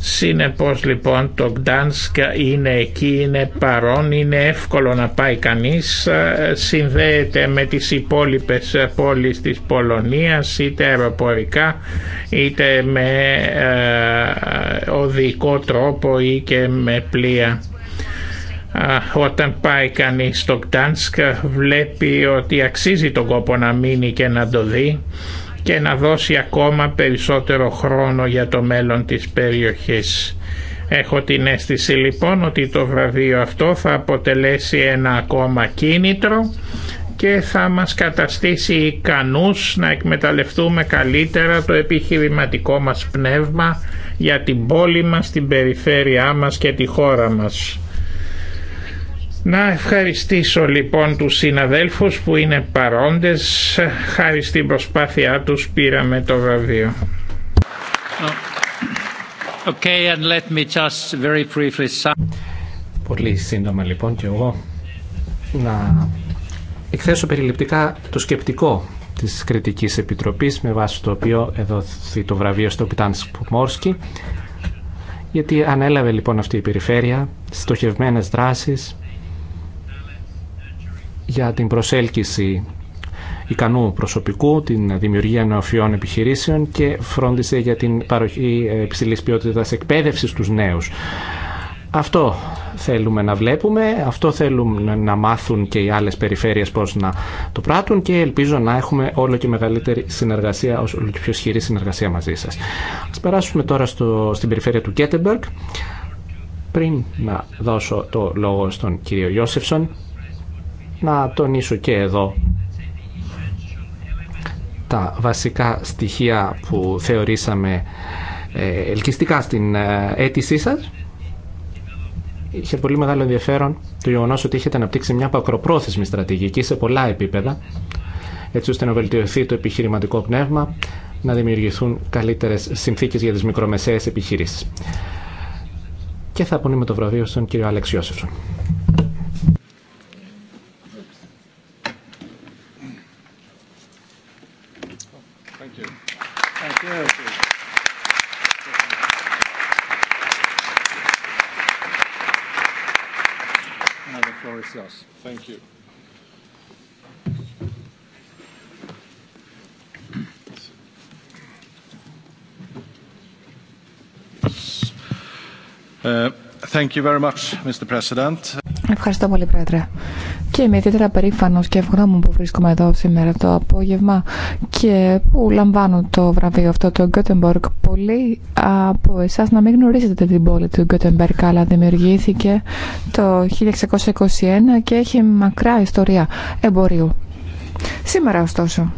Συνεπώς λοιπόν το Γκτάνσκ είναι εκεί, είναι παρόν, είναι εύκολο να πάει κανείς, ε, συνδέεται με τις υπόλοιπες πόλεις της Πολωνίας είτε αεροπορικά είτε με ε, οδικό τρόπο ή και με πλοία. Όταν πάει κανείς στο Γκτάνσκ βλέπει ότι αξίζει τον κόπο να μείνει και να το δει και να δώσει ακόμα περισσότερο χρόνο για το μέλλον της περιοχής. Έχω την αίσθηση λοιπόν ότι το βραβείο αυτό θα αποτελέσει ένα ακόμα κίνητρο και θα μας καταστήσει ικανούς να εκμεταλλευτούμε καλύτερα το επιχειρηματικό μας πνεύμα για την πόλη μας, την περιφέρειά μας και τη χώρα μας. Να ευχαριστήσω λοιπόν τους συναδέλφους που είναι παρόντες. Χάρη στην προσπάθειά τους πήραμε το βραβείο. Okay, and let me just very briefly... Πολύ σύντομα λοιπόν και εγώ να εκθέσω περιληπτικά το σκεπτικό της Κριτικής Επιτροπής με βάση το οποίο εδώ το βραβείο στο Πιτάνς Μόρσκι γιατί ανέλαβε λοιπόν αυτή η περιφέρεια στοχευμένες δράσεις για την προσέλκυση ικανού προσωπικού, την δημιουργία νεοφιών επιχειρήσεων και φρόντισε για την παροχή ε, υψηλή ποιότητα εκπαίδευση τους νέους. Αυτό θέλουμε να βλέπουμε, αυτό θέλουν να μάθουν και οι άλλες περιφέρειες πώς να το πράττουν και ελπίζω να έχουμε όλο και μεγαλύτερη συνεργασία, όλο και πιο ισχυρή συνεργασία μαζί σας. Ας περάσουμε τώρα στην περιφέρεια του Κέτεμπεργκ. Πριν να δώσω το λόγο στον κύριο Ιώσεφσον, να τονίσω και εδώ τα βασικά στοιχεία που θεωρήσαμε ε, ελκυστικά στην ε, αίτησή σας. Είχε πολύ μεγάλο ενδιαφέρον το γεγονό ότι έχετε αναπτύξει μια πακροπρόθεσμη στρατηγική σε πολλά επίπεδα, έτσι ώστε να βελτιωθεί το επιχειρηματικό πνεύμα, να δημιουργηθούν καλύτερε συνθήκε για τι μικρομεσαίε επιχειρήσει. Και θα απονείμε το βραβείο στον κύριο Ιώσεφσον. is yours. Thank you. Thank you very much, Mr. President. Ευχαριστώ πολύ, Πρόεδρε και είμαι ιδιαίτερα περήφανο και ευγνώμων που βρίσκομαι εδώ σήμερα το απόγευμα και που λαμβάνω το βραβείο αυτό το Γκότεμπορκ. Πολλοί από εσά να μην γνωρίζετε την πόλη του Γκότεμπερκ αλλά δημιουργήθηκε το 1621 και έχει μακρά ιστορία εμπορίου. Σήμερα ωστόσο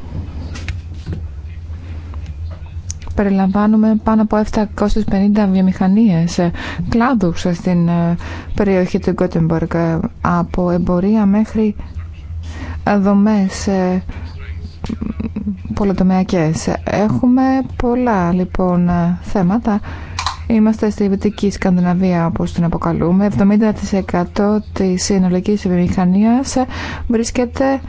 περιλαμβάνουμε πάνω από 750 βιομηχανίες, ε, κλάδους ε, στην ε, περιοχή του Γκότεμπορκ, από εμπορία μέχρι δομές πολλοτομιακές. Έχουμε πολλά λοιπόν θέματα. Είμαστε στη Βυτική Σκανδιναβία, όπω την αποκαλούμε. 70% της συνολική βιομηχανία βρίσκεται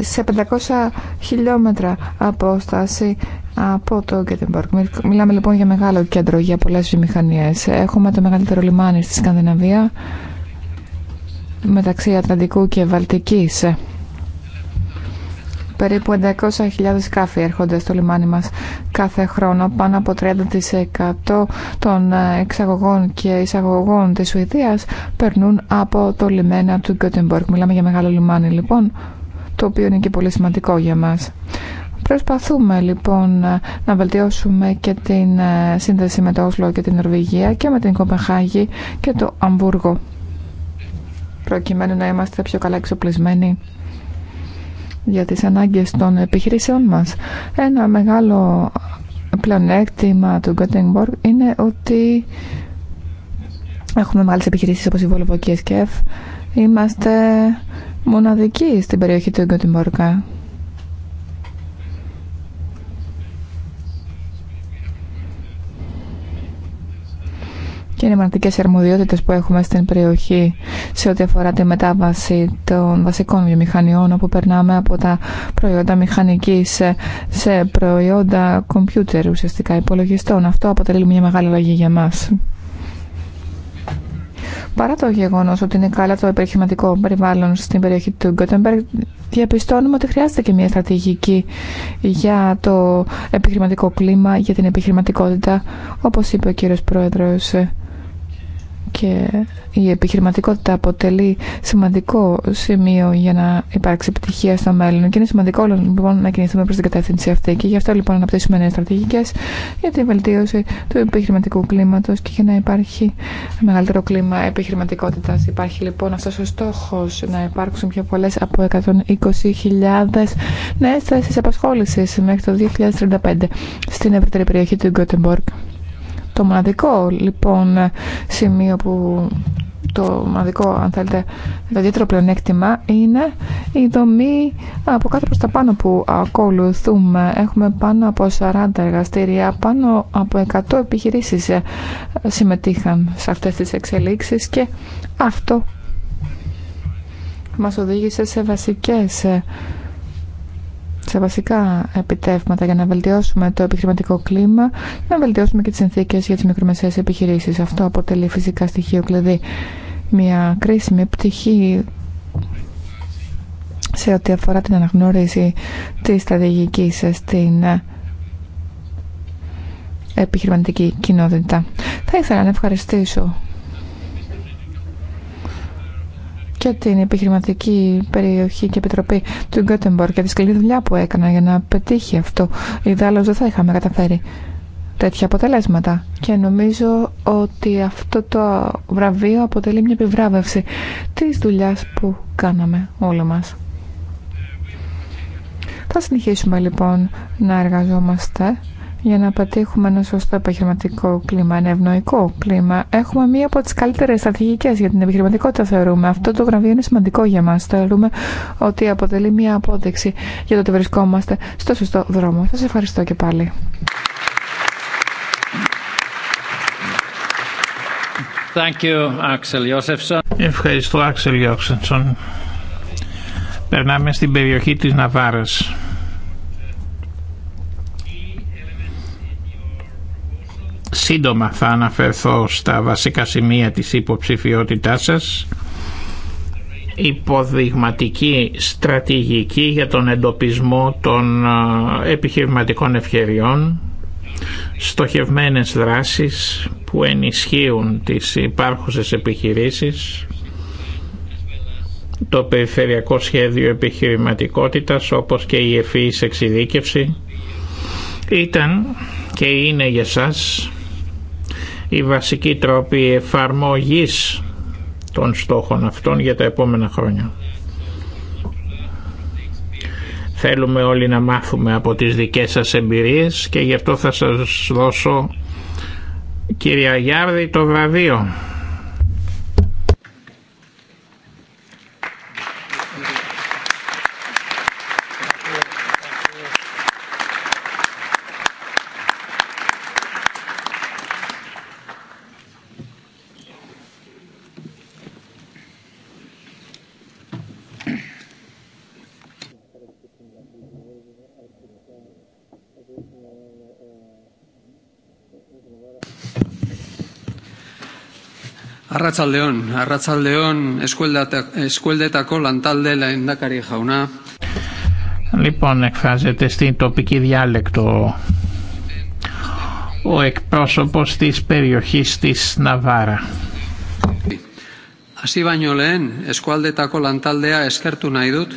σε 500 χιλιόμετρα απόσταση από το Γκέτεμπορκ. Μιλάμε λοιπόν για μεγάλο κέντρο, για πολλές βιομηχανίες. Έχουμε το μεγαλύτερο λιμάνι στη Σκανδιναβία, μεταξύ Ατλαντικού και Βαλτικής. Περίπου 500.000 σκάφη έρχονται στο λιμάνι μας κάθε χρόνο. Πάνω από 30% των ε, εξαγωγών και εισαγωγών της Σουηδίας περνούν από το λιμένα του Γκέτεμπορκ. Μιλάμε για μεγάλο λιμάνι λοιπόν, το οποίο είναι και πολύ σημαντικό για μας. Προσπαθούμε λοιπόν να βελτιώσουμε και την ε, σύνδεση με το Όσλο και την Νορβηγία και με την Κοπεχάγη και το Αμβούργο προκειμένου να είμαστε πιο καλά εξοπλισμένοι για τις ανάγκες των επιχειρήσεών μας. Ένα μεγάλο πλεονέκτημα του Gothenburg είναι ότι έχουμε μεγάλες επιχειρήσεις όπως η Volvo και Είμαστε μοναδικοί στην περιοχή του Gothenburg και οι μοναδικές αρμοδιότητες που έχουμε στην περιοχή σε ό,τι αφορά τη μετάβαση των βασικών βιομηχανιών όπου περνάμε από τα προϊόντα μηχανικής σε προϊόντα κομπιούτερ ουσιαστικά υπολογιστών. Αυτό αποτελεί μια μεγάλη αλλαγή για μας. Παρά το γεγονό ότι είναι καλά το επιχειρηματικό περιβάλλον στην περιοχή του Γκότεμπεργκ, διαπιστώνουμε ότι χρειάζεται και μια στρατηγική για το επιχειρηματικό κλίμα, για την επιχειρηματικότητα, όπω είπε ο κύριο Πρόεδρο και η επιχειρηματικότητα αποτελεί σημαντικό σημείο για να υπάρξει επιτυχία στο μέλλον και είναι σημαντικό λοιπόν να κινηθούμε προς την κατεύθυνση αυτή και γι' αυτό λοιπόν αναπτύσσουμε νέες στρατηγικές για τη βελτίωση του επιχειρηματικού κλίματος και για να υπάρχει μεγαλύτερο κλίμα επιχειρηματικότητας. Υπάρχει λοιπόν αυτός ο στόχος να υπάρξουν πιο πολλές από 120.000 νέες θέσεις απασχόλησης μέχρι το 2035 στην ευρύτερη περιοχή του Γκότεμπορκ. Το μοναδικό λοιπόν σημείο που το μοναδικό, αν θέλετε, το ιδιαίτερο πλεονέκτημα είναι η δομή από κάτω προς τα πάνω που ακολουθούμε. Έχουμε πάνω από 40 εργαστήρια, πάνω από 100 επιχειρήσεις ε, συμμετείχαν σε αυτές τις εξελίξεις και αυτό μας οδήγησε σε βασικές ε, σε βασικά επιτεύγματα για να βελτιώσουμε το επιχειρηματικό κλίμα και να βελτιώσουμε και τις συνθήκε για τις μικρομεσαίες επιχειρήσεις. Αυτό αποτελεί φυσικά στοιχείο δηλαδή Μια κρίσιμη πτυχή σε ό,τι αφορά την αναγνώριση της στρατηγική στην επιχειρηματική κοινότητα. Θα ήθελα να ευχαριστήσω και την επιχειρηματική περιοχή και επιτροπή του Γκέτεμπορ και τη σκληρή δουλειά που έκανα για να πετύχει αυτό. Ιδάλλω δεν θα είχαμε καταφέρει τέτοια αποτελέσματα. Και νομίζω ότι αυτό το βραβείο αποτελεί μια επιβράβευση τη δουλειά που κάναμε όλοι μας. Θα συνεχίσουμε λοιπόν να εργαζόμαστε για να πετύχουμε ένα σωστό επιχειρηματικό κλίμα, ένα ευνοϊκό κλίμα. Έχουμε μία από τι καλύτερε στρατηγικέ για την επιχειρηματικότητα, θεωρούμε. Αυτό το βραβείο είναι σημαντικό για μα. Θεωρούμε ότι αποτελεί μία απόδειξη για το ότι βρισκόμαστε στο σωστό δρόμο. Σα ευχαριστώ και πάλι. Ευχαριστώ, Άξελ Περνάμε στην περιοχή της Ναβάρας. Σύντομα θα αναφερθώ στα βασικά σημεία της υποψηφιότητάς σας υποδειγματική στρατηγική για τον εντοπισμό των επιχειρηματικών ευκαιριών στοχευμένες δράσεις που ενισχύουν τις υπάρχουσες επιχειρήσεις το περιφερειακό σχέδιο επιχειρηματικότητας όπως και η ευφυής εξειδίκευση ήταν και είναι για σας οι βασικοί τρόποι εφαρμογής των στόχων αυτών για τα επόμενα χρόνια. Θέλουμε όλοι να μάθουμε από τις δικές σας εμπειρίες και γι' αυτό θα σας δώσω κυρία Γιάρδη το βραβείο. Arratsaldeon, Arratsaldeon eskualdetako lantalde lehendakari jauna. Λοιπόν, εκφράζεται στην τοπική διάλεκτο ο εκπρόσωπος της περιοχής της Ναβάρα. Hasi baino lehen, eskualdetako lantaldea eskertu nahi dut,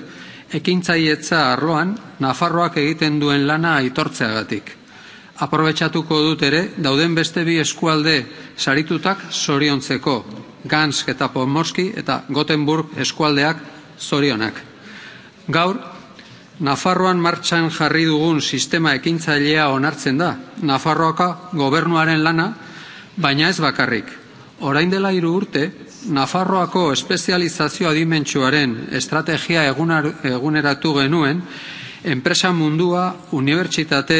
ekintzailetza arloan Nafarroak egiten duen lana aitortzeagatik aprobetxatuko dut ere dauden beste bi eskualde saritutak zoriontzeko Gansk eta Pomorski eta Gothenburg eskualdeak zorionak. Gaur Nafarroan martxan jarri dugun sistema ekintzailea onartzen da Nafarroaka gobernuaren lana baina ez bakarrik. Orain dela hiru urte Nafarroako espezializazio adimentsuaren estrategia eguneratu genuen enpresa mundua, unibertsitate,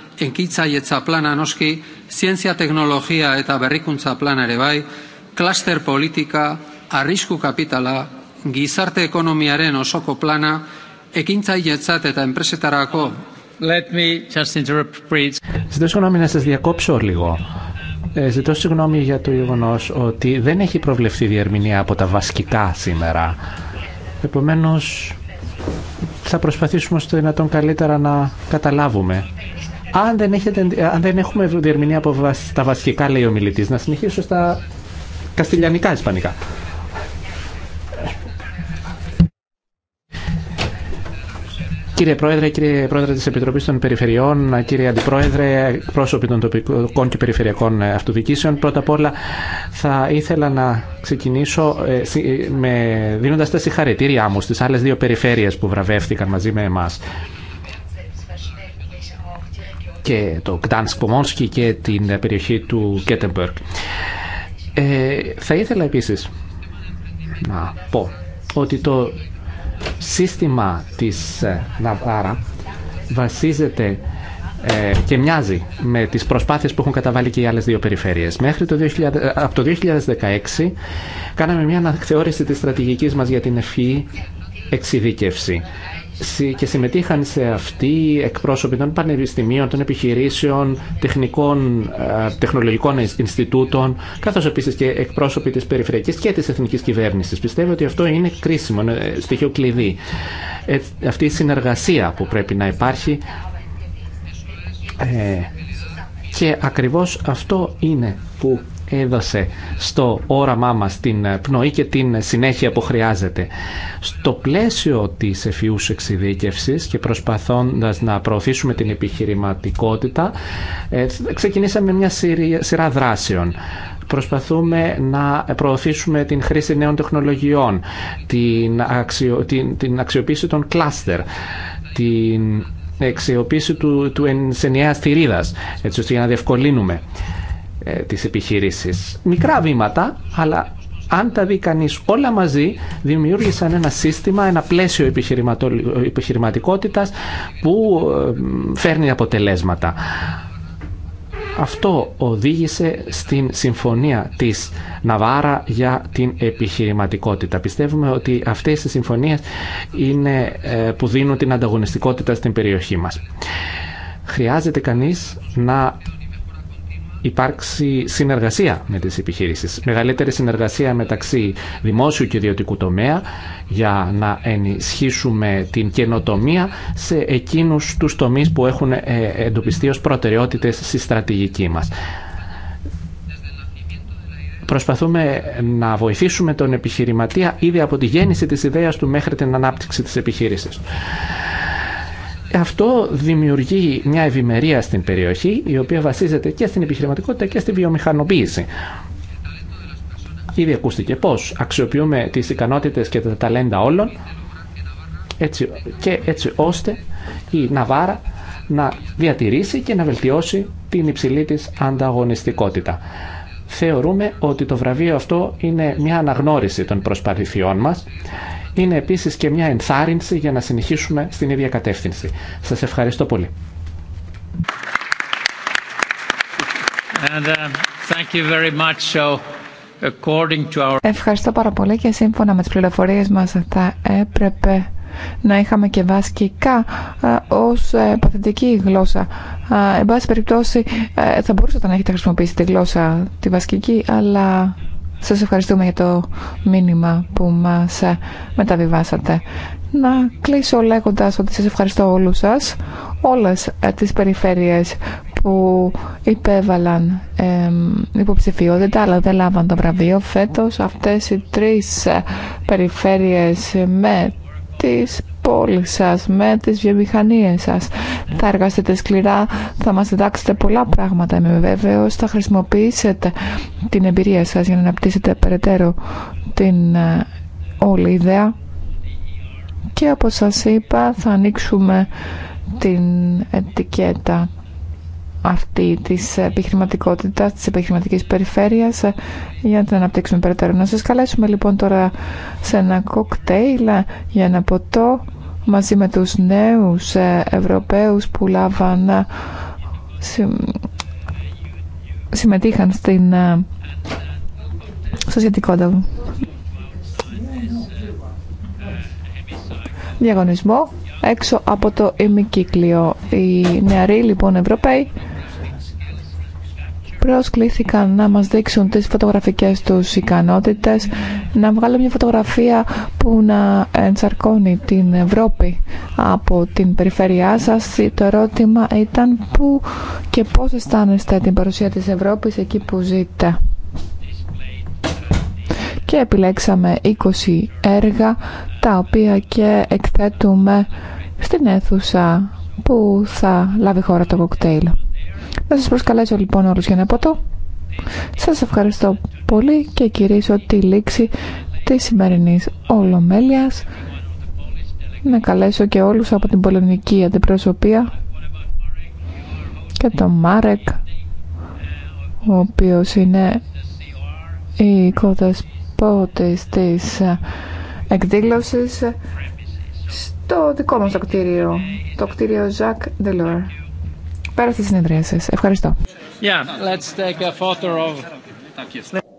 ekintzailetza plana noski, zientzia teknologia eta berrikuntza plana ere bai, klaster politika, arrisku kapitala, gizarte ekonomiaren osoko plana, ekintzailetzat eta enpresetarako. Let me just interrupt, please. Ζητώ συγγνώμη να σας διακόψω λίγο. Ε, ζητώ συγγνώμη για το γεγονό ότι δεν έχει προβλεφθεί διερμηνία από τα βασικά σήμερα. Επομένως, θα προσπαθήσουμε στο δυνατόν καλύτερα να καταλάβουμε αν δεν, έχετε, αν δεν έχουμε διερμηνία από τα βασικά, λέει ο μιλητή, να συνεχίσω στα καστιλιανικά ισπανικά. Κύριε Πρόεδρε, κύριε Πρόεδρε τη Επιτροπή των Περιφερειών, κύριε Αντιπρόεδρε, πρόσωποι των τοπικών και περιφερειακών ε, αυτοδιοικήσεων, πρώτα απ' όλα θα ήθελα να ξεκινήσω ε, δίνοντα τα συγχαρητήριά μου στι άλλε δύο περιφέρειες που βραβεύτηκαν μαζί με εμά και το Κτάνσκ Πομόνσκι και την περιοχή του Κέτεμπερκ. θα ήθελα επίσης να πω ότι το σύστημα της ε, Ναβάρα βασίζεται ε, και μοιάζει με τις προσπάθειες που έχουν καταβάλει και οι άλλες δύο περιφέρειες. Μέχρι το από το 2016 κάναμε μια αναθεώρηση της στρατηγικής μας για την ευφυή εξειδίκευση και συμμετείχαν σε αυτή εκπρόσωποι των πανεπιστημίων, των επιχειρήσεων, τεχνικών, ε, τεχνολογικών Ινστιτούτων, καθώς επίση και εκπρόσωποι της περιφερειακή και της εθνικής κυβέρνησης. Πιστεύω ότι αυτό είναι κρίσιμο, είναι στοιχείο κλειδί. Ε, αυτή η συνεργασία που πρέπει να υπάρχει ε, και ακριβώς αυτό είναι που έδωσε στο όραμά μας την πνοή και την συνέχεια που χρειάζεται. Στο πλαίσιο της εφιούς εξειδίκευσης και προσπαθώντας να προωθήσουμε την επιχειρηματικότητα, ε, ξεκινήσαμε μια σειρά δράσεων προσπαθούμε να προωθήσουμε την χρήση νέων τεχνολογιών, την, αξιοποίηση των κλάστερ, την αξιοποίηση του, του ενιαίας θηρίδας, έτσι ώστε για να διευκολύνουμε ε, τις επιχειρήσεις. Μικρά βήματα, αλλά αν τα δει κανεί όλα μαζί, δημιούργησαν ένα σύστημα, ένα πλαίσιο επιχειρηματικότητας που ε, φέρνει αποτελέσματα. Αυτό οδήγησε στην συμφωνία της Ναβάρα για την επιχειρηματικότητα. Πιστεύουμε ότι αυτές οι συμφωνίες είναι ε, που δίνουν την ανταγωνιστικότητα στην περιοχή μας. Χρειάζεται κανείς να υπάρξει συνεργασία με τις επιχειρήσεις. Μεγαλύτερη συνεργασία μεταξύ δημόσιου και ιδιωτικού τομέα για να ενισχύσουμε την καινοτομία σε εκείνους τους τομείς που έχουν ε, εντοπιστεί ως προτεραιότητες στη στρατηγική μας. Προσπαθούμε να βοηθήσουμε τον επιχειρηματία ήδη από τη γέννηση της ιδέας του μέχρι την ανάπτυξη της επιχείρησης. Αυτό δημιουργεί μια ευημερία στην περιοχή η οποία βασίζεται και στην επιχειρηματικότητα και στη βιομηχανοποίηση. Ήδη ακούστηκε πώς αξιοποιούμε τις ικανότητες και τα ταλέντα όλων έτσι, και έτσι ώστε η Ναβάρα να διατηρήσει και να βελτιώσει την υψηλή της ανταγωνιστικότητα. Θεωρούμε ότι το βραβείο αυτό είναι μια αναγνώριση των προσπαθειών μας είναι επίσης και μια ενθάρρυνση για να συνεχίσουμε στην ίδια κατεύθυνση. Σας ευχαριστώ πολύ. Uh, ευχαριστώ πάρα πολύ και σύμφωνα με τις πληροφορίες μας θα έπρεπε να είχαμε και βασκικά ε, ως ε, παθητική γλώσσα. Ε, εν πάση περιπτώσει θα μπορούσατε να έχετε χρησιμοποιήσει τη γλώσσα τη βασκική, αλλά σας ευχαριστούμε για το μήνυμα που μας ε, μεταβιβάσατε. Να κλείσω λέγοντας ότι σας ευχαριστώ όλους σας, όλες ε, τις περιφέρειες που υπέβαλαν ε, υποψηφιότητα αλλά δεν λάβαν το βραβείο. Φέτος αυτές οι τρεις ε, περιφέρειες με τις πόλη σας, με τις βιομηχανίες σας. Θα εργαστείτε σκληρά, θα μας διδάξετε πολλά πράγματα. Είμαι βέβαιο, θα χρησιμοποιήσετε την εμπειρία σας για να αναπτύσσετε περαιτέρω την ε, όλη ιδέα. Και όπως σας είπα θα ανοίξουμε την ετικέτα αυτή της επιχειρηματικότητας, της επιχειρηματικής περιφέρειας ε, για να την αναπτύξουμε περαιτέρω. Να σας καλέσουμε λοιπόν τώρα σε ένα κοκτέιλ ε, για ένα ποτό μαζί με τους νέους ε, Ευρωπαίους που λάβαν συμμετείχαν στην στο σχετικό διαγωνισμό έξω από το ημικύκλιο. Οι νεαροί λοιπόν Ευρωπαίοι προσκλήθηκαν να μας δείξουν τις φωτογραφικές τους ικανότητες, να βγάλουν μια φωτογραφία που να ενσαρκώνει την Ευρώπη από την περιφέρειά σας. Το ερώτημα ήταν πού και πώς αισθάνεστε την παρουσία της Ευρώπης εκεί που ζείτε. Και επιλέξαμε 20 έργα τα οποία και εκθέτουμε στην αίθουσα που θα λάβει χώρα το κοκτέιλ. Θα σας προσκαλέσω λοιπόν όλους για ένα ποτό. Σας ευχαριστώ πολύ και κυρίσω τη λήξη της σημερινής Ολομέλειας. Να καλέσω και όλους από την πολεμική αντιπροσωπεία και τον Μάρεκ, ο οποίος είναι η οικοδεσπότης της εκδήλωσης στο δικό μας το κτίριο, το κτίριο Jacques Delors. Πέρα τη συνεδρία σα. Ευχαριστώ. Yeah, let's take a photo of...